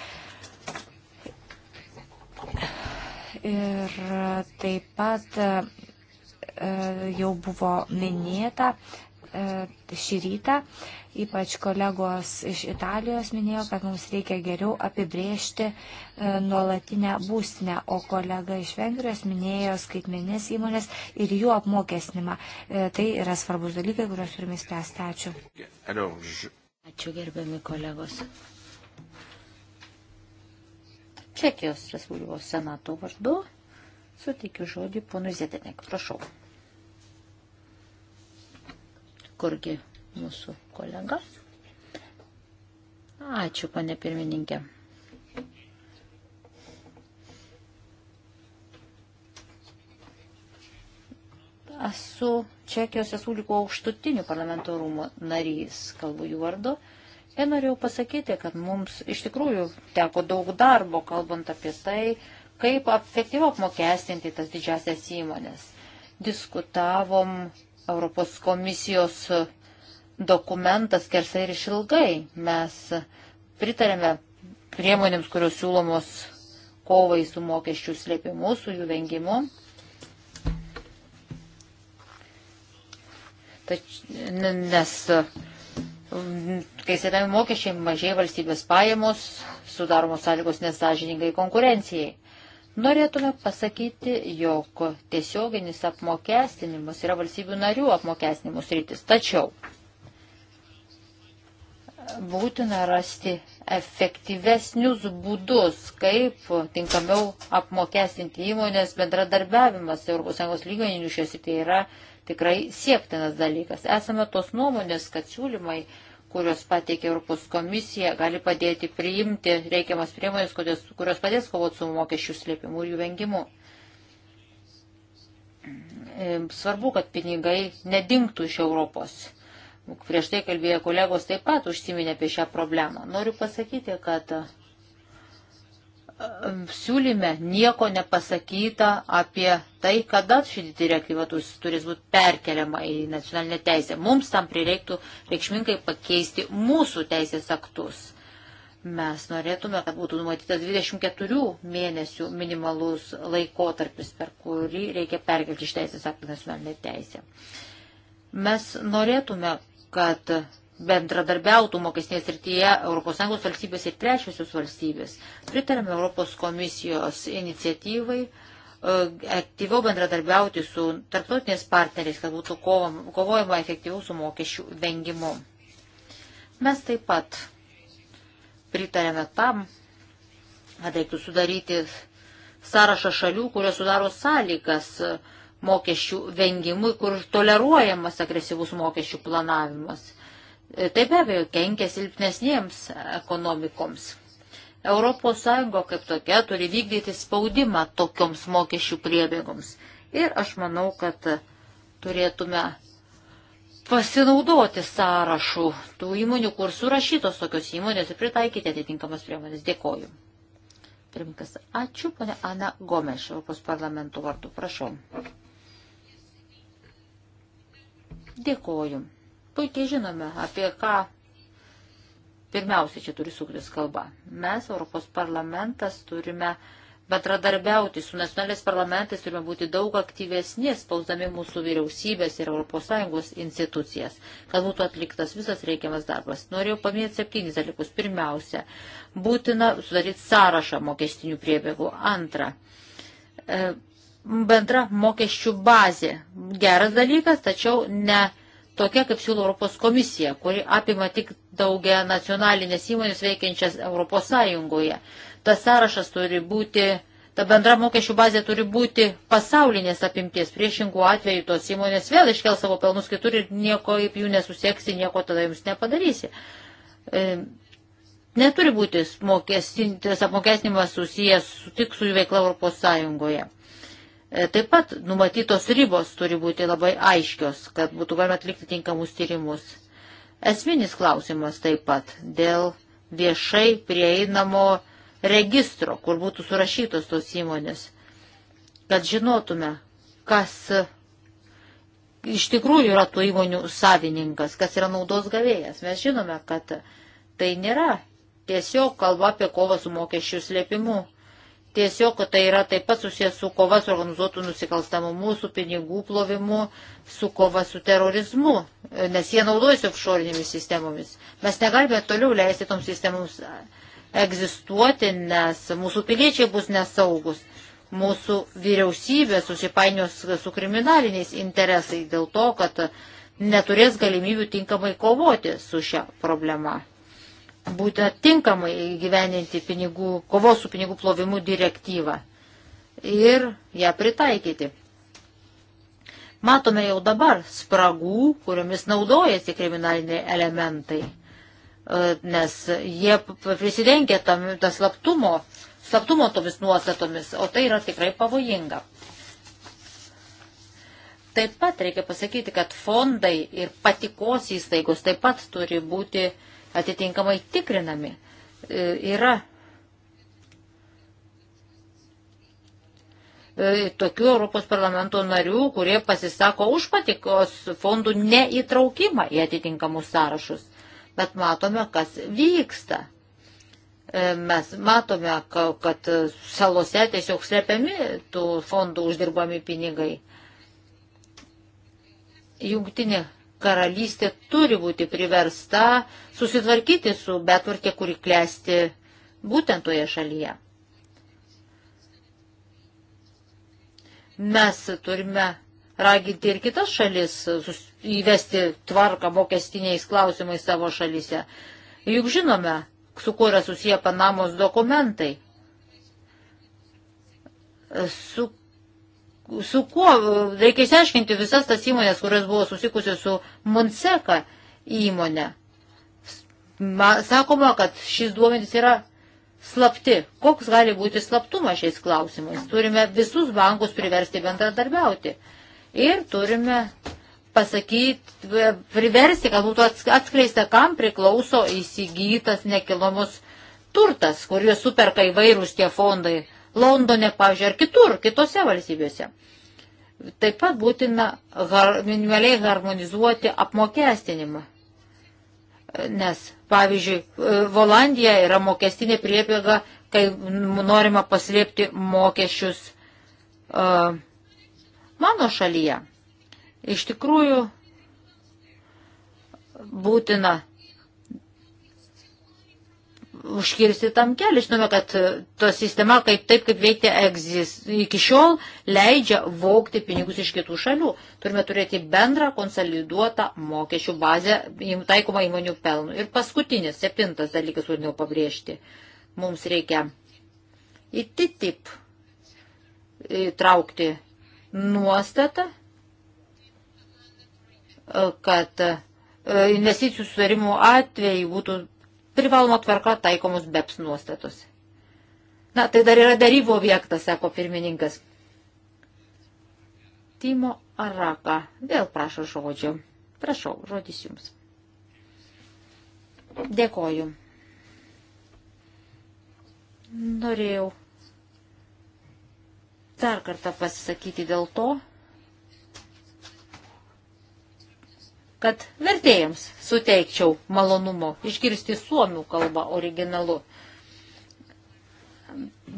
Ir taip pat E, jau buvo minėta e, šį rytą. Ypač kolegos iš Italijos minėjo, kad mums reikia geriau apibriežti e, nuolatinę būstinę, o kolega iš Vengrijos minėjo skaitmenės įmonės ir jų apmokesnimą. Tai yra svarbus dalykai, kuriuos turime spręsti. Ačiū. Ačiū gerbiami kolegos. Čekijos Respublikos senato vardu suteikiu žodį ponui Zetenek. Prašau kurgi mūsų kolega. Ačiū, pane pirmininkė. Esu Čekijos Respubliko aukštutinių parlamento rūmų narys, kalbu jų vardu. Ir norėjau pasakyti, kad mums iš tikrųjų teko daug darbo, kalbant apie tai, kaip efektyviau apmokestinti tas didžiasias įmonės. Diskutavom Europos komisijos dokumentas kersai ir išilgai. Mes pritarėme priemonėms, kurios siūlomos kovai su mokesčių slėpimu, su jų vengimu. Tač, nes kai sėdami mokesčiai mažiai valstybės pajamos, sudaromos sąlygos nesažiningai konkurencijai. Norėtume pasakyti, jog tiesioginis apmokestinimas yra valstybių narių apmokestinimus rytis. Tačiau būtina rasti efektyvesnius būdus, kaip tinkamiau apmokestinti įmonės bendradarbiavimas ES lygmenių šios ir tai yra tikrai siektinas dalykas. Esame tos nuomonės, kad siūlymai kurios pateikia Europos komisija, gali padėti priimti reikiamas priemonės, kurios, kurios padės kovoti su mokesčių slėpimu ir jų vengimu. E, svarbu, kad pinigai nedingtų iš Europos. Prieš tai kalbėjo kolegos taip pat užsiminė apie šią problemą. Noriu pasakyti, kad siūlyme nieko nepasakyta apie tai, kada ši direktyva turės būti perkeliama į nacionalinę teisę. Mums tam prireiktų reikšmingai pakeisti mūsų teisės aktus. Mes norėtume, kad būtų numatytas 24 mėnesių minimalus laikotarpis, per kurį reikia perkelti iš teisės aktų nacionalinę teisę. Mes norėtume, kad bendradarbiautų mokesnės rytyje ES valstybės ir trečiosios valstybės. Pritarėme Europos komisijos iniciatyvai e, aktyviau bendradarbiauti su tarptautiniais partneriais, kad būtų kovojama efektyviau su mokesčių vengimu. Mes taip pat pritarėme tam, kad reiktų sudaryti sąrašą šalių, kurios sudaro sąlygas mokesčių vengimui, kur toleruojamas agresyvus mokesčių planavimas. Tai be abejo kenkia silpnesniems ekonomikoms. ES kaip tokia turi vykdyti spaudimą tokioms mokesčių priebėgoms. Ir aš manau, kad turėtume pasinaudoti sąrašų tų įmonių, kur surašytos tokios įmonės ir pritaikyti atitinkamas priemonės. Dėkoju. Pirmininkas, ačiū, ponė Ana Gomeš, Europos parlamento vardu. Prašau. Dėkoju puikiai žinome, apie ką pirmiausia čia turi suktis kalba. Mes, Europos parlamentas, turime bendradarbiauti su nacionalės parlamentais, turime būti daug aktyvesni, spausdami mūsų vyriausybės ir ES institucijas, kad būtų atliktas visas reikiamas darbas. Norėjau paminėti septynis dalykus. Pirmiausia, būtina sudaryti sąrašą mokestinių priebėgų. Antra, e, bendra mokesčių bazė. Geras dalykas, tačiau ne tokia, kaip siūlo Europos komisija, kuri apima tik daugia nacionalinės įmonės veikiančias Europos Sąjungoje. Tas sąrašas turi būti, ta bendra mokesčių bazė turi būti pasaulinės apimties. Priešingų atveju tos įmonės vėl iškel savo pelnus kitur ir nieko jų nesusieksi, nieko tada jums nepadarysi. E, neturi būti mokestintas apmokestinimas susijęs su tik su jų veikla Europos Sąjungoje. E, taip pat numatytos ribos turi būti labai aiškios, kad būtų galima atlikti tinkamus tyrimus. Esminis klausimas taip pat dėl viešai prieinamo registro, kur būtų surašytos tos įmonės, kad žinotume, kas iš tikrųjų yra tų įmonių savininkas, kas yra naudos gavėjas. Mes žinome, kad tai nėra tiesiog kalba apie kovą su mokesčių slėpimu. Tiesiog tai yra taip pat susijęs su kova su organizuotų nusikalstamumu, su pinigų plovimu, su kova su terorizmu, nes jie naudojasi offshore'inėmis sistemomis. Mes negalime toliau leisti toms sistemoms egzistuoti, nes mūsų piliečiai bus nesaugus, mūsų vyriausybė susipainios su kriminaliniais interesai dėl to, kad neturės galimybių tinkamai kovoti su šia problema būtent tinkamai gyveninti pinigų, kovos su pinigų plovimu direktyvą ir ją pritaikyti. Matome jau dabar spragų, kuriomis naudojasi kriminaliniai elementai, e, nes jie prisidengia tam, tą slaptumo, slaptumo tomis nuostatomis, o tai yra tikrai pavojinga. Taip pat reikia pasakyti, kad fondai ir patikos įstaigos taip pat turi būti uh, atitinkamai tikrinami. E, yra e, tokių Europos parlamento narių, kurie pasisako už patikos fondų neįtraukimą į atitinkamus sąrašus. Bet matome, kas vyksta. E, mes matome, kad salose tiesiog slepiami tų fondų uždirbami pinigai. Jungtinė karalystė turi būti priversta susitvarkyti su betvarkė, kuri klesti būtent toje šalyje. Mes turime raginti ir kitas šalis įvesti tvarką mokestiniais klausimais savo šalyse. Juk žinome, su kuo yra susiję Panamos dokumentai, su su kuo reikia išsiaiškinti visas tas įmonės, kurios buvo susikusios su Monseka įmonė. Sakoma, kad šis duomenys yra slapti. Koks gali būti slaptumas šiais klausimais? Turime visus bankus priversti bendradarbiauti. Ir turime pasakyti, priversti, kad būtų atskleista, kam priklauso įsigytas nekilomus turtas, kuriuos superka įvairūs tie fondai Londone, pavyzdžiui, ar kitur, kitose valstybėse. Taip pat būtina har, minimaliai harmonizuoti apmokestinimą. Nes, pavyzdžiui, e, Volandija yra mokestinė priebėga, kai norima paslėpti mokesčius uh, mano šalyje. Iš tikrųjų, būtina užkirsti tam kelią. Žinome, kad e, to sistema, kaip taip, kaip veikia egzis, iki šiol leidžia vokti pinigus iš kitų šalių. Turime turėti bendrą konsoliduotą mokesčių bazę taikomą įmonių pelnų. Ir paskutinis, septintas dalykas, kurį jau pabrėžti, mums reikia į TTIP įtraukti nuostatą, e, kad e, investicijų sudarimų atvejai būtų privalomo tvarka taikomus BEPS nuostatus. Na, tai dar yra darybų objektas, sako pirmininkas. Timo Araka vėl prašo žodžio. Prašau, žodis jums. Dėkoju. Norėjau dar kartą pasisakyti dėl to, kad vertėjams suteikčiau malonumo išgirsti suomių kalbą originalu.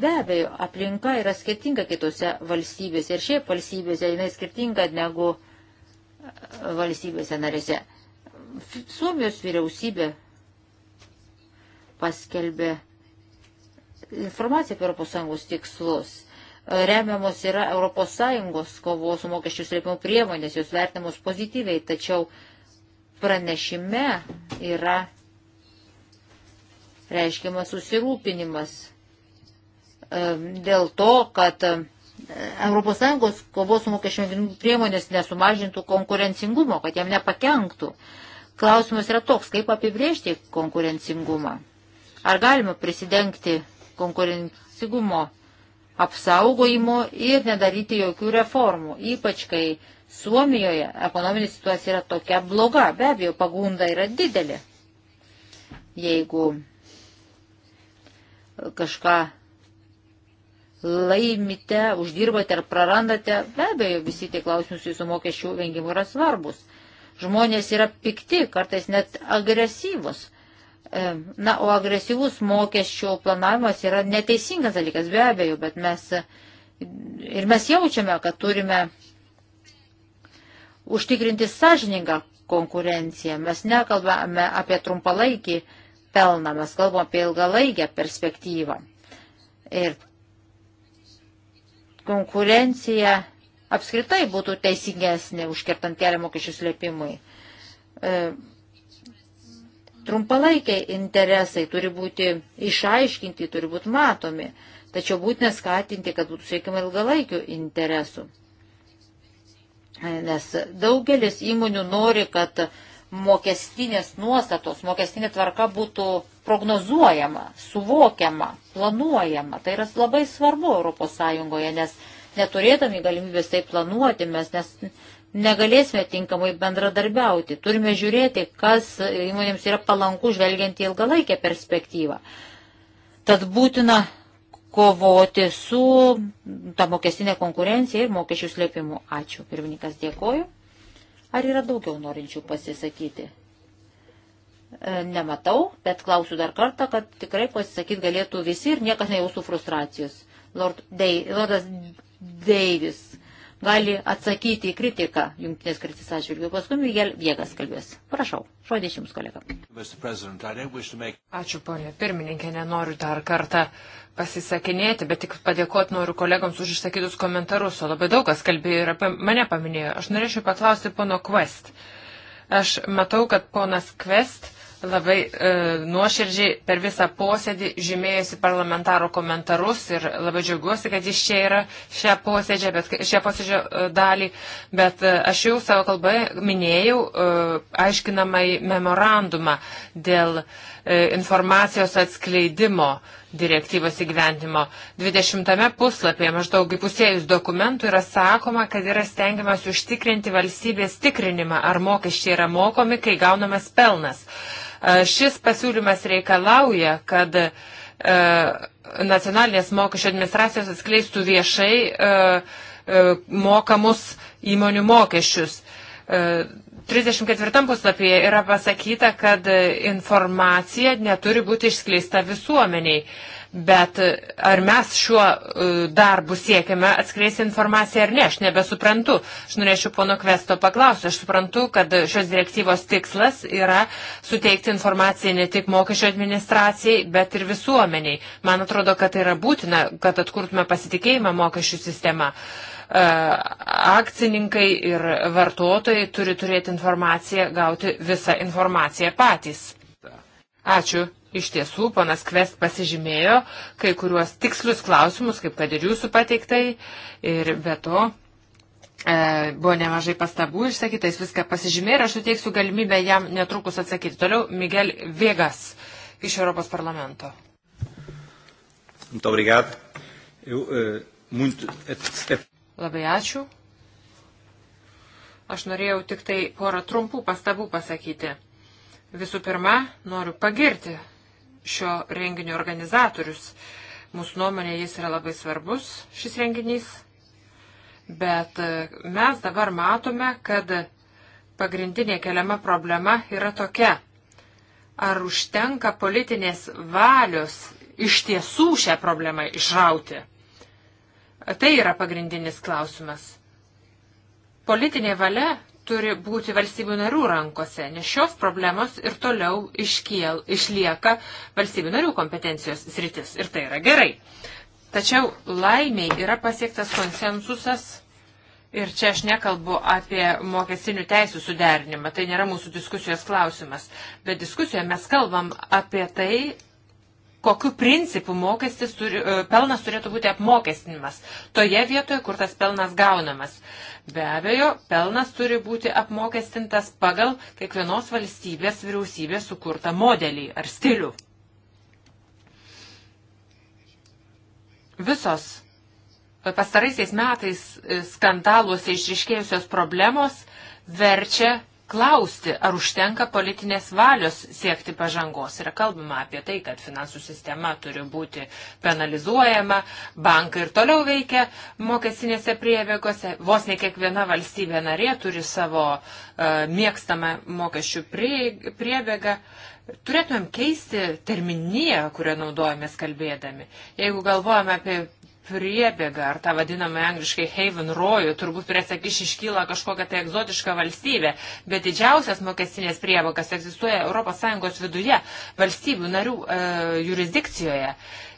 Be abejo, aplinka yra skirtinga kitose valstybėse ir šiaip valstybėse jinai skirtinga negu e, valstybėse narėse. Suomijos vyriausybė paskelbė informaciją apie ES tikslus remiamos yra ES kovos su mokesčių slėpimo priemonės, jos vertinamos pozityviai, tačiau pranešime yra reiškiamas susirūpinimas e, dėl to, kad ES kovos su mokesčių priemonės nesumažintų konkurencingumo, kad jam nepakenktų. Klausimas yra toks, kaip apibrėžti konkurencingumą. Ar galima prisidengti konkurencingumo apsaugojimo ir nedaryti jokių reformų, ypač kai Suomijoje ekonominė situacija yra tokia bloga, be abejo, pagunda yra didelė. Jeigu kažką laimite, uždirbate ar prarandate, be abejo, visi tie klausimus jūsų mokesčių vengimų yra svarbus. Žmonės yra pikti, kartais net agresyvus. E, na, o agresyvus mokesčių planavimas yra neteisingas dalykas, be abejo, bet mes ir mes jaučiame, kad turime užtikrinti sąžiningą konkurenciją. Mes nekalbame apie trumpalaikį pelną, mes kalbame apie ilgalaikę perspektyvą. Ir konkurencija apskritai būtų teisingesnė užkirtant kelią mokesčių slėpimui. E, Trumpalaikiai interesai turi būti išaiškinti, turi būti matomi, tačiau būtina skatinti, kad būtų siekiama ilgalaikių interesų. Nes daugelis įmonių nori, kad mokestinės nuostatos, mokestinė tvarka būtų prognozuojama, suvokiama, planuojama. Tai yra labai svarbu ES, nes neturėdami galimybės tai planuoti, mes nes, negalėsime tinkamai bendradarbiauti. Turime žiūrėti, kas įmonėms yra palanku žvelgiant į ilgalaikę perspektyvą. Tad būtina kovoti su ta mokestinė konkurencija ir mokesčių slėpimu. Ačiū. Pirmininkas dėkoju. Ar yra daugiau norinčių pasisakyti? E, nematau, bet klausiu dar kartą, kad tikrai pasisakyti galėtų visi ir niekas nejaustų frustracijos. Lord Dei, Lordas Deivis gali atsakyti į kritiką jungtinės kritis atžvilgių. Paskui Miguel Viegas kalbės. Prašau, žodis jums, kolega. Ačiū, ponė pirmininkė, nenoriu dar kartą pasisakinėti, bet tik padėkoti noriu kolegams už išsakytus komentarus, o labai daug kas kalbėjo ir apie mane paminėjo. Aš norėčiau paklausti pono Quest. Aš matau, kad ponas Quest labai e, nuoširdžiai per visą posėdį žymėjusi parlamentaro komentarus ir labai džiaugiuosi, kad jis čia yra šią posėdžią, bet, šią posėdžio e, dalį, bet e, aš jau savo kalbą minėjau e, aiškinamai memorandumą dėl e, E, informacijos atskleidimo direktyvos įgyventimo. 20 puslapyje maždaug įpusėjus dokumentų yra sakoma, kad yra stengiamas užtikrinti valstybės tikrinimą, ar mokesčiai yra mokomi, kai gaunamas pelnas. E, šis pasiūlymas reikalauja, kad e, nacionalinės mokesčio administracijos atskleistų viešai mokamus įmonių mokesčius 34 puslapyje yra pasakyta, kad informacija neturi būti išskleista visuomeniai. Bet e, ar mes šiuo e, darbu siekiame atskleisti informaciją ar ne, aš nebesuprantu. Aš norėčiau pono Kvesto paklausti. Aš suprantu, kad šios direktyvos tikslas yra suteikti informaciją ne tik mokesčio administracijai, bet ir visuomeniai. Man atrodo, kad tai yra būtina, kad atkurtume pasitikėjimą mokesčių sistema. Uh, E, akcininkai ir vartotojai turi turėti informaciją, gauti visą informaciją patys. Ačiū. Iš tiesų, panas Kvest pasižymėjo kai kuriuos tikslius klausimus, kaip kad ir jūsų pateiktai. Ir be to, e, buvo nemažai pastabų išsakytais, viską pasižymėjo ir aš suteiksiu galimybę jam netrukus atsakyti. Toliau Miguel Viegas iš Europos parlamento. Muito obrigado. Eu, uh, muito, eh, eh, Labai ačiū. Aš norėjau tik tai porą trumpų pastabų pasakyti. Visų pirma, noriu pagirti šio renginio organizatorius. Mūsų nuomonė jis yra labai svarbus, šis renginys. Bet e, mes dabar matome, kad pagrindinė keliama problema yra tokia. Ar užtenka politinės valios iš tiesų šią problemą išrauti? Tai yra pagrindinis klausimas. Politinė valia turi būti valstybių narių rankose, nes šios problemos ir toliau iškiel, išlieka valstybių narių kompetencijos sritis. Ir tai yra gerai. Tačiau laimiai yra pasiektas konsensusas. Ir čia aš nekalbu apie mokestinių teisų suderinimą, tai nėra mūsų diskusijos klausimas, bet diskusijoje mes kalbam apie tai, kokiu principu mokestis turi, e, pelnas turėtų būti apmokestinimas toje vietoje, kur tas pelnas gaunamas. Be abejo, pelnas turi būti apmokestintas pagal kiekvienos valstybės vyriausybės sukurtą modelį ar stilių. Visos pastaraisiais metais skandaluose išriškėjusios problemos verčia klausti, ar užtenka politinės valios siekti pažangos. Yra kalbama apie tai, kad finansų sistema turi būti penalizuojama, bankai ir toliau veikia mokestinėse prievėgose, vos ne kiekviena valstybė narė turi savo uh, mėgstamą mokesčių prie, priebėgą. Turėtumėm keisti terminiją, kurią naudojamės kalbėdami. Jeigu galvojame apie priebėgą, ar tą vadinamą angliškai haven rojų, turbūt prieš akis iškyla kažkokia tai egzotiška valstybė, bet didžiausias mokestinės priemokas egzistuoja ES viduje, valstybių narių e, jurisdikcijoje.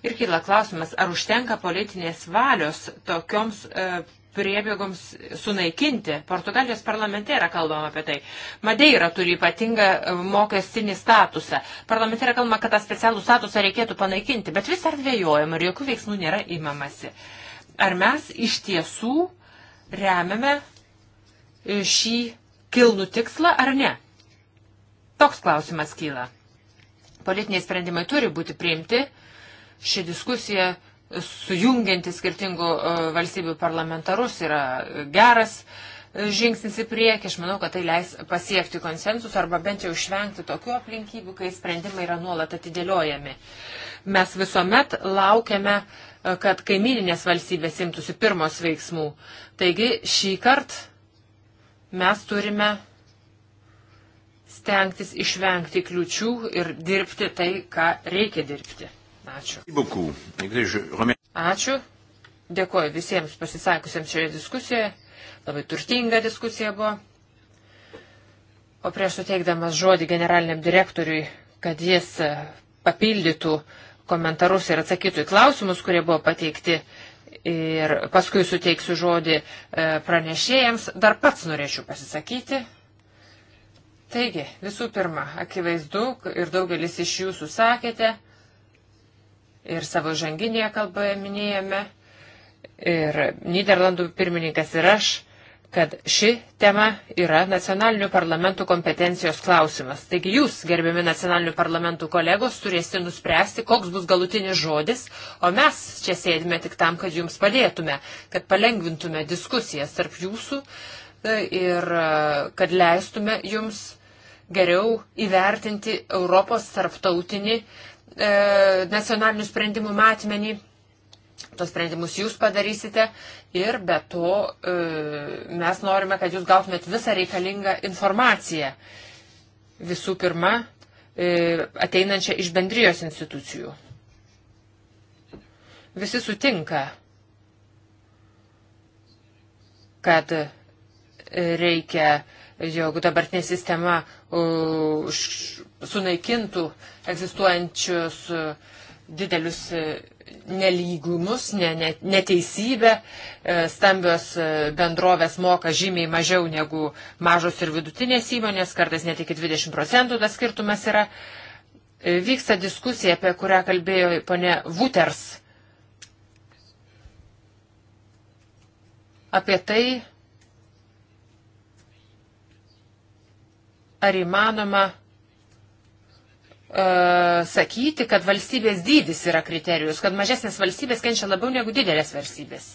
Ir kyla klausimas, ar užtenka politinės valios tokioms e, priebėgoms sunaikinti. Portugalijos parlamente yra kalbama apie tai. Madeira turi ypatingą e, mokestinį statusą. Parlamente yra kalbama, kad tą specialų statusą reikėtų panaikinti, bet vis dar dvėjojama ir jokių veiksmų nėra imamasi. Ar mes iš tiesų remiame e, šį kilnų tikslą ar ne? Toks klausimas kyla. Politiniai sprendimai turi būti priimti. Ši diskusija sujungianti skirtingų e, valstybių parlamentarus yra geras e, žingsnis į priekį. Aš manau, kad tai leis pasiekti konsensus arba bent jau išvengti tokių aplinkybių, kai sprendimai yra nuolat atidėliojami. Mes visuomet laukiame, e, kad kaimininės valstybės imtųsi pirmos veiksmų. Taigi šį kartą mes turime stengtis išvengti kliučių ir dirbti tai, ką reikia dirbti. Ačiū. Ačiū. Dėkuoju visiems pasisakusiems šioje diskusijoje. Labai turtinga diskusija buvo. O prieš suteikdamas žodį generaliniam direktoriui, kad jis e, papildytų komentarus ir atsakytų į klausimus, kurie buvo pateikti, ir paskui suteiksiu žodį e, pranešėjams, dar pats norėčiau pasisakyti. Taigi, visų pirma, akivaizdu ir daugelis iš jūsų sakėte, ir savo žanginėje kalboje minėjome, ir Niderlandų pirmininkas ir aš, kad ši tema yra nacionalinių parlamentų kompetencijos klausimas. Taigi jūs, gerbiami nacionalinių parlamentų kolegos, turėsite nuspręsti, koks bus galutinis žodis, o mes čia sėdime tik tam, kad jums padėtume, kad palengvintume diskusijas tarp jūsų e, ir e, kad leistume jums geriau įvertinti Europos tarptautinį uh, e, nacionalinių sprendimų matmenį. Tos sprendimus jūs padarysite ir be to e, mes norime, kad jūs gautumėt visą reikalingą informaciją. Visų pirma, e, ateinančią iš bendrijos institucijų. Visi sutinka, kad reikia, jog dabartinė sistema už sunaikintų egzistuojančius e, didelius e, nelygumus, ne, ne, neteisybę. E, stambios bendrovės moka žymiai mažiau negu mažos ir vidutinės įmonės, kartais net iki 20 procentų tas skirtumas yra. Vyksta diskusija, apie kurią kalbėjo ponė Wuters. Apie tai, ar įmanoma E, sakyti, kad valstybės dydis yra kriterijus, kad mažesnės valstybės kenčia labiau negu didelės valstybės.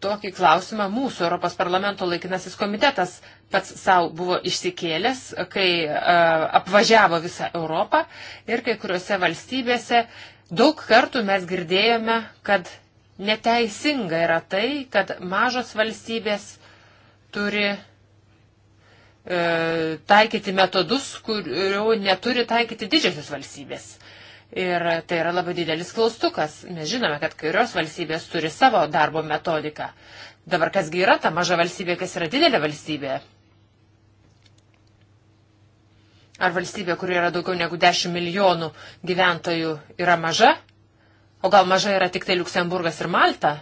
Tokį klausimą mūsų Europos parlamento laikinasis komitetas pats savo buvo išsikėlęs, kai uh, apvažiavo visą Europą ir kai kuriuose valstybėse daug kartų mes girdėjome, kad neteisinga yra tai, kad mažos valstybės turi uh, E, taikyti metodus, kurių neturi taikyti didžiosios valstybės. Ir tai yra labai didelis klaustukas. Mes žinome, kad kairios valstybės turi savo darbo metodiką. Dabar kasgi yra ta maža valstybė, kas yra didelė valstybė? Ar valstybė, kur yra daugiau negu 10 milijonų gyventojų, yra maža? O gal maža yra tik tai Luksemburgas ir Malta?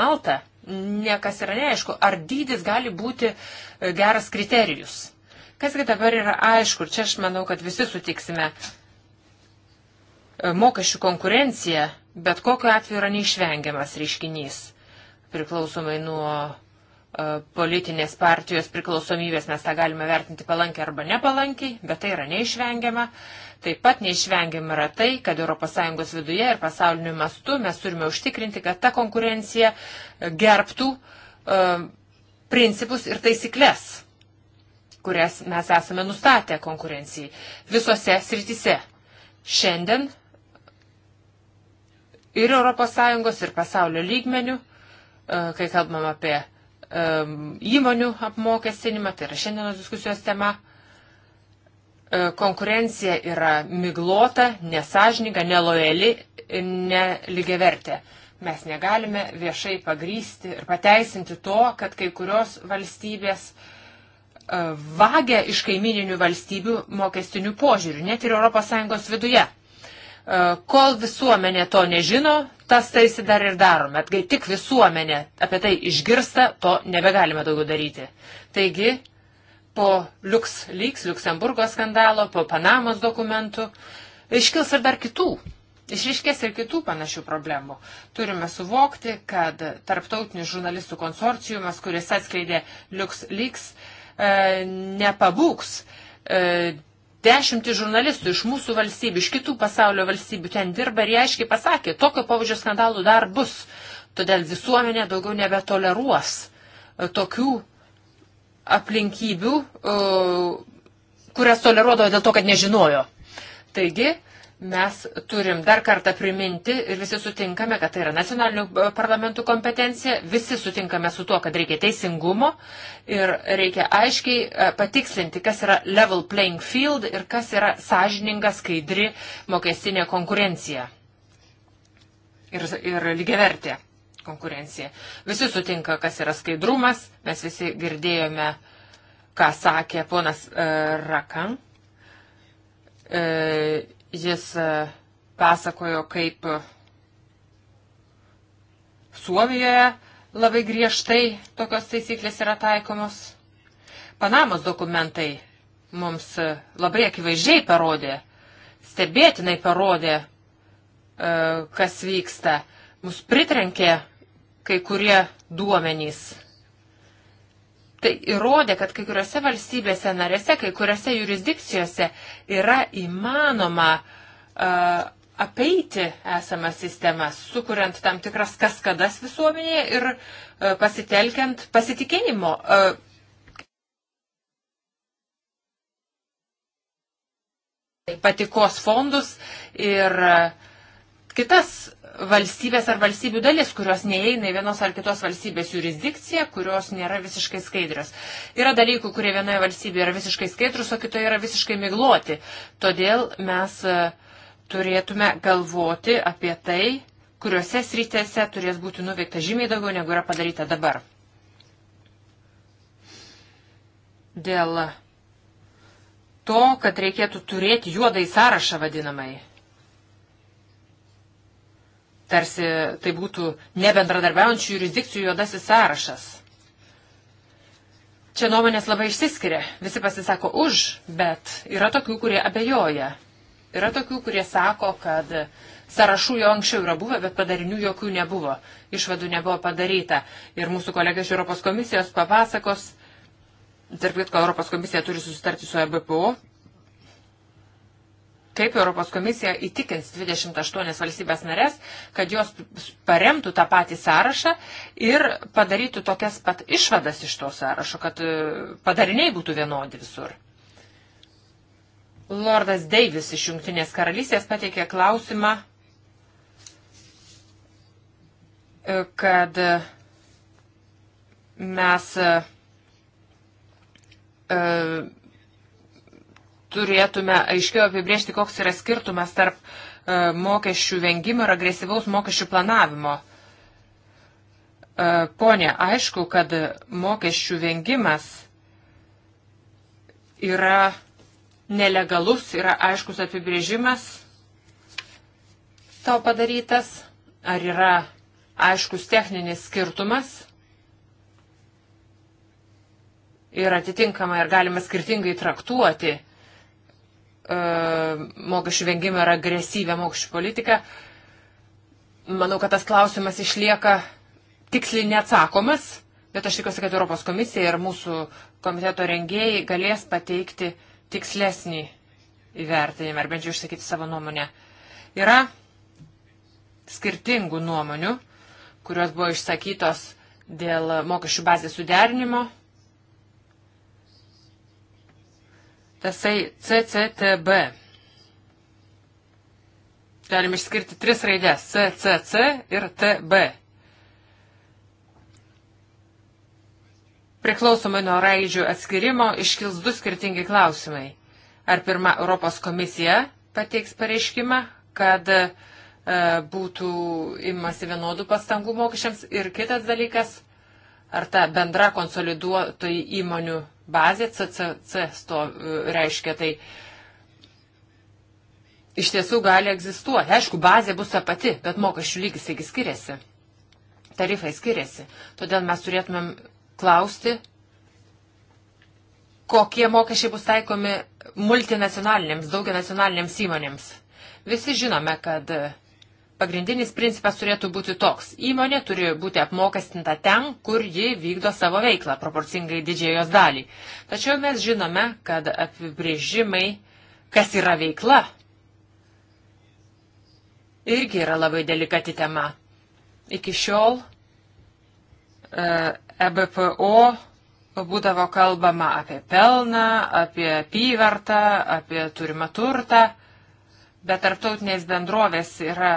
Malta? niekas yra neaišku, ar dydis gali būti e, geras kriterijus. Kasgi dabar yra aišku, ir čia aš manau, kad visi sutiksime, e, mokesčių konkurencija bet kokiu atveju yra neišvengiamas reiškinys, priklausomai nuo E, politinės partijos priklausomybės, mes tą galime vertinti palankiai arba nepalankiai, bet tai yra neišvengiama. Taip pat neišvengiama yra tai, kad ES viduje ir pasauliniu mastu mes turime užtikrinti, kad ta konkurencija gerbtų uh, principus ir taisyklės, kurias mes esame nustatę konkurencijai visose srityse. Šiandien ir ES, ir pasaulio lygmenių, uh, kai kalbam apie Um, įmonių apmokestinimą, tai yra šiandienos diskusijos tema. Uh, konkurencija yra miglota, nesažininga, nelojali, neligiavertė. Mes negalime viešai pagrysti ir pateisinti to, kad kai kurios valstybės uh, vagia iš kaimininių valstybių mokestinių požiūrių, net ir ES viduje. Uh, kol visuomenė to nežino, Tas tarsi dar ir darome, kai tik visuomenė apie tai išgirsta, to nebegalime daugiau daryti. Taigi, po Liuks Lyks, Luksemburgo skandalo, po Panamos dokumentų, iškils ir dar kitų Išriškės ir kitų panašių problemų. Turime suvokti, kad tarptautinis žurnalistų konsorciumas, kuris atskleidė LuxLeaks, e, nepabūks. E, Dešimtis žurnalistų iš mūsų valstybių, iš kitų pasaulio valstybių ten dirba ir jie aiškiai pasakė, tokio pavadžio skandalų dar bus. Todėl visuomenė daugiau nebetoleruos e, tokių aplinkybių, e, kurias toleruodavo dėl to, kad nežinojo. Taigi, Mes turim dar kartą priminti ir visi sutinkame, kad tai yra nacionalinių e, parlamentų kompetencija, visi sutinkame su tuo, kad reikia teisingumo ir reikia aiškiai e, patikslinti, kas yra level playing field ir kas yra sąžininga, skaidri mokestinė konkurencija ir, ir lygiavertė konkurencija. Visi sutinka, kas yra skaidrumas, mes visi girdėjome, ką sakė ponas uh, Rakan. Uh, Jis e, pasakojo, kaip Suomijoje labai griežtai tokios taisyklės yra taikomos. Panamos dokumentai mums labai akivaizdžiai parodė, stebėtinai parodė, e, kas vyksta. Mus pritrenkė kai kurie duomenys tai įrodė, kad kai kuriuose valstybėse narėse, kai kuriuose jurisdikcijose yra įmanoma uh, apeiti esamą sistemą, sukuriant tam tikras kaskadas visuomenėje ir uh, pasitelkiant pasitikėjimo. Uh, patikos fondus ir uh, kitas valstybės ar valstybių dalis, kurios neįeina į vienos ar kitos valstybės jurisdikciją, kurios nėra visiškai skaidrios. Yra dalykų, kurie vienoje valstybėje yra visiškai skaidrus, o kitoje yra visiškai migloti. Todėl mes e, turėtume galvoti apie tai, kuriuose sritėse turės būti nuveikta žymiai daugiau, negu yra padaryta dabar. Dėl to, kad reikėtų turėti juodai sąrašą vadinamai tarsi tai būtų nebendradarbiaujančių jurisdikcijų juodasis sąrašas. Čia nuomonės labai išsiskiria. Visi pasisako už, bet yra tokių, kurie abejoja. Yra tokių, kurie sako, kad sąrašų jau anksčiau yra buvę, bet padarinių jokių nebuvo. Išvadų nebuvo padaryta. Ir mūsų kolega iš Europos komisijos papasakos, tarp kitko Europos komisija turi susitarti su EBPO kaip Europos komisija įtikins 28 valstybės narės, kad jos paremtų tą patį sąrašą ir padarytų tokias pat išvadas iš to sąrašo, kad e, padariniai būtų vienodi visur. Lordas Deivis iš Junktinės karalystės pateikė klausimą, e, kad e, mes turėtume aiškiau apibriežti, koks yra skirtumas tarp e, mokesčių vengimo ir agresyvaus mokesčių planavimo. E, Pone, aišku, kad mokesčių vengimas yra nelegalus, yra aiškus apibrėžimas tau padarytas, ar yra aiškus techninis skirtumas ir atitinkamai ar galima skirtingai traktuoti E, mokesčių vengimą ir agresyvę mokesčių politiką, manau, kad tas klausimas išlieka tiksliai neatsakomas, bet aš tikiuosi, kad Europos komisija ir mūsų komiteto rengėjai galės pateikti tikslesnį įvertinimą ar bent jau išsakyti savo nuomonę. Yra skirtingų nuomonių, kurios buvo išsakytos dėl mokesčių bazės suderinimo tasai CCTB. Galim išskirti tris raidės - CCC ir TB. Priklausomai nuo raidžių atskirimo iškils du skirtingi klausimai. Ar pirma Europos komisija pateiks pareiškimą, kad e, būtų imasi vienodų pastangų mokesčiams ir kitas dalykas - Ar ta bendra konsoliduotojų įmonių bazė CCC to e, reiškia, tai iš tiesų gali egzistuoti. Aišku, bazė bus ta pati, bet mokesčių lygis taigi skiriasi. Tarifai skiriasi. Todėl mes turėtumėm klausti, kokie mokesčiai bus taikomi multinacionalinėms, daugianacionalinėms įmonėms. Visi žinome, kad pagrindinis principas turėtų būti toks. Įmonė turi būti apmokestinta ten, kur ji vykdo savo veiklą, proporcingai didžiai jos dalį. Tačiau mes žinome, kad apibrėžimai, kas yra veikla, irgi yra labai delikati tema. Iki šiol EBPO e būdavo kalbama apie pelną, apie apyvartą, apie turimą turtą bet tarptautinės bendrovės yra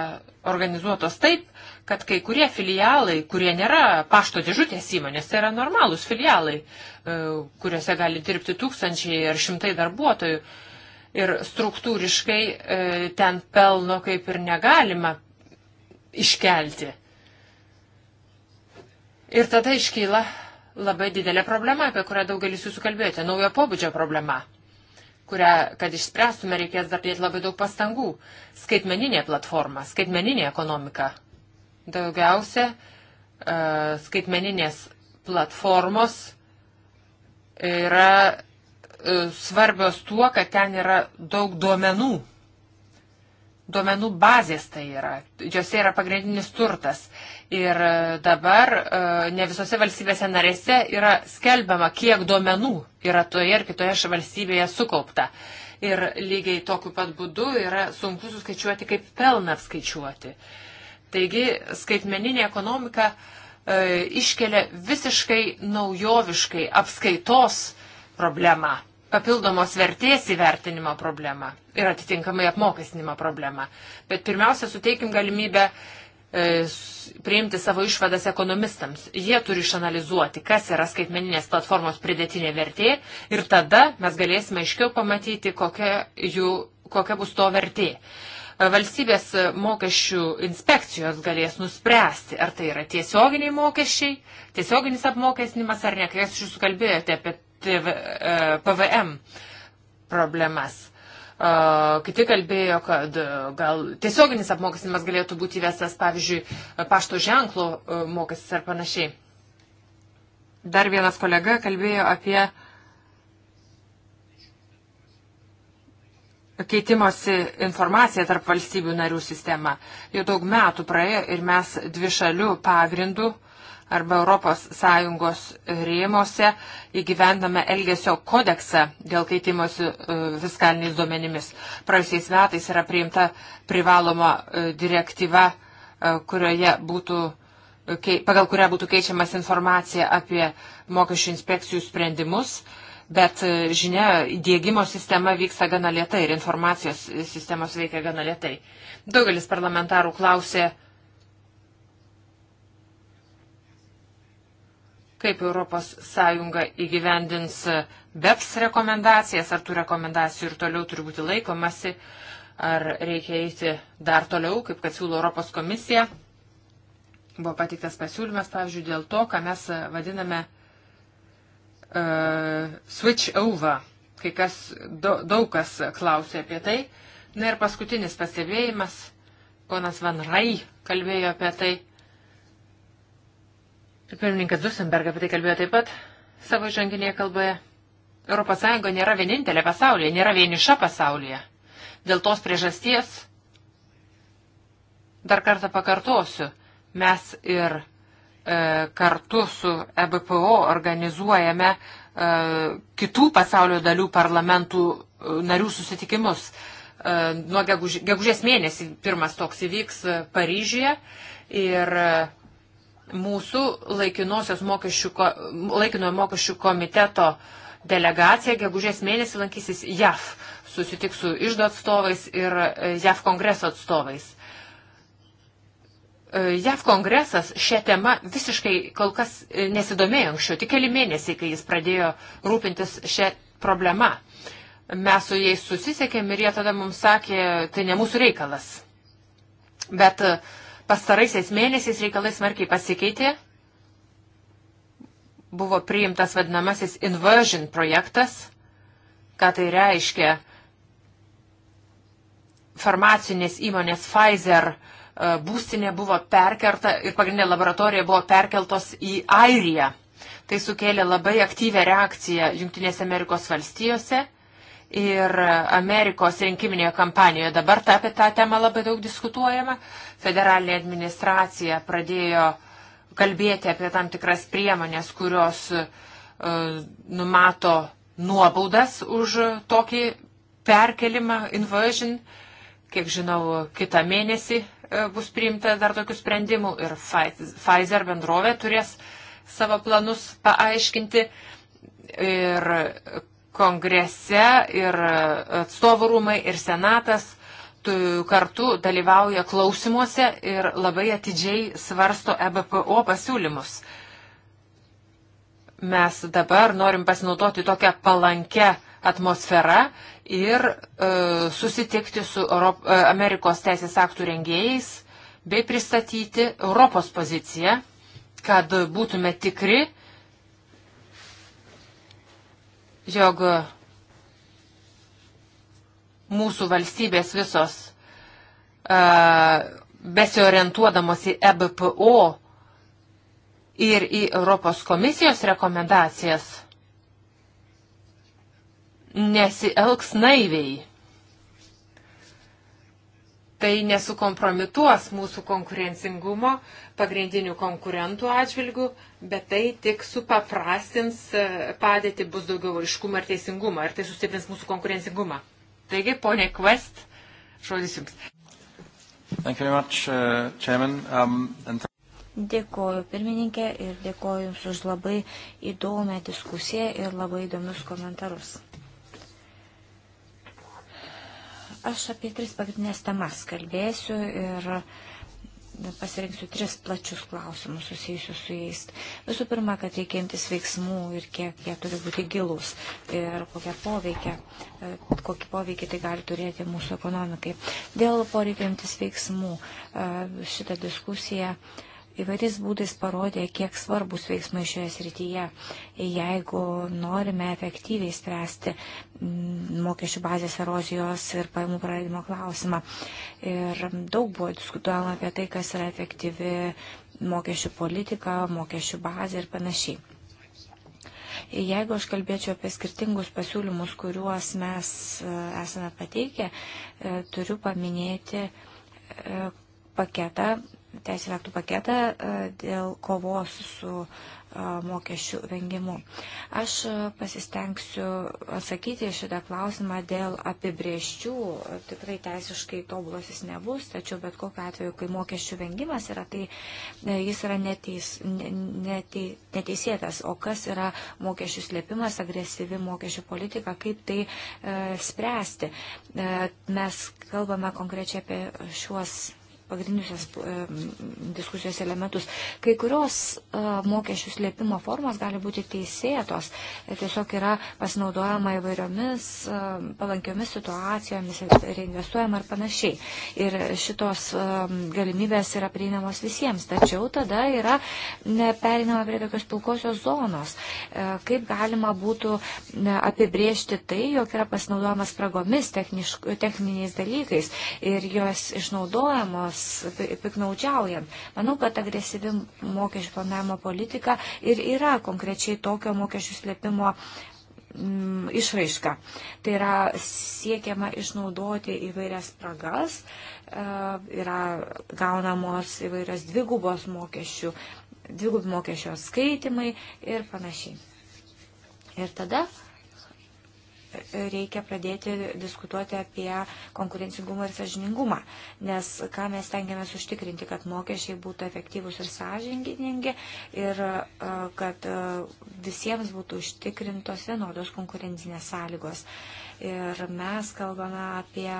organizuotos taip, kad kai kurie filialai, kurie nėra pašto dėžutės įmonės, tai yra normalūs filialai, e, kuriuose gali dirbti tūkstančiai ar šimtai darbuotojų. Ir struktūriškai e, ten pelno kaip ir negalima iškelti. Ir tada iškyla labai didelė problema, apie kurią daugelis jūsų kalbėjote, naujo pobūdžio problema kurią, kad išspręstume, reikės dar dėti labai daug pastangų. Skaitmeninė platforma, skaitmeninė ekonomika. Daugiausia uh, skaitmeninės platformos yra uh, svarbios tuo, kad ten yra daug duomenų. Duomenų bazės tai yra. Jose yra pagrindinis turtas. Uh, Ir e, dabar e, ne visose valstybėse narėse yra skelbiama, kiek duomenų yra toje ir kitoje valstybėje sukaupta. Ir lygiai tokiu pat būdu yra sunku suskaičiuoti, kaip pelną apskaičiuoti. Taigi skaitmeninė ekonomika e, iškelia visiškai naujoviškai apskaitos problemą, papildomos vertės įvertinimo problemą ir atitinkamai apmokestinimo problemą. Bet pirmiausia, suteikim galimybę E, priimti savo išvadas ekonomistams. Jie turi išanalizuoti, kas yra skaitmeninės platformos pridėtinė vertė ir tada mes galėsime aiškiau pamatyti, kokia, jų, kokia bus to vertė. E, valstybės mokesčių inspekcijos galės nuspręsti, ar tai yra tiesioginiai mokesčiai, tiesioginis apmokestinimas ar ne, kai jūs kalbėjote apie e, PVM problemas Kiti kalbėjo, kad e, gal tiesioginis apmokestinimas galėtų būti įvestas, pavyzdžiui, pašto ženklo e, mokestis ar panašiai. Dar vienas kolega kalbėjo apie keitimosi informacija tarp valstybių narių sistema. Jau daug metų praėjo ir mes dvi šalių pagrindų uh, arba ES rėmose įgyvendame Elgesio kodeksą dėl keitimosi e, fiskaliniais duomenimis. Praėjusiais metais yra priimta privaloma e, direktyva, e, kurioje būtų, pagal kurią būtų keičiamas informacija apie mokesčių inspekcijų sprendimus. Bet žinia, įdėgymo sistema vyksta gana lietai ir informacijos sistemos veikia gana lietai. Daugelis parlamentarų klausė, uh, kaip ES įgyvendins BEPS rekomendacijas, ar tų rekomendacijų ir toliau turi būti laikomasi, ar reikia eiti dar toliau, kaip kad siūlo Europos komisija. Buvo patiktas pasiūlymas, pavyzdžiui, dėl to, ką mes vadiname uh, switch over. Kai kas, do, daug kas klausė apie tai. Na ir paskutinis pastebėjimas, ponas Van Rai kalbėjo apie tai. Uh, Pirmininkas Dusenberg apie tai kalbėjo taip pat savo žanginėje kalboje. ES nėra vienintelė pasaulyje, nėra vieniša pasaulyje. Dėl tos priežasties, dar kartą pakartosiu, mes ir e, kartu su EBPO organizuojame e, kitų pasaulio dalių parlamentų e, narių susitikimus. E, nuo gegužės, gegužės mėnesį pirmas toks įvyks e, Paryžiuje ir e, mūsų laikinosios mokesčių, laikinojo mokesčių komiteto delegacija gegužės mėnesį lankysis JAF, susitiks su išdo atstovais ir e, JAF kongreso atstovais. E, JAV kongresas šią temą visiškai kol kas e, nesidomėjo anksčiau, tik keli mėnesiai, kai jis pradėjo rūpintis šią problemą. Mes su jais susisiekėm ir jie tada mums sakė, tai ne mūsų reikalas. Bet uh, Pastaraisiais mėnesiais reikalai smarkiai pasikeitė. Buvo priimtas vadinamasis inversion projektas. Ką tai reiškia? Farmacinės įmonės Pfizer e, būstinė buvo perkerta ir pagrindinė laboratorija buvo perkeltos į Airiją. Tai sukėlė labai aktyvę reakciją Junktinėse Amerikos valstijose ir Amerikos rinkiminėje kampanijoje. Dabar ta, apie tą temą labai daug diskutuojama. Federalinė administracija pradėjo kalbėti apie tam tikras priemonės, kurios uh, numato nuobaudas už tokį perkelimą, inversion. Kiek žinau, kitą mėnesį uh, bus priimta dar tokių sprendimų ir Pfizer bendrovė turės savo planus paaiškinti ir kongrese ir atstovų rūmai ir senatas kartu dalyvauja klausimuose ir labai atidžiai svarsto EBPO pasiūlymus. Mes dabar norim pasinaudoti tokią palankę atmosferą ir e, susitikti su Europ e, Amerikos teisės aktų rengėjais bei pristatyti Europos poziciją, kad būtume tikri, jog mūsų valstybės visos e, besiorientuodamos į EBPO ir į Europos komisijos rekomendacijas nesielgs naiviai. Tai nesukompromituos mūsų konkurencingumo pagrindinių konkurentų atžvilgių, bet tai tik supaprastins e, padėti, bus daugiau aiškumo ir teisingumo ir tai sustiprins mūsų konkurencingumą. Taigi, ponė Quest, žodis jums. Much, uh, chairman, um, and... Dėkoju pirmininkė ir dėkoju Jums už labai įdomią diskusiją ir labai įdomius komentarus. Aš apie tris pagrindinės temas kalbėsiu ir pasirinksiu tris plačius klausimus susijusius su jais. Visų pirma, kad reikia imtis veiksmų ir kiek jie turi būti gilus ir kokią poveikia, e, kokį poveikį tai gali turėti mūsų ekonomikai. Dėl poreikio imtis veiksmų e, šitą diskusiją įvairiais būdais parodė, kiek svarbus veiksmai šioje srityje. Jeigu norime efektyviai spręsti mm, mokesčių bazės erozijos ir paimų praradimo klausimą. Ir daug buvo diskutuojama apie tai, kas yra efektyvi mokesčių politika, mokesčių bazė ir panašiai. Jeigu aš kalbėčiau apie skirtingus pasiūlymus, kuriuos mes e, esame pateikę, e, turiu paminėti e, paketą teisės aktų paketą e, dėl kovos su e, mokesčių vengimu. Aš e, pasistengsiu atsakyti šitą klausimą dėl apibrieščių. Tikrai teisiškai tobulas jis nebus, tačiau bet kokiu atveju, kai mokesčių vengimas yra, tai jis yra neteis, netei, neteisėtas. O kas yra mokesčių slėpimas, agresyvi mokesčių politika, kaip tai e, spręsti. E, mes kalbame konkrečiai apie šiuos pagrindinius diskusijos elementus. Kai kurios mokesčių slėpimo formos gali būti teisėtos, tiesiog yra pasinaudojama įvairiomis palankiomis situacijomis, reinvestuojama ir panašiai. Ir šitos galimybės yra prieinamos visiems, tačiau tada yra perinama prie tokios pilkosios zonos. E, kaip galima būtų e, apibriežti tai, jog yra pasinaudojamas spragomis technišk, techniniais dalykais ir jos išnaudojamos juos piknaudžiaujant. Manau, kad agresyvi mokesčių planavimo politika ir yra konkrečiai tokio mokesčių slėpimo mm, išraiška. Tai yra siekiama išnaudoti įvairias spragas, e, yra gaunamos įvairios dvigubos mokesčių, dvigubi mokesčio skaitimai ir panašiai. Ir tada reikia pradėti diskutuoti apie konkurencingumą ir sažiningumą, nes ką mes tengiamės užtikrinti, kad mokesčiai būtų efektyvūs ir sažiningi ir kad visiems būtų užtikrintos vienodos konkurencinės sąlygos. Ir mes kalbame apie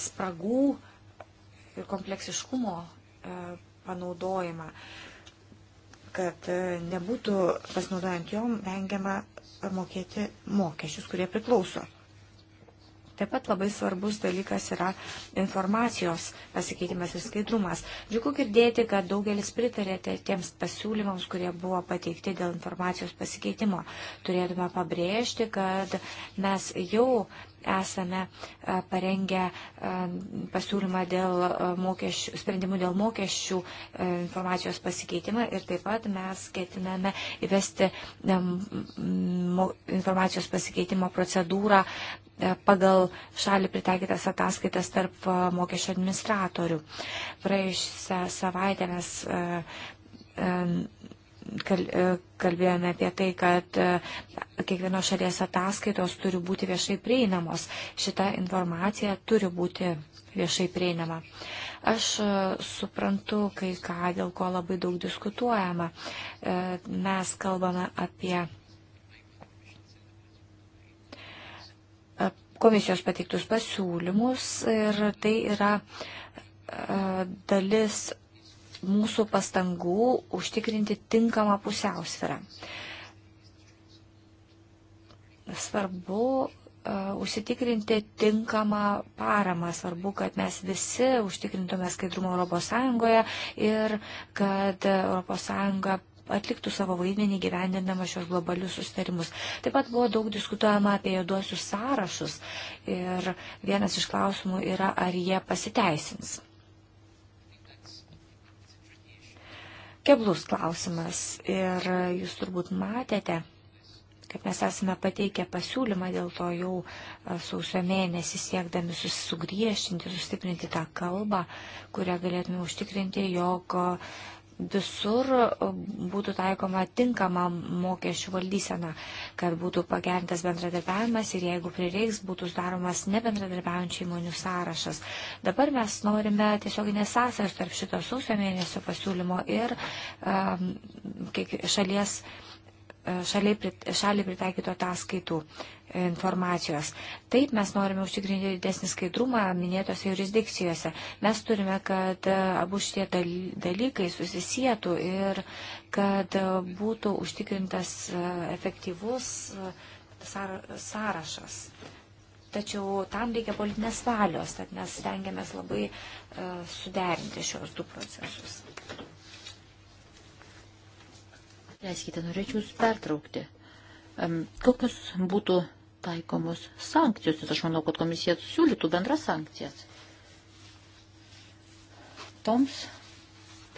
spragų ir kompleksiškumo panaudojimą kad nebūtų pasinaudojant jom vengiama mokėti mokesčius, kurie priklauso Taip pat labai svarbus dalykas yra informacijos pasikeitimas ir skaidrumas. Džiugu girdėti, kad daugelis pritarėte tiems pasiūlymams, kurie buvo pateikti dėl informacijos pasikeitimo. Turėtume pabrėžti, kad mes jau esame e, parengę e, pasiūlymą dėl e, mokesčių, sprendimų dėl mokesčių informacijos pasikeitimą ir taip pat mes ketiname įvesti informacijos pasikeitimo procedūrą E, pagal šalį pritaikytas ataskaitas tarp e, mokesčio administratorių. Praėjusią savaitę mes e, kalbėjome apie tai, kad kiekvienos šalies ataskaitos turi būti viešai prieinamos. Šita informacija turi būti viešai prieinama. Aš suprantu, kai ką, dėl ko labai daug diskutuojama. Mes kalbame apie komisijos pateiktus pasiūlymus ir tai yra e, dalis mūsų pastangų užtikrinti tinkamą pusiausvyrą. Svarbu e, užsitikrinti tinkamą paramą. Svarbu, kad mes visi užtikrintume skaidrumą ES ir kad ES atliktų savo vaidmenį gyvendindama šios globalius sustarimus. Taip pat buvo daug diskutuojama apie juoduosius sąrašus ir vienas iš klausimų yra, ar jie pasiteisins. Keblus klausimas ir jūs turbūt matėte kad mes esame pateikę pasiūlymą dėl to jau sausio mėnesį siekdami sugriežtinti, sustiprinti tą kalbą, kurią galėtume užtikrinti, jog visur e, būtų taikoma tinkama mokesčių valdysena, kad būtų pagerintas bendradarbiavimas ir jeigu prireiks, būtų sudaromas nebendradarbiaujančių įmonių sąrašas. Dabar mes norime tiesioginės sąsajos tarp šito sausio mėnesio pasiūlymo ir um, šalies uh, šaliai pritaikyto ataskaitų informacijos. Taip, mes norime užtikrinti didesnį skaidrumą minėtose jurisdikcijose. Mes turime, kad abu šitie dalykai susisietų ir kad būtų užtikrintas efektyvus sąrašas. Tačiau tam reikia politinės valios, tad mes stengiamės labai e, suderinti šios du procesus. Leiskite, norėčiau jūs pertraukti. Kokios būtų taikomos sankcijos, nes aš manau, kad komisija siūlytų bendras sankcijas. Toms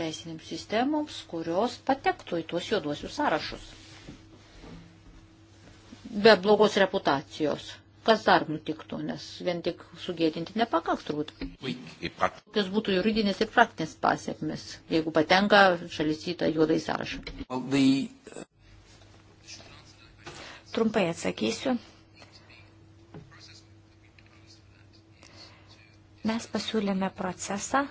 teisinėms sistemoms, kurios patektų į tuos juoduosius sąrašus. Be blogos reputacijos kas dar nutiktų, nes vien tik sugėdinti nepakaks turbūt. Kokios būtų juridinės ir praktinės pasiekmes, jeigu patenka šalis į tą juodą į sąrašą? Trumpai atsakysiu. Mes pasiūlėme procesą,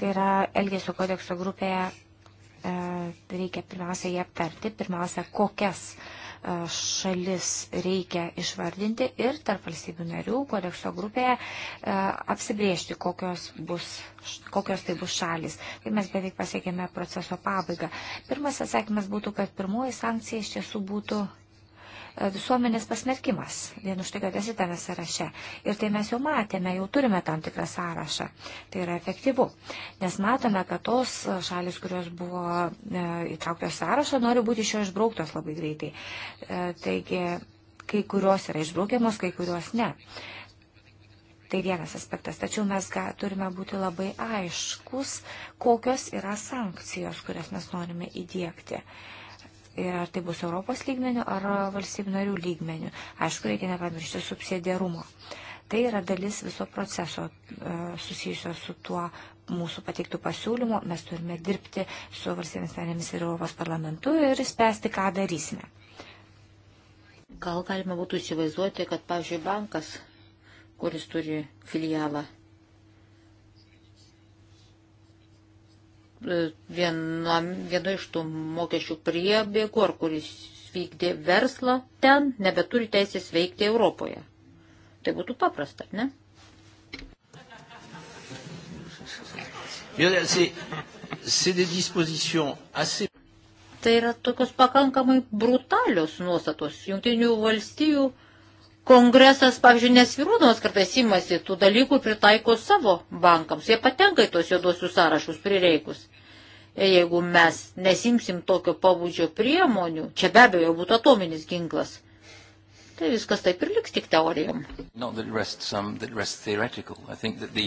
tai yra Elgėsio kodekso grupėje e, reikia pirmiausia jį aptarti, pirmiausia, kokias uh, šalis reikia išvardinti ir tarp valstybių narių kodekso grupėje apsibriežti, kokios, bus, kokios tai bus šalis. Tai mes beveik pasiekėme proceso pabaigą. Pirmas atsakymas būtų, kad pirmoji sankcija iš tiesų būtų visuomenės pasmerkimas vien už tai, kad esi tame sąraše. Ir tai mes jau matėme, jau turime tam tikrą sąrašą. Tai yra efektyvu. Nes matome, kad tos šalis, kurios buvo e, įtrauktos sąrašą, nori būti iš jo išbrauktos labai greitai. E, taigi, kai kurios yra išbraukiamos, kai kurios ne. Tai vienas aspektas. Tačiau mes ga, turime būti labai aiškus, kokios yra sankcijos, kurias mes norime įdėkti. Uh, Ir ar tai bus Europos lygmenių ar valstybių narių lygmenių. Aišku, reikia nepamiršti subsidiarumo. Tai yra dalis viso proceso e, susijusio su tuo mūsų pateiktų pasiūlymų. Mes turime dirbti su valstybės narėmis ir Europos parlamentu ir spręsti, ką darysime. Gal galima būtų įsivaizduoti, kad, pavyzdžiui, bankas, kuris turi filialą viena, viena iš tų mokesčių priebėgų, ar kuris vykdė verslą ten, nebeturi teisės veikti Europoje. Tai būtų paprasta, ne? Tai yra tokios pakankamai brutalios nuostatos. Jungtinių valstijų Kongresas, pavyzdžiui, nesvirūdamas kartais imasi tų dalykų pritaiko savo bankams. Jie patenka į tos juodosius sąrašus prireikus. Ir jeigu mes nesimsim tokio pabudžio priemonių, čia be abejo būtų atominis ginklas, tai viskas taip ir liks tik teorijom. Um, the rest, um, the rest the...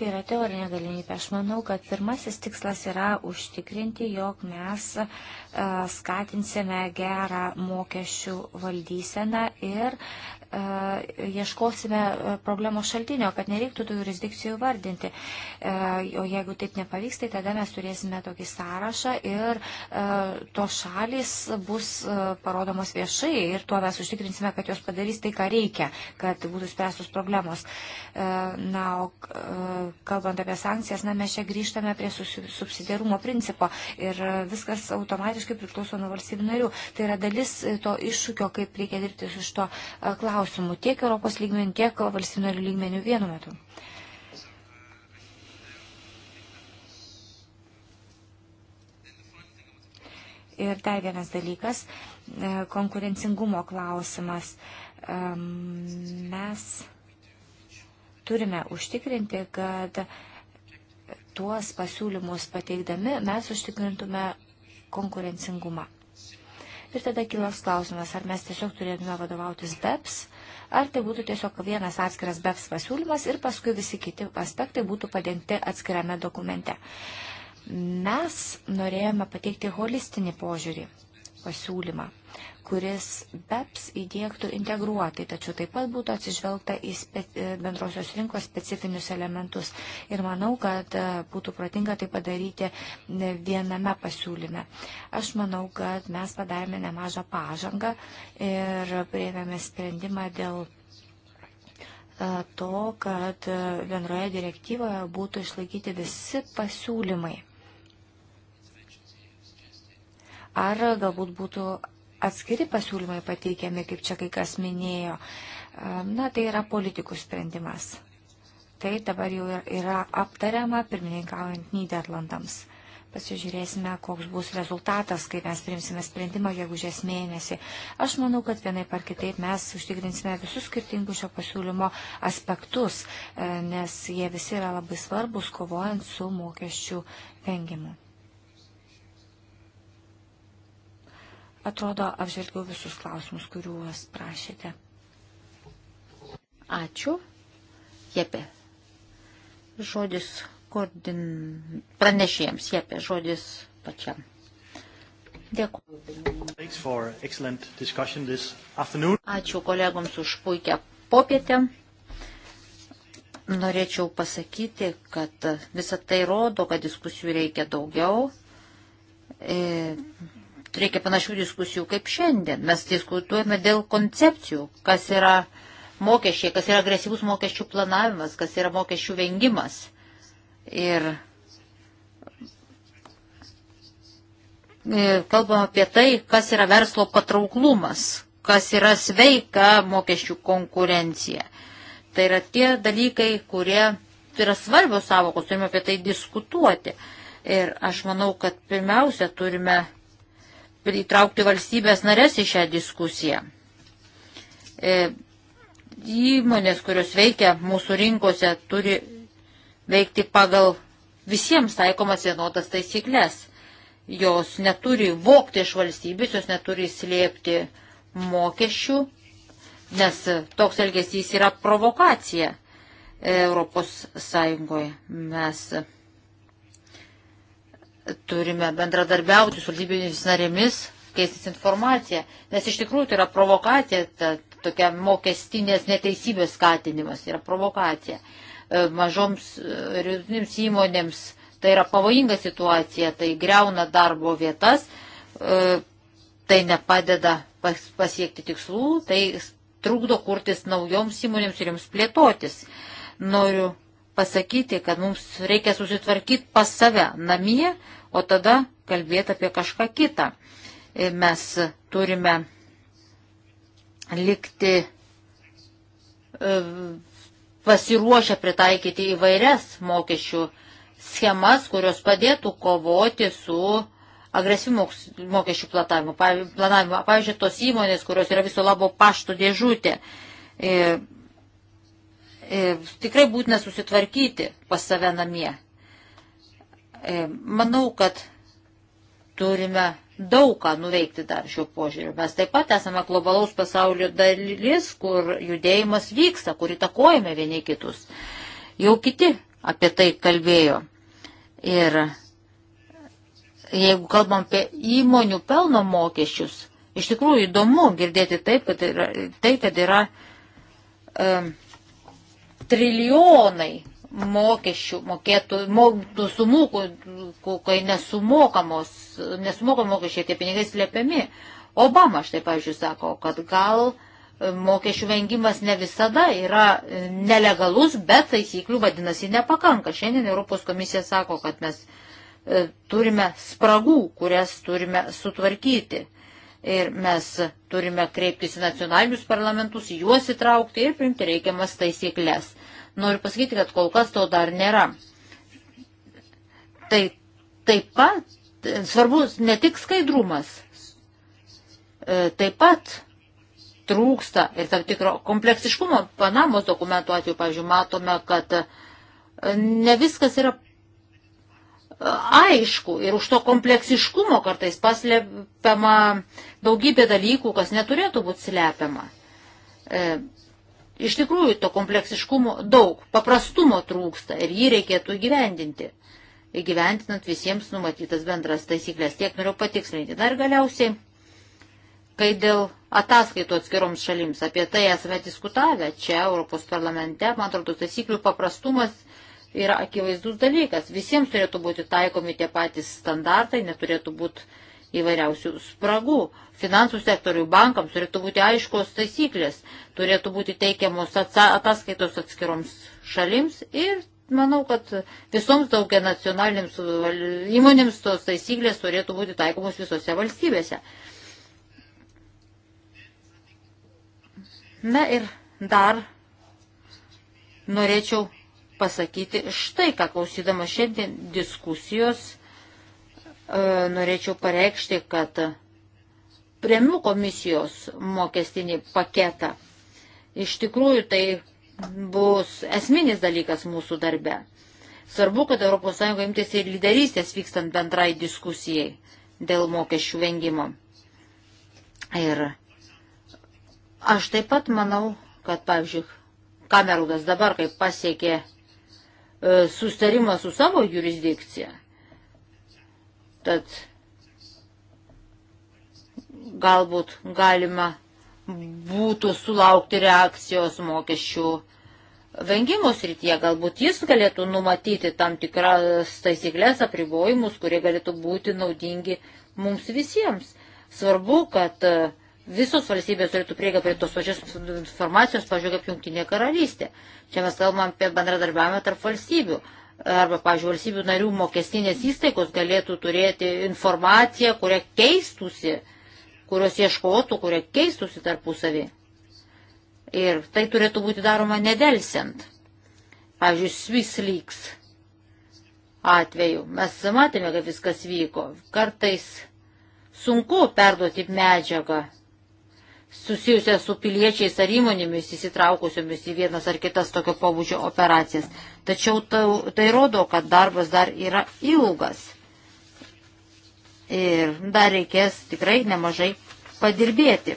Tai yra teorinė galimybė. Aš manau, kad pirmasis tikslas yra užtikrinti, jog mes e, skatinsime gerą mokesčių valdyseną ir E, ieškosime e, problemos šaltinio, kad nereiktų tų jurisdikcijų vardinti. E, o jeigu taip nepavyks, tai tada mes turėsime tokį sąrašą ir tos šalis bus parodomos viešai ir tuo mes užtikrinsime, kad jos padarys tai, ką reikia, kad būtų spręstos problemos. Na, o kalbant apie sankcijas, na, mes čia grįžtame prie subsidiarumo principo ir viskas automatiškai priklauso nuo valstybių narių. Tai yra dalis to iššūkio, kaip reikia dirbti su šito klausimu klausimų tiek Europos lygmenių, tiek valstybinių lygmenių vienu metu. Ir dar vienas dalykas e, - konkurencingumo klausimas. Mes turime užtikrinti, kad tuos pasiūlymus pateikdami mes užtikrintume konkurencingumą. Ir tada kilas klausimas, ar mes tiesiog turėtume vadovautis BEPS ar tai būtų tiesiog vienas atskiras BEPS pasiūlymas ir paskui visi kiti aspektai būtų padengti atskirame dokumente. Mes norėjome pateikti holistinį požiūrį pasiūlymą, kuris BEPS įdėktų integruotai, tačiau taip pat būtų atsižvelgta į e, bendrosios rinkos specifinius elementus. Ir manau, kad e, būtų protinga tai padaryti e, viename pasiūlyme. Aš manau, kad mes padarėme nemažą pažangą ir prieėmėme sprendimą dėl to, kad bendroje direktyvoje būtų išlaikyti visi pasiūlymai. Ar galbūt būtų atskiri pasiūlymai pateikiami, kaip čia kai kas minėjo. Na, tai yra politikų sprendimas. Tai dabar jau yra aptariama pirmininkaujant Niderlandams. Pasižiūrėsime, koks bus rezultatas, kai mes priimsime sprendimą gegužės mėnesį. Aš manau, kad vienai par kitaip mes užtikrinsime visus skirtingus šio pasiūlymo aspektus, e, nes jie visi yra labai svarbus kovojant su mokesčių vengimu. Atrodo, apžvelgiau visus klausimus, kuriuos prašėte. Ačiū. Jepė. Žodis koordin... pranešėjams. Jepė. Žodis pačiam. Dėkuoju. Ačiū kolegoms už puikią popietę. Norėčiau pasakyti, kad visą tai rodo, kad diskusijų reikia daugiau. E, reikia panašių diskusijų kaip šiandien. Mes diskutuojame dėl koncepcijų, kas yra mokesčiai, kas yra agresyvus mokesčių planavimas, kas yra mokesčių vengimas. Ir kalbam apie tai, kas yra verslo patrauklumas, kas yra sveika mokesčių konkurencija. Tai yra tie dalykai, kurie yra svarbios savokos, turime apie tai diskutuoti. Ir aš manau, kad pirmiausia turime įtraukti valstybės narės į šią diskusiją. E, įmonės, kurios veikia mūsų rinkose, turi veikti pagal visiems taikomas vienodas taisyklės. Jos neturi vokti iš valstybės, jos neturi slėpti mokesčių, nes toks elgesys yra provokacija e, Europos Sąjungoje. Mes turime bendradarbiauti su valstybėmis narėmis, keistis informaciją, nes iš tikrųjų tai yra provokacija, ta, tokia mokestinės neteisybės skatinimas yra provokacija. E, mažoms e, rytinėms įmonėms tai yra pavojinga situacija, tai greuna darbo vietas, e, tai nepadeda pasiekti tikslų, tai trukdo kurtis naujoms įmonėms ir jums plėtotis. Noriu pasakyti, kad mums reikia susitvarkyti pas save namie, o tada kalbėti apie kažką kitą. E, mes turime likti e, pasiruošę pritaikyti įvairias mokesčių schemas, kurios padėtų kovoti su agresyvių mokesčių planavimu. Pavyzdžiui, tos įmonės, kurios yra viso labo pašto dėžutė. Ir, e, ir tikrai būtina susitvarkyti pas save namie. E, manau, kad turime daug ką nuveikti dar šiuo požiūriu. Mes taip pat esame globalaus pasaulio dalis, kur judėjimas vyksta, kur įtakojame vieni kitus. Jau kiti apie tai kalbėjo. Ir jeigu kalbam apie įmonių pelno mokesčius, iš tikrųjų įdomu girdėti taip, kad yra, tai, kad yra um, trilijonai mokesčių mokėtų, mo, tų sumų, kai nesumokamos, nesumokam mokesčiai, tie pinigai slėpiami. Obama štai, pavyzdžiui, sako, kad gal e, mokesčių vengimas ne visada yra nelegalus, bet taisyklių vadinasi nepakanka. Šiandien Europos komisija sako, kad mes e, turime spragų, kurias turime sutvarkyti. Ir mes turime kreiptis į nacionalinius parlamentus, juos įtraukti ir priimti reikiamas taisyklės. Noriu pasakyti, kad kol kas to dar nėra. Tai taip pat svarbus ne tik skaidrumas, e, taip pat trūksta ir tam tikro kompleksiškumo. Panamos dokumentų atveju, pavyzdžiui, matome, kad e, ne viskas yra e, aišku ir už to kompleksiškumo kartais paslėpiama daugybė dalykų, kas neturėtų būti slepiama. Iš tikrųjų, to kompleksiškumo daug, paprastumo trūksta ir jį reikėtų įgyvendinti, įgyvendinant visiems numatytas bendras taisyklės. Tiek noriu patikslinti. Dar galiausiai, kai dėl ataskaitų atskiroms šalims apie tai esame diskutavę čia Europos parlamente, man atrodo, taisyklių paprastumas yra akivaizdus dalykas. Visiems turėtų būti taikomi tie patys standartai, neturėtų būti įvairiausių spragų. Finansų sektoriui bankams turėtų būti aiškos taisyklės, turėtų būti teikiamos ataskaitos atskiroms šalims ir manau, kad visoms daugia nacionalinėms įmonėms tos taisyklės turėtų būti taikomos visose valstybėse. Na ir dar norėčiau pasakyti štai, ką klausydama šiandien diskusijos E, norėčiau pareikšti, kad premių komisijos mokestinį paketą iš tikrųjų tai bus esminis dalykas mūsų darbe. Svarbu, kad ES imtėsi ir lyderystės vykstant bendrai diskusijai dėl mokesčių vengimo. Ir aš taip pat manau, kad, pavyzdžiui, Kamerudas dabar, kai pasiekė e, sustarimą su savo jurisdikcija, Tad galbūt galima būtų sulaukti reakcijos mokesčių vengimo srityje, galbūt jis galėtų numatyti tam tikras taisyklės, apribojimus, kurie galėtų būti naudingi mums visiems. Svarbu, kad visos valstybės turėtų prieigą prie tos pačios informacijos, pažiūrėk, kaip Junktinė karalystė. Čia mes kalbam apie bendradarbiavimą tarp valstybių arba, pavyzdžiui, valstybių narių mokestinės įstaigos galėtų turėti informaciją, kurią keistusi, kurios ieškotų, kurią keistusi tarpusavį. Ir tai turėtų būti daroma nedelsiant. Pavyzdžiui, Swissleaks atveju. Mes matėme, kaip viskas vyko. Kartais sunku perduoti medžiagą susijusią su piliečiais ar įmonėmis įsitraukusiomis į vienas ar kitas tokio pobūdžio operacijas. Tačiau tai, tai rodo, kad darbas dar yra ilgas. Ir dar reikės tikrai nemažai padirbėti.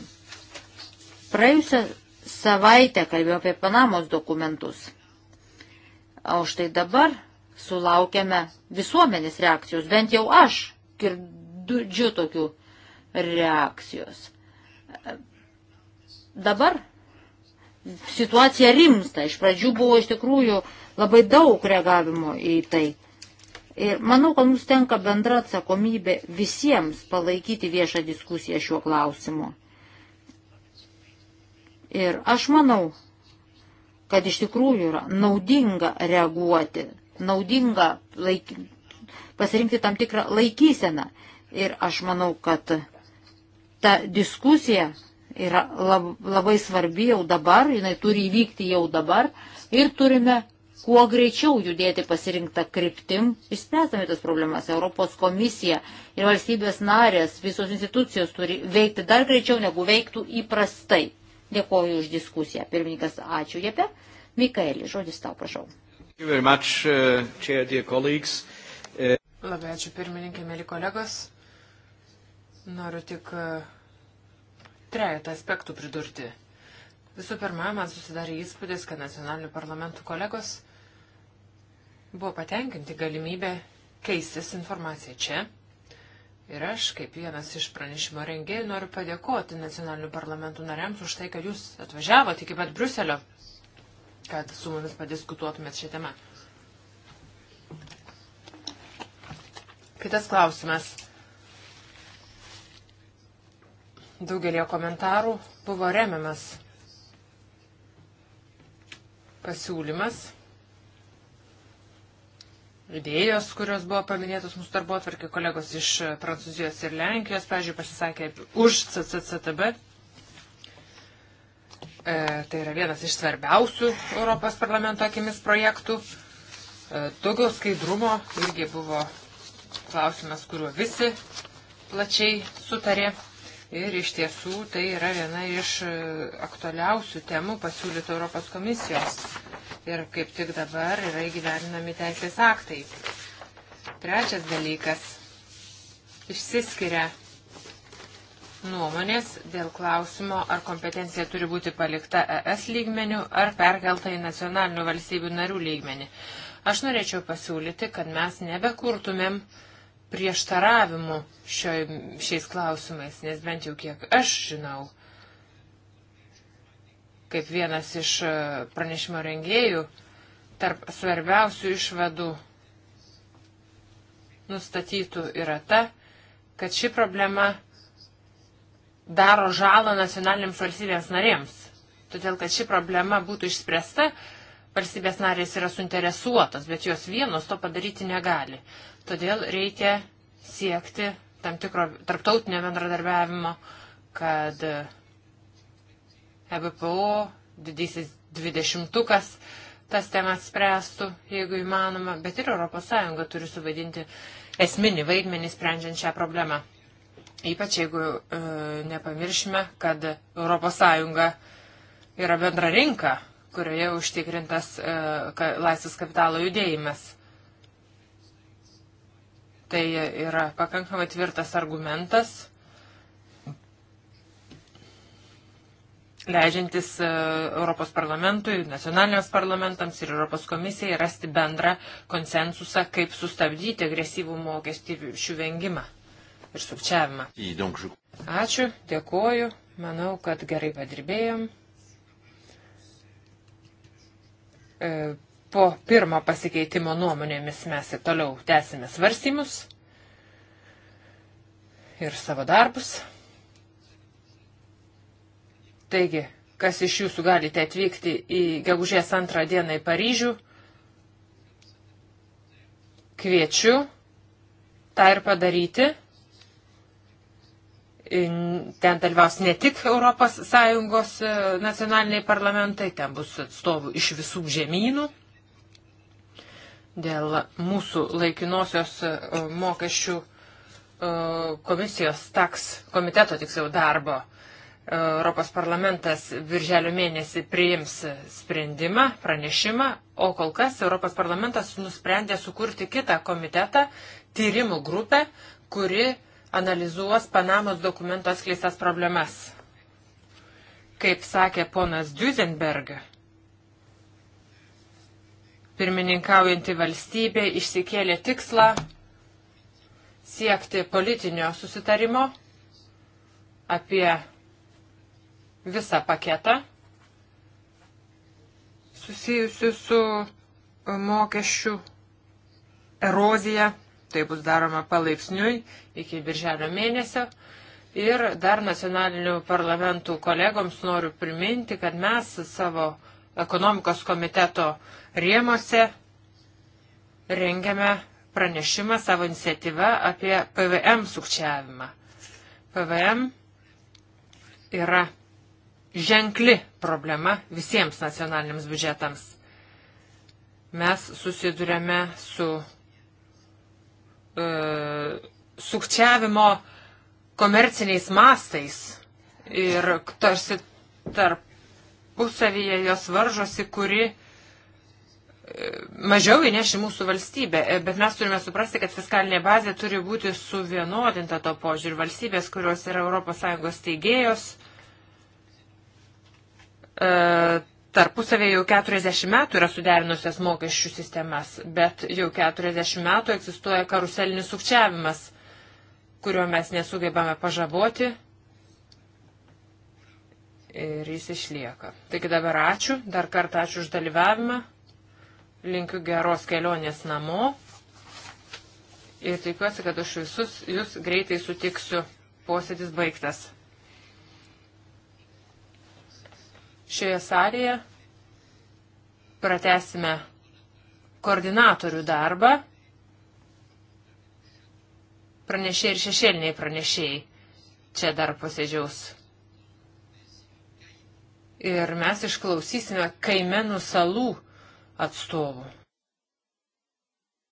Praėjusią savaitę kalbėjau apie Panamos dokumentus. O štai dabar sulaukėme visuomenės reakcijos, bent jau aš girdžiu tokių reakcijos. Dabar situacija rimsta. Iš pradžių buvo iš tikrųjų labai daug reagavimo į tai. Ir manau, kad mums tenka bendra atsakomybė visiems palaikyti viešą diskusiją šiuo klausimu. Ir aš manau, kad iš tikrųjų yra naudinga reaguoti, naudinga laik... pasirinkti tam tikrą laikyseną. Ir aš manau, kad ta diskusija yra labai svarbi jau dabar, jinai turi įvykti jau dabar ir turime kuo greičiau judėti pasirinktą kryptim, išspręstami tas problemas. Europos komisija ir valstybės narės, visos institucijos turi veikti dar greičiau, negu veiktų įprastai. Dėkuoju už diskusiją. Pirmininkas, ačiū Jepe. Mikaelis, žodis tau, prašau. Much, uh, chair, uh, Labai ačiū pirmininkė, mėly kolegos. Noriu tik uh, trejata aspektų pridurti. Visų pirma, man susidarė įspūdis, kad nacionalinių parlamentų kolegos buvo patenkinti galimybę keistis informaciją čia. Ir aš, kaip vienas iš pranešimo rengėjų, noriu padėkoti nacionalinių parlamentų nariams už tai, kad jūs atvažiavote iki pat Bruselio, kad su mumis padiskutuotumėt šią temą. Kitas klausimas daugelio komentarų buvo remiamas pasiūlymas, idėjos, kurios buvo paminėtos mūsų darbo atvarkė kolegos iš Prancūzijos ir Lenkijos, pažiūrėjau, pasisakė už CCCTB. E, tai yra vienas iš svarbiausių Europos parlamento akimis projektų. E, daugiau skaidrumo irgi buvo klausimas, kuriuo visi plačiai sutarė. Ir iš tiesų tai yra viena iš e, aktualiausių temų pasiūlytų Europos komisijos. Ir kaip tik dabar yra įgyvendinami teisės aktai. Trečias dalykas. Išsiskiria nuomonės dėl klausimo, ar kompetencija turi būti palikta ES lygmenių ar perkelta į nacionalinių valstybių narių lygmenį. Aš norėčiau pasiūlyti, kad mes nebekurtumėm uh, prieštaravimų šio, šiais klausimais, nes bent jau kiek aš žinau, kaip vienas iš e, pranešimo rengėjų, tarp svarbiausių išvadų nustatytų yra ta, kad ši problema daro žalą nacionaliniams valstybėms narėms. Todėl, kad ši problema būtų išspręsta, valstybės narės yra suinteresuotos, bet jos vienos to padaryti negali. Todėl reikia siekti tam tikro tarptautinio bendradarbiavimo, kad EBPO didysis dvidešimtukas tas temas spręstų, jeigu įmanoma, bet ir ES turi suvaidinti esminį vaidmenį sprendžiant šią problemą. Ypač jeigu e, nepamiršime, kad ES yra bendra rinka, kurioje užtikrintas e, ka, laisvas kapitalo judėjimas. Tai yra pakankamai tvirtas argumentas, leidžiantis e, Europos parlamentui, nacionaliniams parlamentams ir Europos komisijai rasti bendrą konsensusą, kaip sustabdyti agresyvų mokestį šių vengimą ir sukčiavimą. Ačiū, dėkoju, manau, kad gerai padirbėjom. E, po pirmo pasikeitimo nuomonėmis mes ir toliau tęsime svarstymus ir savo darbus. Taigi, kas iš jūsų galite atvykti į gegužės antrą dieną į Paryžių, kviečiu tą ir padaryti. Ten dalyvaus ne tik ES e, nacionaliniai parlamentai, ten bus atstovų iš visų žemynų dėl mūsų laikinosios e, mokesčių e, komisijos taks komiteto tiksliau darbo. E, Europos parlamentas virželio mėnesį priims sprendimą, pranešimą, o kol kas Europos parlamentas nusprendė sukurti kitą komitetą, tyrimų grupę, kuri analizuos Panamos dokumento atskleistas problemas. Kaip sakė ponas Duisenbergas, Pirmininkaujanti valstybė išsikėlė tikslą siekti politinio susitarimo apie visą paketą susijusiu su e, mokesčių erozija. Tai bus daroma palaipsniui iki birželio mėnesio. Ir dar nacionalinių parlamentų kolegoms noriu priminti, kad mes savo ekonomikos komiteto rėmose rengiame pranešimą savo iniciatyvą apie PVM sukčiavimą. PVM yra ženkli problema visiems nacionaliniams biudžetams. Mes susidurėme su e, sukčiavimo komerciniais mastais ir tarsi tarp tarpusavyje jos varžosi, kuri e, mažiau įneši mūsų valstybė, e, bet mes turime suprasti, kad fiskalinė bazė turi būti suvienodinta to požiūrį. Valstybės, kurios yra ES teigėjos, e, tarpusavė jau 40 metų yra suderinusios mokesčių sistemas, bet jau 40 metų egzistuoja karuselinis sukčiavimas, kurio mes nesugebame pažaboti ir jis išlieka. Taigi dabar ačiū, dar kartą ačiū už dalyvavimą, linkiu geros kelionės namo ir tikiuosi, kad už visus jūs greitai sutiksiu. Posėdis baigtas. Šioje salėje pratesime koordinatorių darbą, pranešėjai ir šešėliniai pranešėjai čia dar posėdžiaus ir mes išklausysime Kaimenų salų atstovų.